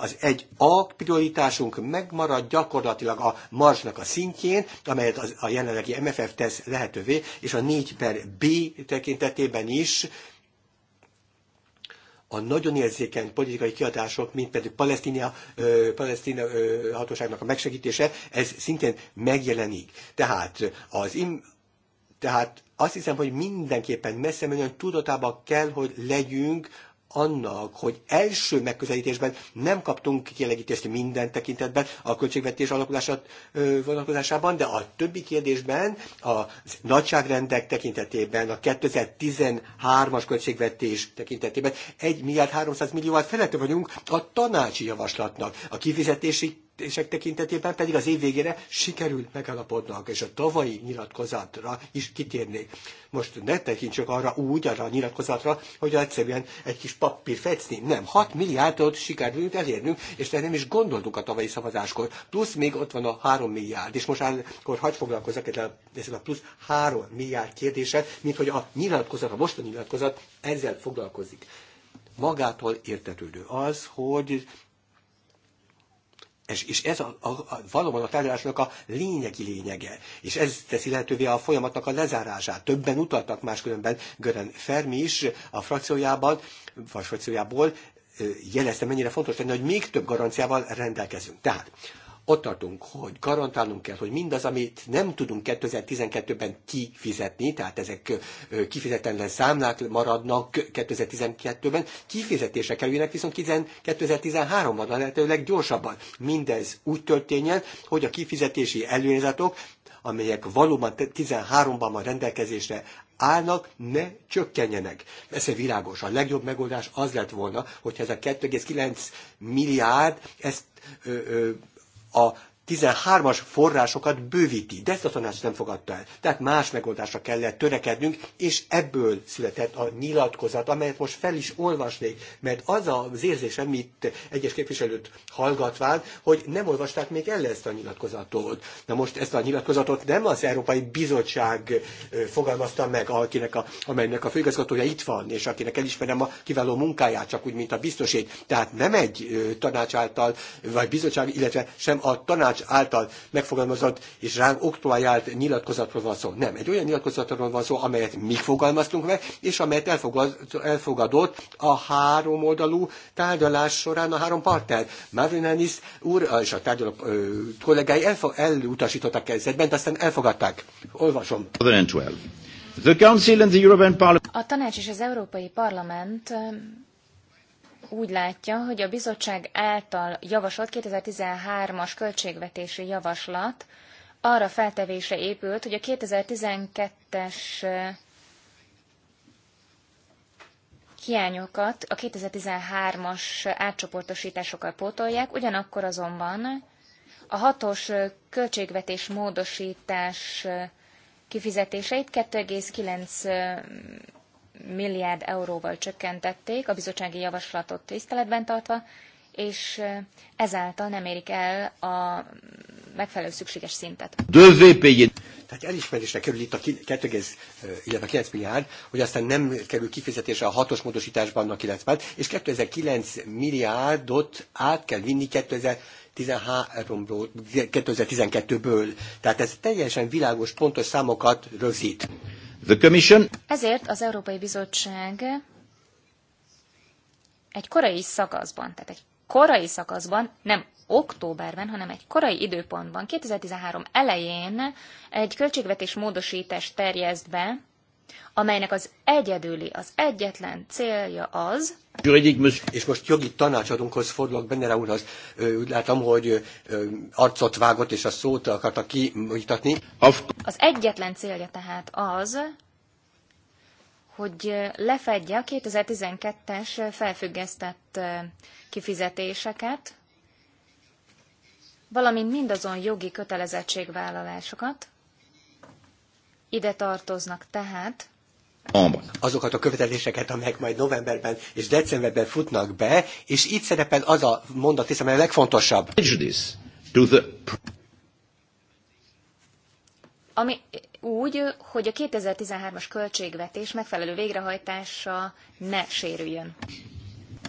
Speaker 3: az egy a prioritásunk megmarad gyakorlatilag a marzsnak a szintjén, amelyet az, a jelenlegi MFF tesz lehetővé, és a 4 per B tekintetében is a nagyon érzékeny politikai kiadások, mint pedig Palesztina, ö, Palesztina ö, hatóságnak a megsegítése, ez szintén megjelenik. Tehát az im, tehát azt hiszem, hogy mindenképpen messze menően tudatában kell, hogy legyünk annak, hogy első megközelítésben nem kaptunk kielegítést minden tekintetben a költségvetés alakulását vonatkozásában, de a többi kérdésben a nagyságrendek tekintetében, a 2013-as költségvetés tekintetében 1 milliárd 300 millióval felette vagyunk a tanácsi javaslatnak. A kifizetési kifizetések tekintetében pedig az év végére sikerül megállapodnak, és a tavalyi nyilatkozatra is kitérnék. Most ne tekintsük arra úgy, arra a nyilatkozatra, hogy egyszerűen egy kis papír fecni. Nem, 6 milliárdot sikerült elérnünk, és erre nem is gondoltuk a tavalyi szavazáskor. Plusz még ott van a 3 milliárd, és most áll, akkor hagyj foglalkozzak ezzel a plusz 3 milliárd kérdéssel, mint hogy a nyilatkozat, a mostani nyilatkozat ezzel foglalkozik magától értetődő az, hogy és, és ez a, a, a, valóban a tárgyalásnak a lényegi lényege, és ez teszi lehetővé a folyamatnak a lezárását. Többen utaltak máskülönben, Gören Fermi is a frakciójában, vagy frakciójából jelezte, mennyire fontos lenne, hogy még több garanciával rendelkezünk. Tehát ott tartunk, hogy garantálnunk kell, hogy mindaz, amit nem tudunk 2012-ben kifizetni, tehát ezek kifizetetlen számlák maradnak 2012-ben, kifizetése kerüljenek viszont 2013-ban, a lehetőleg gyorsabban. Mindez úgy történjen, hogy a kifizetési előnyzatok, amelyek valóban 13-ban a rendelkezésre állnak, ne csökkenjenek. egy világos, a legjobb megoldás az lett volna, hogyha ez a 2,9 milliárd, ezt ö, ö, a 13-as forrásokat bővíti, de ezt a tanács nem fogadta el. Tehát más megoldásra kellett törekednünk, és ebből született a nyilatkozat, amelyet most fel is olvasnék, mert az az érzés, amit egyes képviselőt hallgatván, hogy nem olvasták még el ezt a nyilatkozatot. Na most ezt a nyilatkozatot nem az Európai Bizottság fogalmazta meg, akinek a, amelynek a főigazgatója itt van, és akinek elismerem a kiváló munkáját, csak úgy, mint a biztosét. Tehát nem egy tanács által, vagy bizottság, illetve sem a tanács tanács által megfogalmazott és ránk oktuájált nyilatkozatról van szó. Nem, egy olyan nyilatkozatról van szó, amelyet mi fogalmaztunk meg, és amelyet elfogadott a három oldalú tárgyalás során a három partner. Mavrinenis úr és a tárgyaló kollégái elutasították kezdetben, de aztán elfogadták. Olvasom.
Speaker 2: The Council and the European Parliament.
Speaker 5: A tanács és az Európai Parlament úgy látja, hogy a bizottság által javasolt 2013-as költségvetési javaslat arra feltevésre épült, hogy a 2012-es hiányokat a 2013-as átcsoportosításokkal pótolják, ugyanakkor azonban a hatos költségvetés módosítás kifizetéseit 2,9 milliárd euróval csökkentették, a bizottsági javaslatot tiszteletben tartva, és eh, ezáltal nem érik el a megfelelő szükséges szintet. Tehát
Speaker 3: elismerésre kerül itt a 2,9 eh, milliárd, hogy aztán nem kerül kifizetésre a hatos módosításban a 90, és 2009 milliárdot át kell vinni 2000 2013-ból, 2012-ből. Tehát ez teljesen világos, pontos számokat rögzít. The Commission...
Speaker 5: Ezért az Európai Bizottság egy korai szakaszban, tehát egy korai szakaszban, nem októberben, hanem egy korai időpontban, 2013 elején egy költségvetés módosítást terjeszt be, amelynek az egyedüli, az egyetlen célja az...
Speaker 3: Juridik, és most jogi tanácsadónkhoz fordulok Bennere úrhoz. Úgy látom, hogy arcot vágott, és a szót akarta kimutatni.
Speaker 5: Az egyetlen célja tehát az, hogy lefedje a 2012-es felfüggesztett kifizetéseket, valamint mindazon jogi kötelezettségvállalásokat, ide tartoznak tehát
Speaker 3: azokat a követeléseket, amelyek majd novemberben és decemberben futnak be, és itt szerepel az a mondat, hiszem, amely a legfontosabb.
Speaker 5: Ami úgy, hogy a 2013-as költségvetés megfelelő végrehajtása ne sérüljön.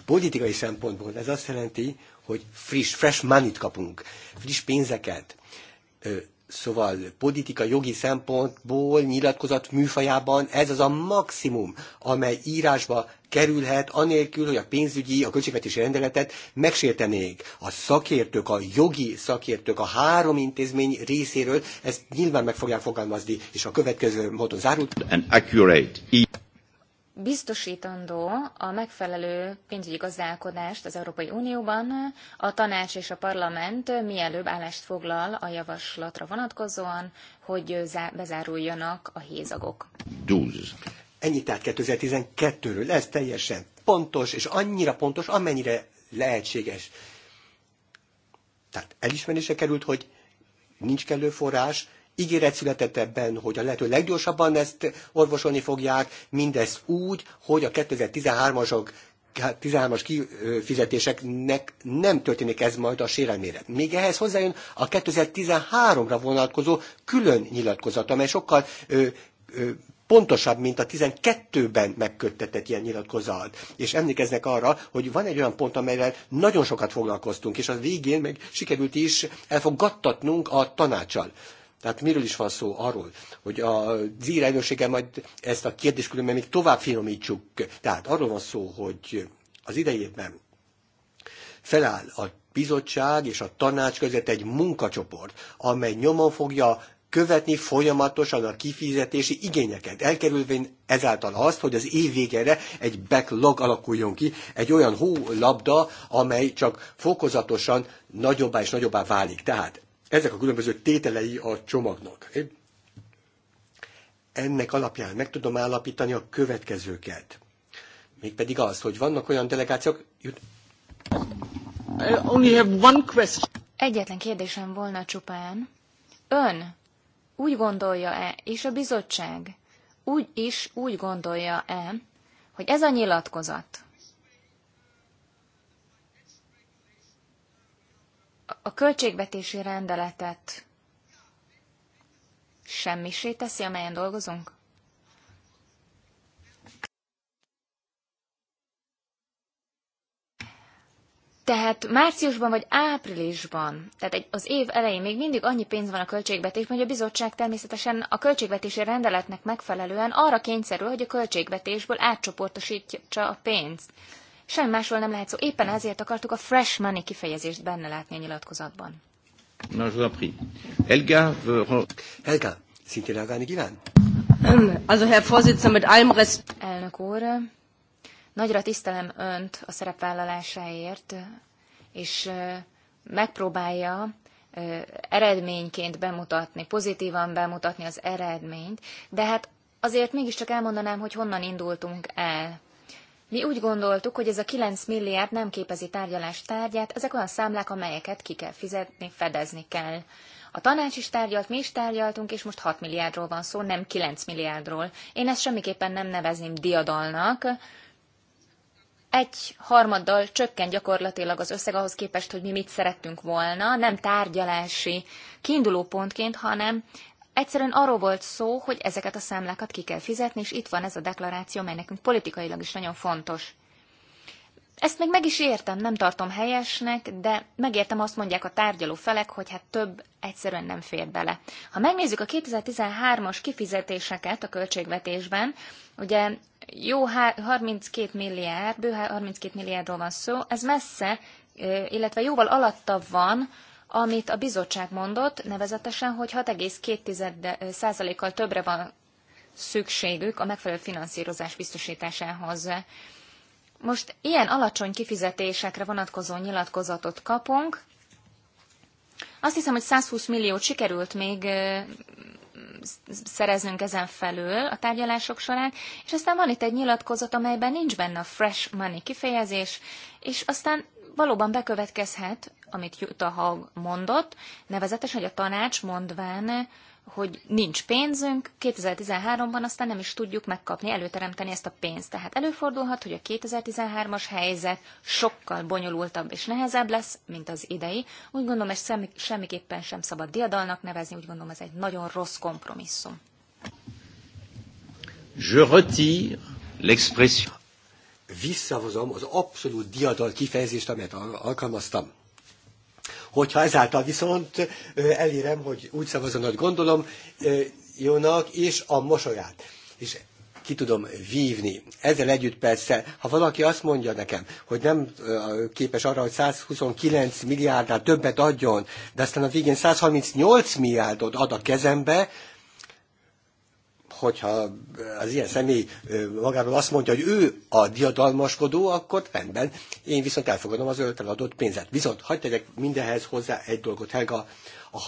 Speaker 3: Politikai szempontból ez azt jelenti, hogy friss, fresh money kapunk, friss pénzeket Szóval politika jogi szempontból nyilatkozat műfajában ez az a maximum, amely írásba kerülhet, anélkül, hogy a pénzügyi, a költségvetési rendeletet megsértenék. A szakértők, a jogi szakértők, a három intézmény részéről ezt nyilván meg fogják fogalmazni, és a következő módon zárult. accurate. E-
Speaker 5: biztosítandó a megfelelő pénzügyi gazdálkodást az Európai Unióban, a tanács és a parlament mielőbb állást foglal a javaslatra vonatkozóan, hogy bezáruljanak a hézagok.
Speaker 3: Dúz. Ennyi tehát 2012-ről, ez teljesen pontos, és annyira pontos, amennyire lehetséges. Tehát elismerése került, hogy nincs kellő forrás, ígéret született ebben, hogy a lehető leggyorsabban ezt orvosolni fogják, mindez úgy, hogy a 2013-asok 13-as kifizetéseknek nem történik ez majd a sérelmére. Még ehhez hozzájön a 2013-ra vonatkozó külön nyilatkozat, amely sokkal ö, ö, pontosabb, mint a 12-ben megköttetett ilyen nyilatkozat. És emlékeznek arra, hogy van egy olyan pont, amelyel nagyon sokat foglalkoztunk, és a végén meg sikerült is elfogadtatnunk a tanácsal. Tehát miről is van szó? Arról, hogy a zírányosége majd ezt a kérdést különben még tovább finomítsuk. Tehát arról van szó, hogy az idejében feláll a bizottság és a tanács között egy munkacsoport, amely nyomon fogja követni folyamatosan a kifizetési igényeket, elkerülvén ezáltal azt, hogy az év végére egy backlog alakuljon ki, egy olyan hólabda, amely csak fokozatosan nagyobbá és nagyobbá válik. Tehát ezek a különböző tételei a csomagnak. ennek alapján meg tudom állapítani a következőket. Mégpedig az, hogy vannak olyan delegációk... I uh, only have
Speaker 5: one question. Egyetlen kérdésem volna csupán. Ön úgy gondolja-e, és a bizottság úgy is úgy gondolja-e, hogy ez a nyilatkozat, a költségvetési rendeletet semmisé teszi, amelyen dolgozunk? Tehát márciusban vagy áprilisban, tehát egy, az év elején még mindig annyi pénz van a költségvetésben, hogy a bizottság természetesen a költségvetési rendeletnek megfelelően arra kényszerül, hogy a költségvetésből átcsoportosítsa a pénzt. Semmi másról nem lehet szó. Éppen ezért akartuk a fresh money kifejezést benne látni a nyilatkozatban.
Speaker 3: Na, je prie. Helga, euh, Helga, szintén reagálni
Speaker 5: kíván? Also, Herr Vorsitzender, mit allem Rest... Elnök úr, nagyra tisztelem önt a szerepvállalásáért, és megpróbálja eredményként bemutatni, pozitívan bemutatni az eredményt, de hát azért mégiscsak elmondanám, hogy honnan indultunk el. Mi úgy gondoltuk, hogy ez a 9 milliárd nem képezi tárgyalás tárgyát, ezek olyan számlák, amelyeket ki kell fizetni, fedezni kell. A tanács is tárgyalt, mi is tárgyaltunk, és most 6 milliárdról van szó, nem 9 milliárdról. Én ezt semmiképpen nem nevezném diadalnak. Egy harmaddal csökkent gyakorlatilag az összeg ahhoz képest, hogy mi mit szerettünk volna, nem tárgyalási kiindulópontként, hanem Egyszerűen arról volt szó, hogy ezeket a számlákat ki kell fizetni, és itt van ez a deklaráció, mely nekünk politikailag is nagyon fontos. Ezt még meg is értem, nem tartom helyesnek, de megértem, azt mondják a tárgyaló felek, hogy hát több egyszerűen nem fér bele. Ha megnézzük a 2013-as kifizetéseket a költségvetésben, ugye jó 32 milliárd, bő 32 milliárdról van szó, ez messze, illetve jóval alatta van amit a bizottság mondott, nevezetesen, hogy 6,2%-kal eh, többre van szükségük a megfelelő finanszírozás biztosításához. Most ilyen alacsony kifizetésekre vonatkozó nyilatkozatot kapunk. Azt hiszem, hogy 120 milliót sikerült még eh, szereznünk ezen felül a tárgyalások során, és aztán van itt egy nyilatkozat, amelyben nincs benne a fresh money kifejezés, és aztán valóban bekövetkezhet, amit Jutta Haug mondott, nevezetesen, hogy a tanács mondván, hogy nincs pénzünk, 2013-ban aztán nem is tudjuk megkapni, előteremteni ezt a pénzt. Tehát előfordulhat, hogy a 2013-as helyzet sokkal bonyolultabb és nehezebb lesz, mint az idei. Úgy gondolom, ezt semmi, semmiképpen sem szabad diadalnak nevezni, úgy gondolom ez egy nagyon rossz kompromisszum.
Speaker 3: Je retire
Speaker 4: l'expression.
Speaker 3: Visszavozom az abszolút diadal kifejezést, amelyet alkalmaztam. Hogyha ezáltal viszont elérem, hogy úgy szavazom, hogy gondolom jónak, és a mosolyát. És ki tudom vívni. Ezzel együtt persze, ha valaki azt mondja nekem, hogy nem képes arra, hogy 129 milliárdnál többet adjon, de aztán a végén 138 milliárdot ad a kezembe, hogyha az ilyen személy magáról azt mondja, hogy ő a diadalmaskodó, akkor rendben, én viszont elfogadom az öltel adott pénzet. Viszont hagyd tegyek mindenhez hozzá egy dolgot, Helga, a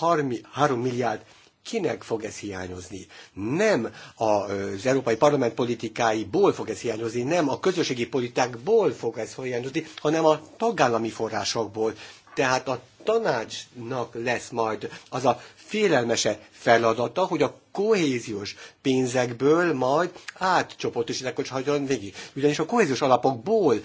Speaker 3: 3 milliárd kinek fog ez hiányozni? Nem az európai parlament politikáiból fog ez hiányozni, nem a közösségi politikákból fog ez hiányozni, hanem a tagállami forrásokból. Tehát a tanácsnak lesz majd az a félelmese feladata, hogy a kohéziós pénzekből majd átcsoportosítják, hogy hagyjon végig. Ugyanis a kohéziós alapokból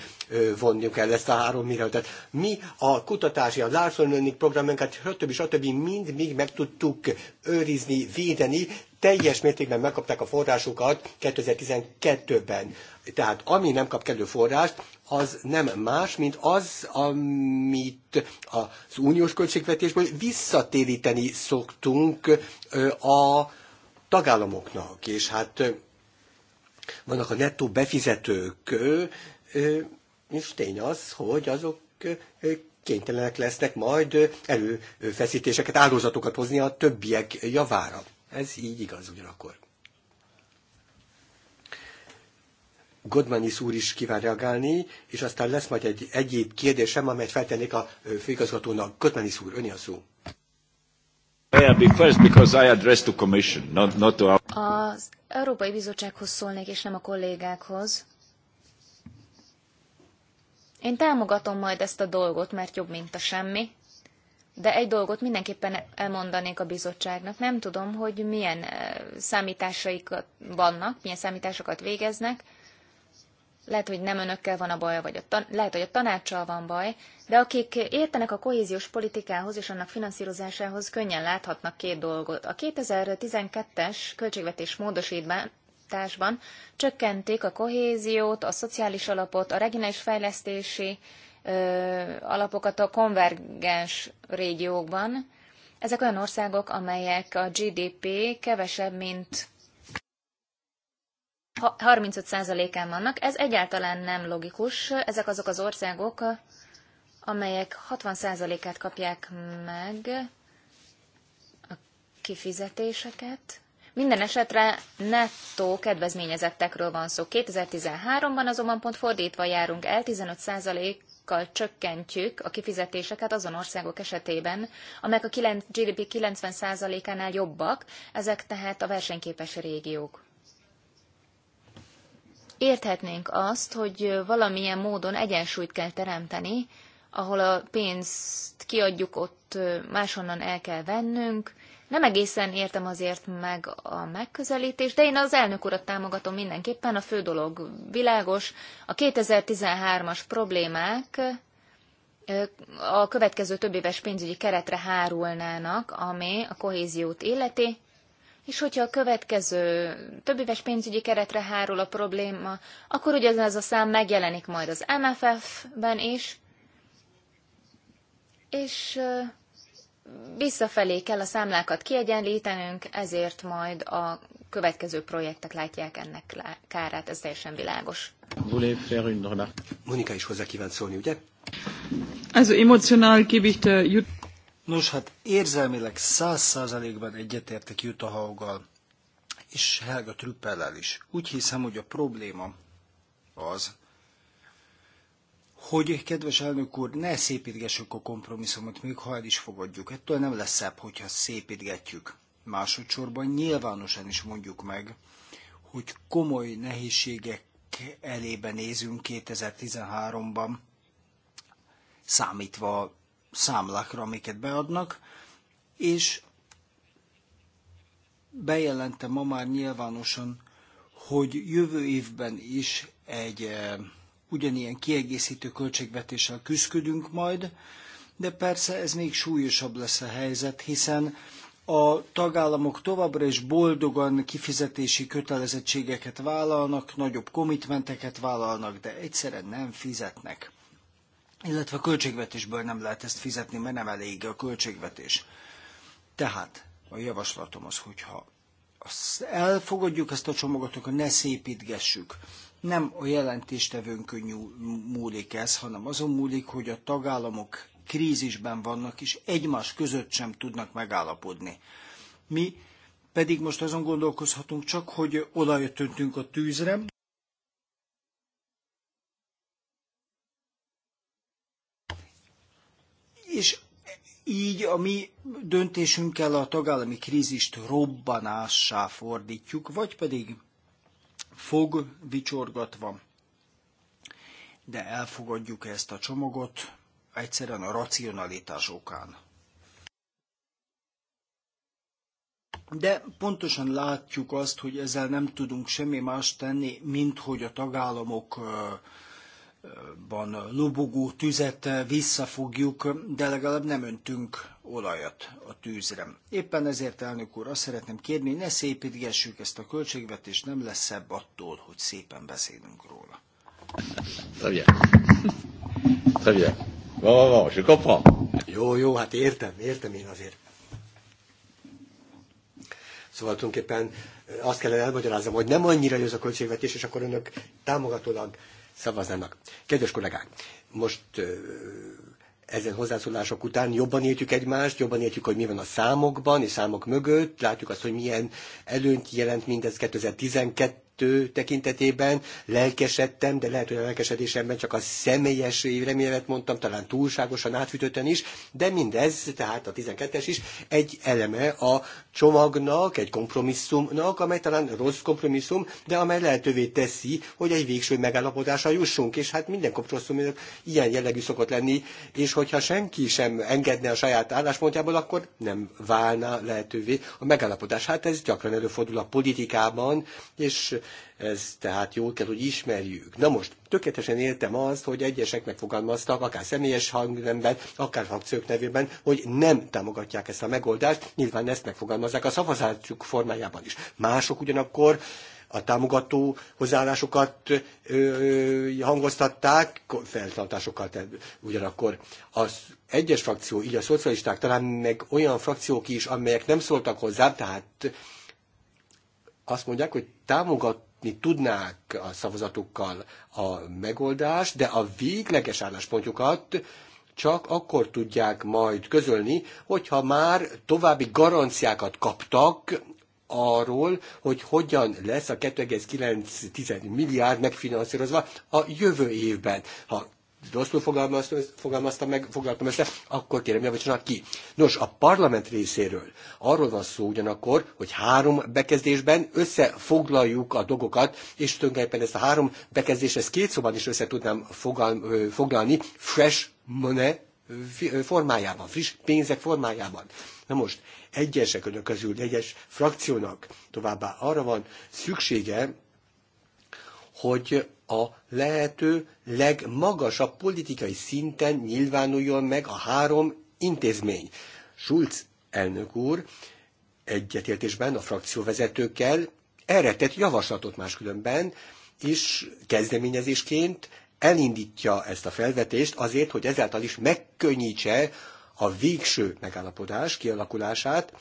Speaker 3: vonjuk el ezt a három Tehát Mi a kutatási, a Larson Learning programunkat, stb. stb. mind még meg tudtuk őrizni, védeni, teljes mértékben megkapták a forrásukat 2012-ben. Tehát ami nem kap kellő forrást, az nem más, mint az, amit az uniós költségvetésből visszatéríteni szoktunk a tagállamoknak. És hát vannak a nettó befizetők, és tény az, hogy azok kénytelenek lesznek majd előfeszítéseket, áldozatokat hozni a többiek javára. Ez így igaz ugyanakkor. Godmanis úr is kíván reagálni, és aztán lesz majd egy egyéb kérdésem, amelyet feltennék a főigazgatónak. Godmanis úr, öné a szó.
Speaker 5: Az Európai Bizottsághoz szólnék, és nem a kollégákhoz. Én támogatom majd ezt a dolgot, mert jobb, mint a semmi. De egy dolgot mindenképpen elmondanék a bizottságnak. Nem tudom, hogy milyen számításaik vannak, milyen számításokat végeznek, lehet, hogy nem önökkel van a baj, vagy a tan- lehet, hogy a tanácssal van baj, de akik értenek a kohéziós politikához és annak finanszírozásához, könnyen láthatnak két dolgot. A 2012-es költségvetés módosításban csökkenték a kohéziót, a szociális alapot, a regionális fejlesztési ö, alapokat a konvergens régiókban. Ezek olyan országok, amelyek a GDP kevesebb, mint 35%-án vannak. Ez egyáltalán nem logikus. Ezek azok az országok, amelyek 60%-át kapják meg a kifizetéseket. Minden esetre nettó kedvezményezettekről van szó. 2013-ban azonban pont fordítva járunk el, 15%-kal csökkentjük a kifizetéseket azon országok esetében, amelyek a GDP 90%-ánál jobbak, ezek tehát a versenyképes régiók érthetnénk azt, hogy valamilyen módon egyensúlyt kell teremteni, ahol a pénzt kiadjuk, ott máshonnan el kell vennünk. Nem egészen értem azért meg a megközelítést, de én az elnök urat támogatom mindenképpen, a fő dolog világos. A 2013-as problémák a következő több éves pénzügyi keretre hárulnának, ami a kohéziót illeti, és hogyha a következő éves pénzügyi keretre hárul a probléma, akkor ugye ez a szám megjelenik majd az MFF-ben is, és visszafelé kell a számlákat kiegyenlítenünk, ezért majd a következő projektek látják ennek kárát, ez teljesen világos.
Speaker 3: Monika is hozzá kívánt szólni, ugye? Also emotional gebe
Speaker 1: ich der
Speaker 2: Nos, hát érzelmileg száz százalékban egyetértek Jutta és Helga Trüppellel is. Úgy hiszem, hogy a probléma az, hogy, kedves elnök úr, ne szépítgessük a kompromisszumot, még ha el is fogadjuk. Ettől nem lesz szebb, hogyha szépítgetjük. Másodszorban nyilvánosan is mondjuk meg, hogy komoly nehézségek elébe nézünk 2013-ban, számítva számlákra, amiket beadnak, és bejelentem ma már nyilvánosan, hogy jövő évben is egy eh, ugyanilyen kiegészítő költségvetéssel küzdködünk majd, de persze ez még súlyosabb lesz a helyzet, hiszen a tagállamok továbbra is boldogan kifizetési kötelezettségeket vállalnak, nagyobb komitmenteket vállalnak, de egyszerűen nem fizetnek illetve a költségvetésből nem lehet ezt fizetni, mert nem elég a költségvetés. Tehát a javaslatom az, hogyha azt elfogadjuk ezt a csomagot, akkor ne szépítgessük. Nem a könnyű múlik ez, hanem azon múlik, hogy a tagállamok krízisben vannak, és egymás között sem tudnak megállapodni. Mi pedig most azon gondolkozhatunk csak, hogy olajat öntünk a tűzre, így a mi döntésünkkel a tagállami krízist robbanássá fordítjuk, vagy pedig fog vicsorgatva. De elfogadjuk ezt a csomagot egyszerűen a racionalitás okán. De pontosan látjuk azt, hogy ezzel nem tudunk semmi más tenni, mint hogy a tagállamok van lobogó tüzet visszafogjuk, de legalább nem öntünk olajat a tűzre. Éppen ezért, elnök úr, azt szeretném kérni, ne szépítgessük ezt a költségvetést, nem lesz szebb attól, hogy szépen beszélünk róla.
Speaker 3: Szevje. Szevje. Van, van, van, van. Jó, jó, hát értem, értem én azért. Szóval tulajdonképpen azt kellene elmagyaráznom, hogy nem annyira jó a költségvetés, és akkor önök támogatólag szavaznának. Kedves kollégák, most ezen hozzászólások után jobban értjük egymást, jobban értjük, hogy mi van a számokban és számok mögött, látjuk azt, hogy milyen előnyt jelent mindez 2012 tekintetében, lelkesedtem, de lehet, hogy a lelkesedésemben csak a személyes reményemet mondtam, talán túlságosan átfűtötten is, de mindez, tehát a 12-es is egy eleme a csomagnak, egy kompromisszumnak, amely talán rossz kompromisszum, de amely lehetővé teszi, hogy egy végső megállapodásra jussunk, és hát minden kompromisszum ilyen jellegű szokott lenni, és hogyha senki sem engedne a saját álláspontjából, akkor nem válna lehetővé a megállapodás. Hát ez gyakran előfordul a politikában, és ez tehát jól kell, hogy ismerjük. Na most, tökéletesen értem azt, hogy egyesek megfogalmaztak, akár személyes hangnemben, akár frakciók nevében, hogy nem támogatják ezt a megoldást, nyilván ezt megfogalmazzák a szavazásuk formájában is. Mások ugyanakkor a támogató hozzáállásokat ö, hangoztatták, feltartásokkal ugyanakkor. Az egyes frakció, így a szocialisták, talán meg olyan frakciók is, amelyek nem szóltak hozzá, tehát azt mondják, hogy támogat támogatni tudnák a szavazatukkal a megoldást, de a végleges álláspontjukat csak akkor tudják majd közölni, hogyha már további garanciákat kaptak arról, hogy hogyan lesz a 2,9 milliárd megfinanszírozva a jövő évben. Ha rosszul fogalmaztam meg, fogalmaztam ezt akkor kérem javítsanak ki. Nos, a parlament részéről arról van szó ugyanakkor, hogy három bekezdésben összefoglaljuk a dolgokat, és tulajdonképpen ezt a három bekezdést, ezt két szóban is össze tudnám fogal, foglalni, fresh money formájában, friss pénzek formájában. Na most, egyesek önök közül, egyes frakciónak továbbá arra van szüksége, hogy a lehető legmagasabb politikai szinten nyilvánuljon meg a három intézmény. Schulz elnök úr egyetértésben a frakcióvezetőkkel erre tett javaslatot máskülönben, és kezdeményezésként elindítja ezt a felvetést azért, hogy ezáltal is megkönnyítse a végső megállapodás kialakulását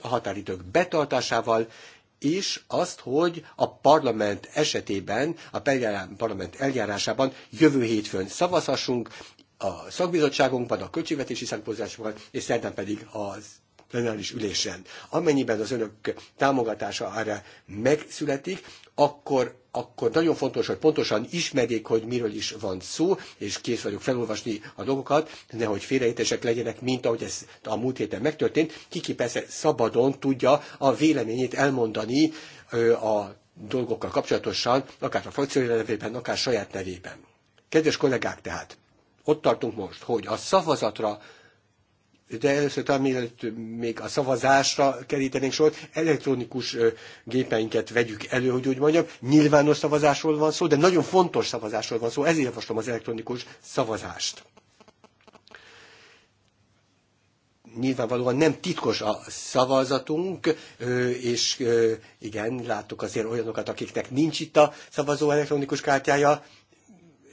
Speaker 3: a határidők betartásával és azt, hogy a parlament esetében, a parlament eljárásában jövő hétfőn szavazhassunk, a szakbizottságunkban, a költségvetési szakbizottságban, és szerintem pedig az plenáris ülésen. Amennyiben az önök támogatása erre megszületik, akkor, akkor nagyon fontos, hogy pontosan ismerjék, hogy miről is van szó, és kész vagyok felolvasni a dolgokat, nehogy félreértések legyenek, mint ahogy ez a múlt héten megtörtént. Kiki persze szabadon tudja a véleményét elmondani a dolgokkal kapcsolatosan, akár a frakciói nevében, akár saját nevében. Kedves kollégák tehát, ott tartunk most, hogy a szavazatra de először talán mielőtt még a szavazásra kerítenénk sor, elektronikus gépeinket vegyük elő, hogy úgy mondjam. Nyilvános szavazásról van szó, de nagyon fontos szavazásról van szó, ezért javaslom az elektronikus szavazást. Nyilvánvalóan nem titkos a szavazatunk, és igen, láttuk azért olyanokat, akiknek nincs itt a szavazó elektronikus kártyája.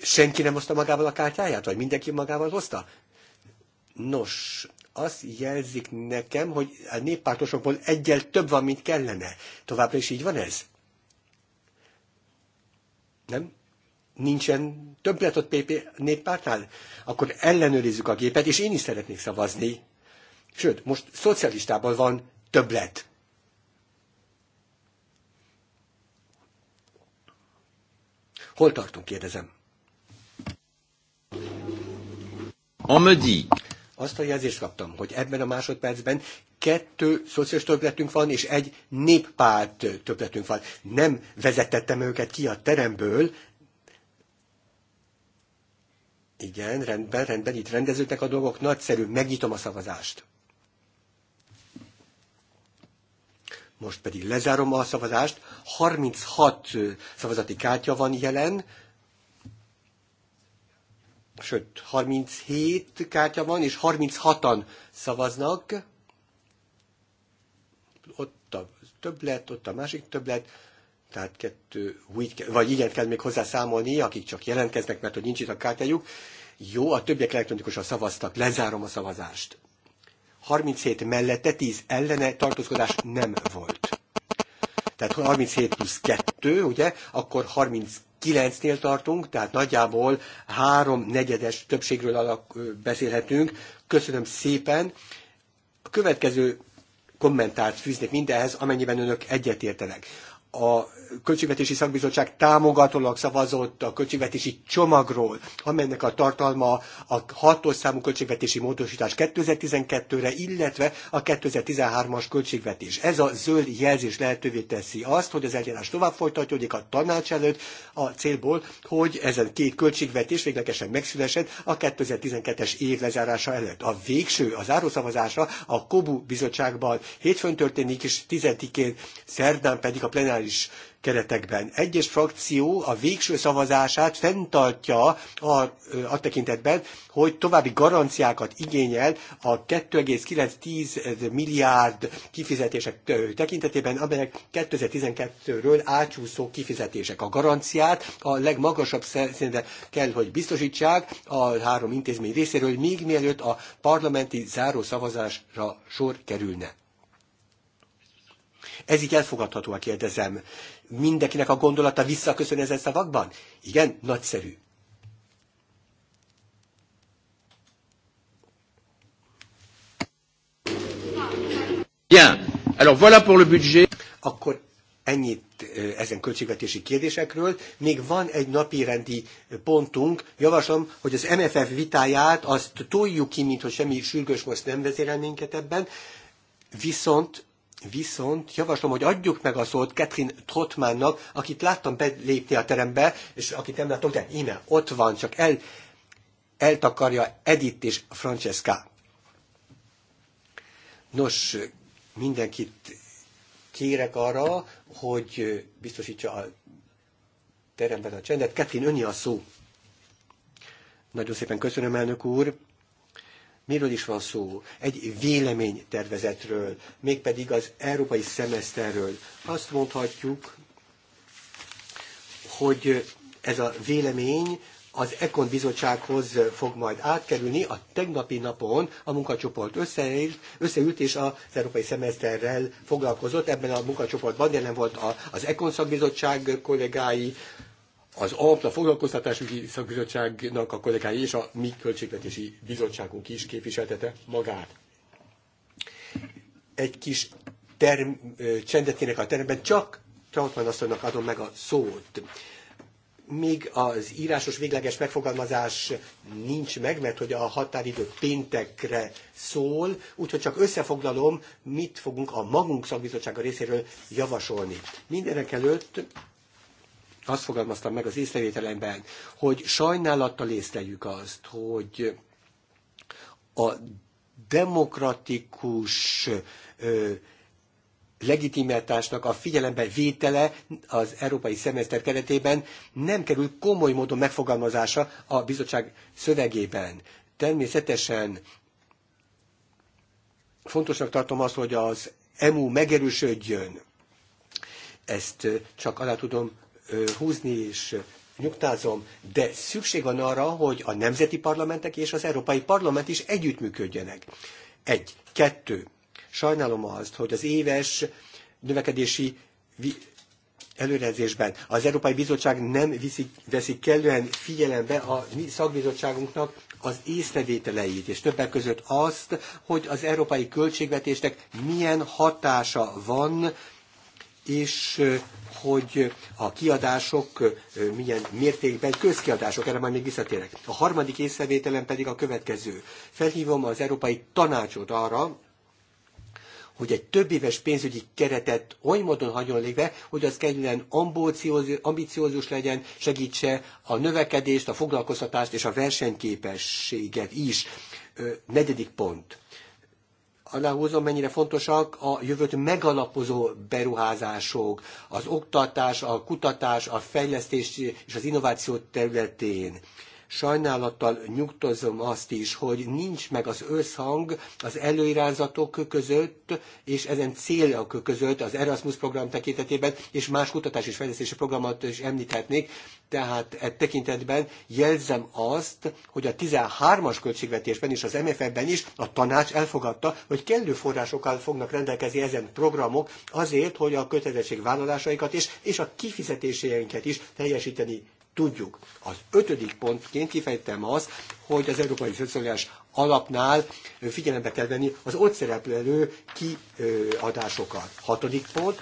Speaker 3: Senki nem hozta magával a kártyáját, vagy mindenki magával hozta? Nos, azt jelzik nekem, hogy a néppártosokból egyel több van, mint kellene. Továbbra is így van ez? Nem? Nincsen többlet ott PP néppártnál? Akkor ellenőrizzük a gépet, és én is szeretnék szavazni. Sőt, most szocialistában van többlet. Hol tartunk, kérdezem. On me dit azt a jelzést kaptam, hogy ebben a másodpercben kettő szociális többletünk van, és egy néppárt többletünk van. Nem vezetettem őket ki a teremből, igen, rendben, rendben, itt rendeződnek a dolgok, nagyszerű, megnyitom a szavazást. Most pedig lezárom a szavazást, 36 szavazati kártya van jelen, sőt, 37 kártya van, és 36-an szavaznak. Ott a többlet, ott a másik többlet, tehát kettő, úgy, vagy igen, kell még hozzá számolni, akik csak jelentkeznek, mert hogy nincs itt a kártyájuk. Jó, a többiek elektronikusan szavaztak, lezárom a szavazást. 37 mellette 10 ellene tartózkodás nem volt. Tehát 37 plusz 2, ugye, akkor 32 kilencnél tartunk, tehát nagyjából három negyedes többségről alak beszélhetünk. Köszönöm szépen. A következő kommentárt fűznék mindenhez, amennyiben önök egyetértenek a Költségvetési Szakbizottság támogatólag szavazott a költségvetési csomagról, amelynek a tartalma a hatos számú költségvetési módosítás 2012-re, illetve a 2013-as költségvetés. Ez a zöld jelzés lehetővé teszi azt, hogy az eljárás tovább folytatódik a tanács előtt a célból, hogy ezen két költségvetés véglegesen megszülesed a 2012-es év lezárása előtt. A végső, az árószavazása a KOBU bizottságban hétfőn történik, és tizedikén szerdán pedig a plenáris horizontális keretekben. Egyes frakció a végső szavazását fenntartja a, a tekintetben, hogy további garanciákat igényel a 2,9 milliárd kifizetések tekintetében, amelyek 2012-ről átsúszó kifizetések. A garanciát a legmagasabb szinten kell, hogy biztosítsák a három intézmény részéről, még mielőtt a parlamenti záró szavazásra sor kerülne. Ez így elfogadható, a kérdezem. Mindenkinek a gondolata visszaköszön ezen szavakban? Igen, nagyszerű. Bien. Alors voilà pour le budget. Akkor ennyit ezen költségvetési kérdésekről. Még van egy napi rendi pontunk. Javaslom, hogy az MFF vitáját azt toljuk ki, mintha hogy semmi sürgős most nem vezérel minket ebben. Viszont Viszont javaslom, hogy adjuk meg a szót Ketrin Trotmannak, akit láttam belépni a terembe, és akit nem látok, de íme, ott van, csak el, eltakarja Edith és Francesca. Nos, mindenkit kérek arra, hogy biztosítsa a teremben a csendet. Ketrin, öni a szó. Nagyon szépen köszönöm, elnök úr. Miről is van szó? Egy véleménytervezetről, mégpedig az európai szemeszterről. Azt mondhatjuk, hogy ez a vélemény az Ekon bizottsághoz fog majd átkerülni. A tegnapi napon a munkacsoport összeült, összeült és az európai szemeszterrel foglalkozott. Ebben a munkacsoportban jelen volt az Ekon szakbizottság kollégái, az APT, a Foglalkoztatásügyi Szakbizottságnak a kollégái és a mi költségvetési bizottságunk is képviseltete magát. Egy kis term, csendet a teremben, csak Trautmann asszonynak adom meg a szót. Még az írásos végleges megfogalmazás nincs meg, mert hogy a határidő péntekre szól, úgyhogy csak összefoglalom, mit fogunk a magunk szakbizottsága részéről javasolni. Mindenek előtt azt fogalmaztam meg az észrevételemben, hogy sajnálattal észleljük azt, hogy a demokratikus ö, legitimitásnak a figyelembe vétele az európai szemeszter keretében nem kerül komoly módon megfogalmazása a bizottság szövegében. Természetesen fontosnak tartom azt, hogy az EMU megerősödjön. Ezt csak alá tudom húzni és nyugtázom, de szükség van arra, hogy a nemzeti parlamentek és az Európai Parlament is együttműködjenek. Egy. Kettő. Sajnálom azt, hogy az éves növekedési előrezésben az Európai Bizottság nem viszi, veszik kellően figyelembe a mi szakbizottságunknak az észrevételeit, és többek között azt, hogy az európai költségvetésnek milyen hatása van és hogy a kiadások milyen mértékben közkiadások, erre majd még visszatérek. A harmadik észrevételem pedig a következő. Felhívom az Európai Tanácsot arra, hogy egy több éves pénzügyi keretet oly módon hagyjon léve, hogy az kellően ambiciózus legyen, segítse a növekedést, a foglalkoztatást és a versenyképességet is. Ö, negyedik pont aláhúzom, mennyire fontosak a jövőt megalapozó beruházások, az oktatás, a kutatás, a fejlesztés és az innováció területén. Sajnálattal nyugtozom azt is, hogy nincs meg az összhang az előirányzatok között, és ezen célok között az Erasmus program tekintetében, és más kutatás és fejlesztési programot is említhetnék, tehát e tekintetben jelzem azt, hogy a 13-as költségvetésben és az MFF-ben is a tanács elfogadta, hogy kellő forrásokkal fognak rendelkezni ezen programok azért, hogy a kötelezettségvállalásaikat és, és a kifizetéseinket is teljesíteni tudjuk. Az ötödik pontként kifejtem az, hogy az Európai Szociális Alapnál figyelembe kell venni az ott szereplő kiadásokat. Hatodik pont,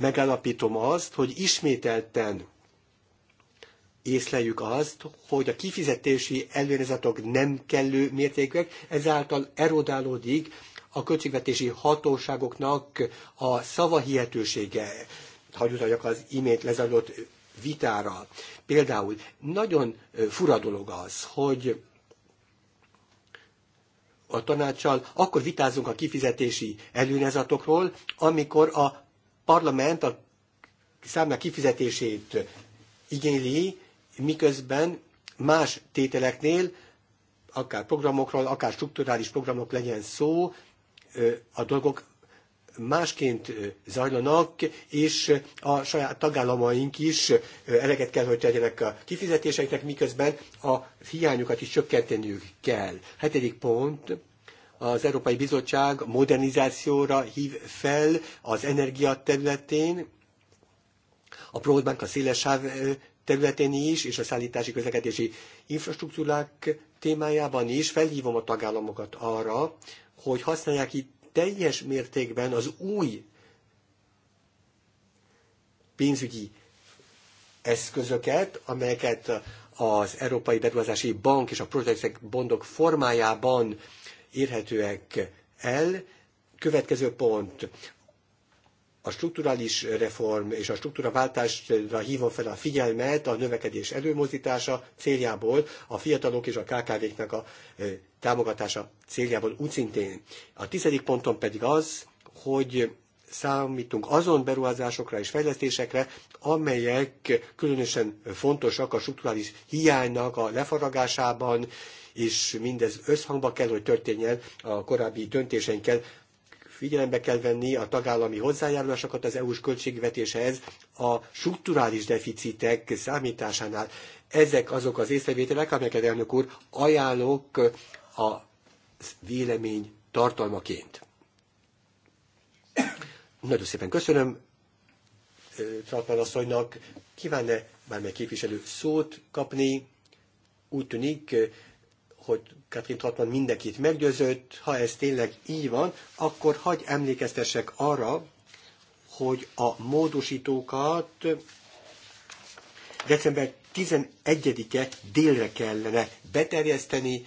Speaker 3: megállapítom azt, hogy ismételten észleljük azt, hogy a kifizetési előrezatok nem kellő mértékűek, ezáltal erodálódik a költségvetési hatóságoknak a szavahihetősége. Hagyutaljak az imént lezajlott vitára. Például nagyon fura dolog az, hogy a tanácssal akkor vitázunk a kifizetési előnyezatokról, amikor a parlament a számla kifizetését igényli, miközben más tételeknél, akár programokról, akár strukturális programok legyen szó, a dolgok másként zajlanak, és a saját tagállamaink is eleget kell, hogy tegyenek a kifizetéseknek, miközben a hiányokat is csökkenteniük kell. Hetedik pont, az Európai Bizottság modernizációra hív fel az energia területén, a Broadbank a szélesáv területén is, és a szállítási közlekedési infrastruktúrák témájában is felhívom a tagállamokat arra, hogy használják itt teljes mértékben az új pénzügyi eszközöket, amelyeket az Európai Beruházási Bank és a projektek bondok formájában érhetőek el. Következő pont, a strukturális reform és a struktúraváltásra hívom fel a figyelmet a növekedés előmozdítása céljából, a fiatalok és a KKV-knak a támogatása céljából úgy szintén. A tizedik ponton pedig az, hogy számítunk azon beruházásokra és fejlesztésekre, amelyek különösen fontosak a strukturális hiánynak a lefaragásában, és mindez összhangba kell, hogy történjen a korábbi döntéseinkkel, figyelembe kell venni a tagállami hozzájárulásokat az EU-s költségvetéshez a strukturális deficitek számításánál. Ezek azok az észrevételek, amelyeket elnök úr ajánlok a vélemény tartalmaként. Nagyon szépen köszönöm Trautmann asszonynak. Kívánne bármely képviselő szót kapni? Úgy tűnik, hogy Katrin Trottmann mindenkit meggyőzött, ha ez tényleg így van, akkor hagy emlékeztessek arra, hogy a módosítókat december 11-e délre kellene beterjeszteni,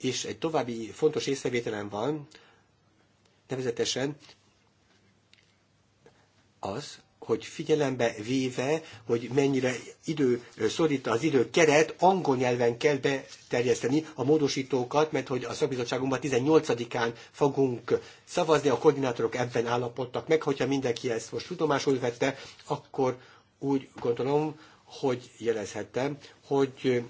Speaker 3: és egy további fontos észrevételem van, nevezetesen az, hogy figyelembe véve, hogy mennyire idő szorít az idő keret, angol nyelven kell beterjeszteni a módosítókat, mert hogy a szakbizottságunkban 18-án fogunk szavazni, a koordinátorok ebben állapodtak meg, hogyha mindenki ezt most tudomásul vette, akkor úgy gondolom, hogy jelezhettem, hogy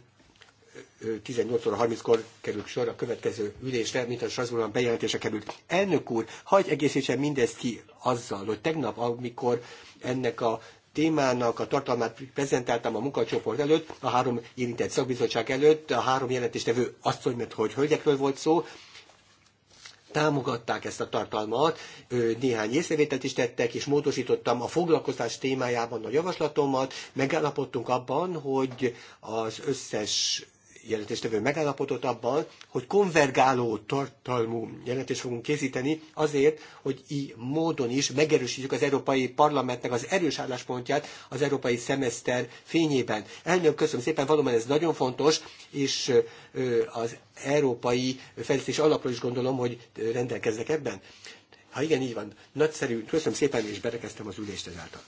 Speaker 3: 18 óra 30-kor kerül sor a következő ülésre, mint a Strasbourgban bejelentése került. Elnök úr, hagyj egészítsen mindezt ki azzal, hogy tegnap, amikor ennek a témának a tartalmát prezentáltam a munkacsoport előtt, a három érintett szakbizottság előtt, a három jelentéstevő azt mondja, hogy hölgyekről volt szó, támogatták ezt a tartalmat, néhány észrevételt is tettek, és módosítottam a foglalkozás témájában a javaslatomat, megállapodtunk abban, hogy az összes jelentéstevő megállapodott abban, hogy konvergáló tartalmú jelentést fogunk készíteni azért, hogy így módon is megerősítjük az Európai Parlamentnek az erős álláspontját az Európai Szemeszter fényében. Elnök, köszönöm szépen, valóban ez nagyon fontos, és az Európai Fejlesztés Alapról is gondolom, hogy rendelkeznek ebben. Ha igen, így van. Nagyszerű. Köszönöm szépen, és berekeztem az ülést ezáltal.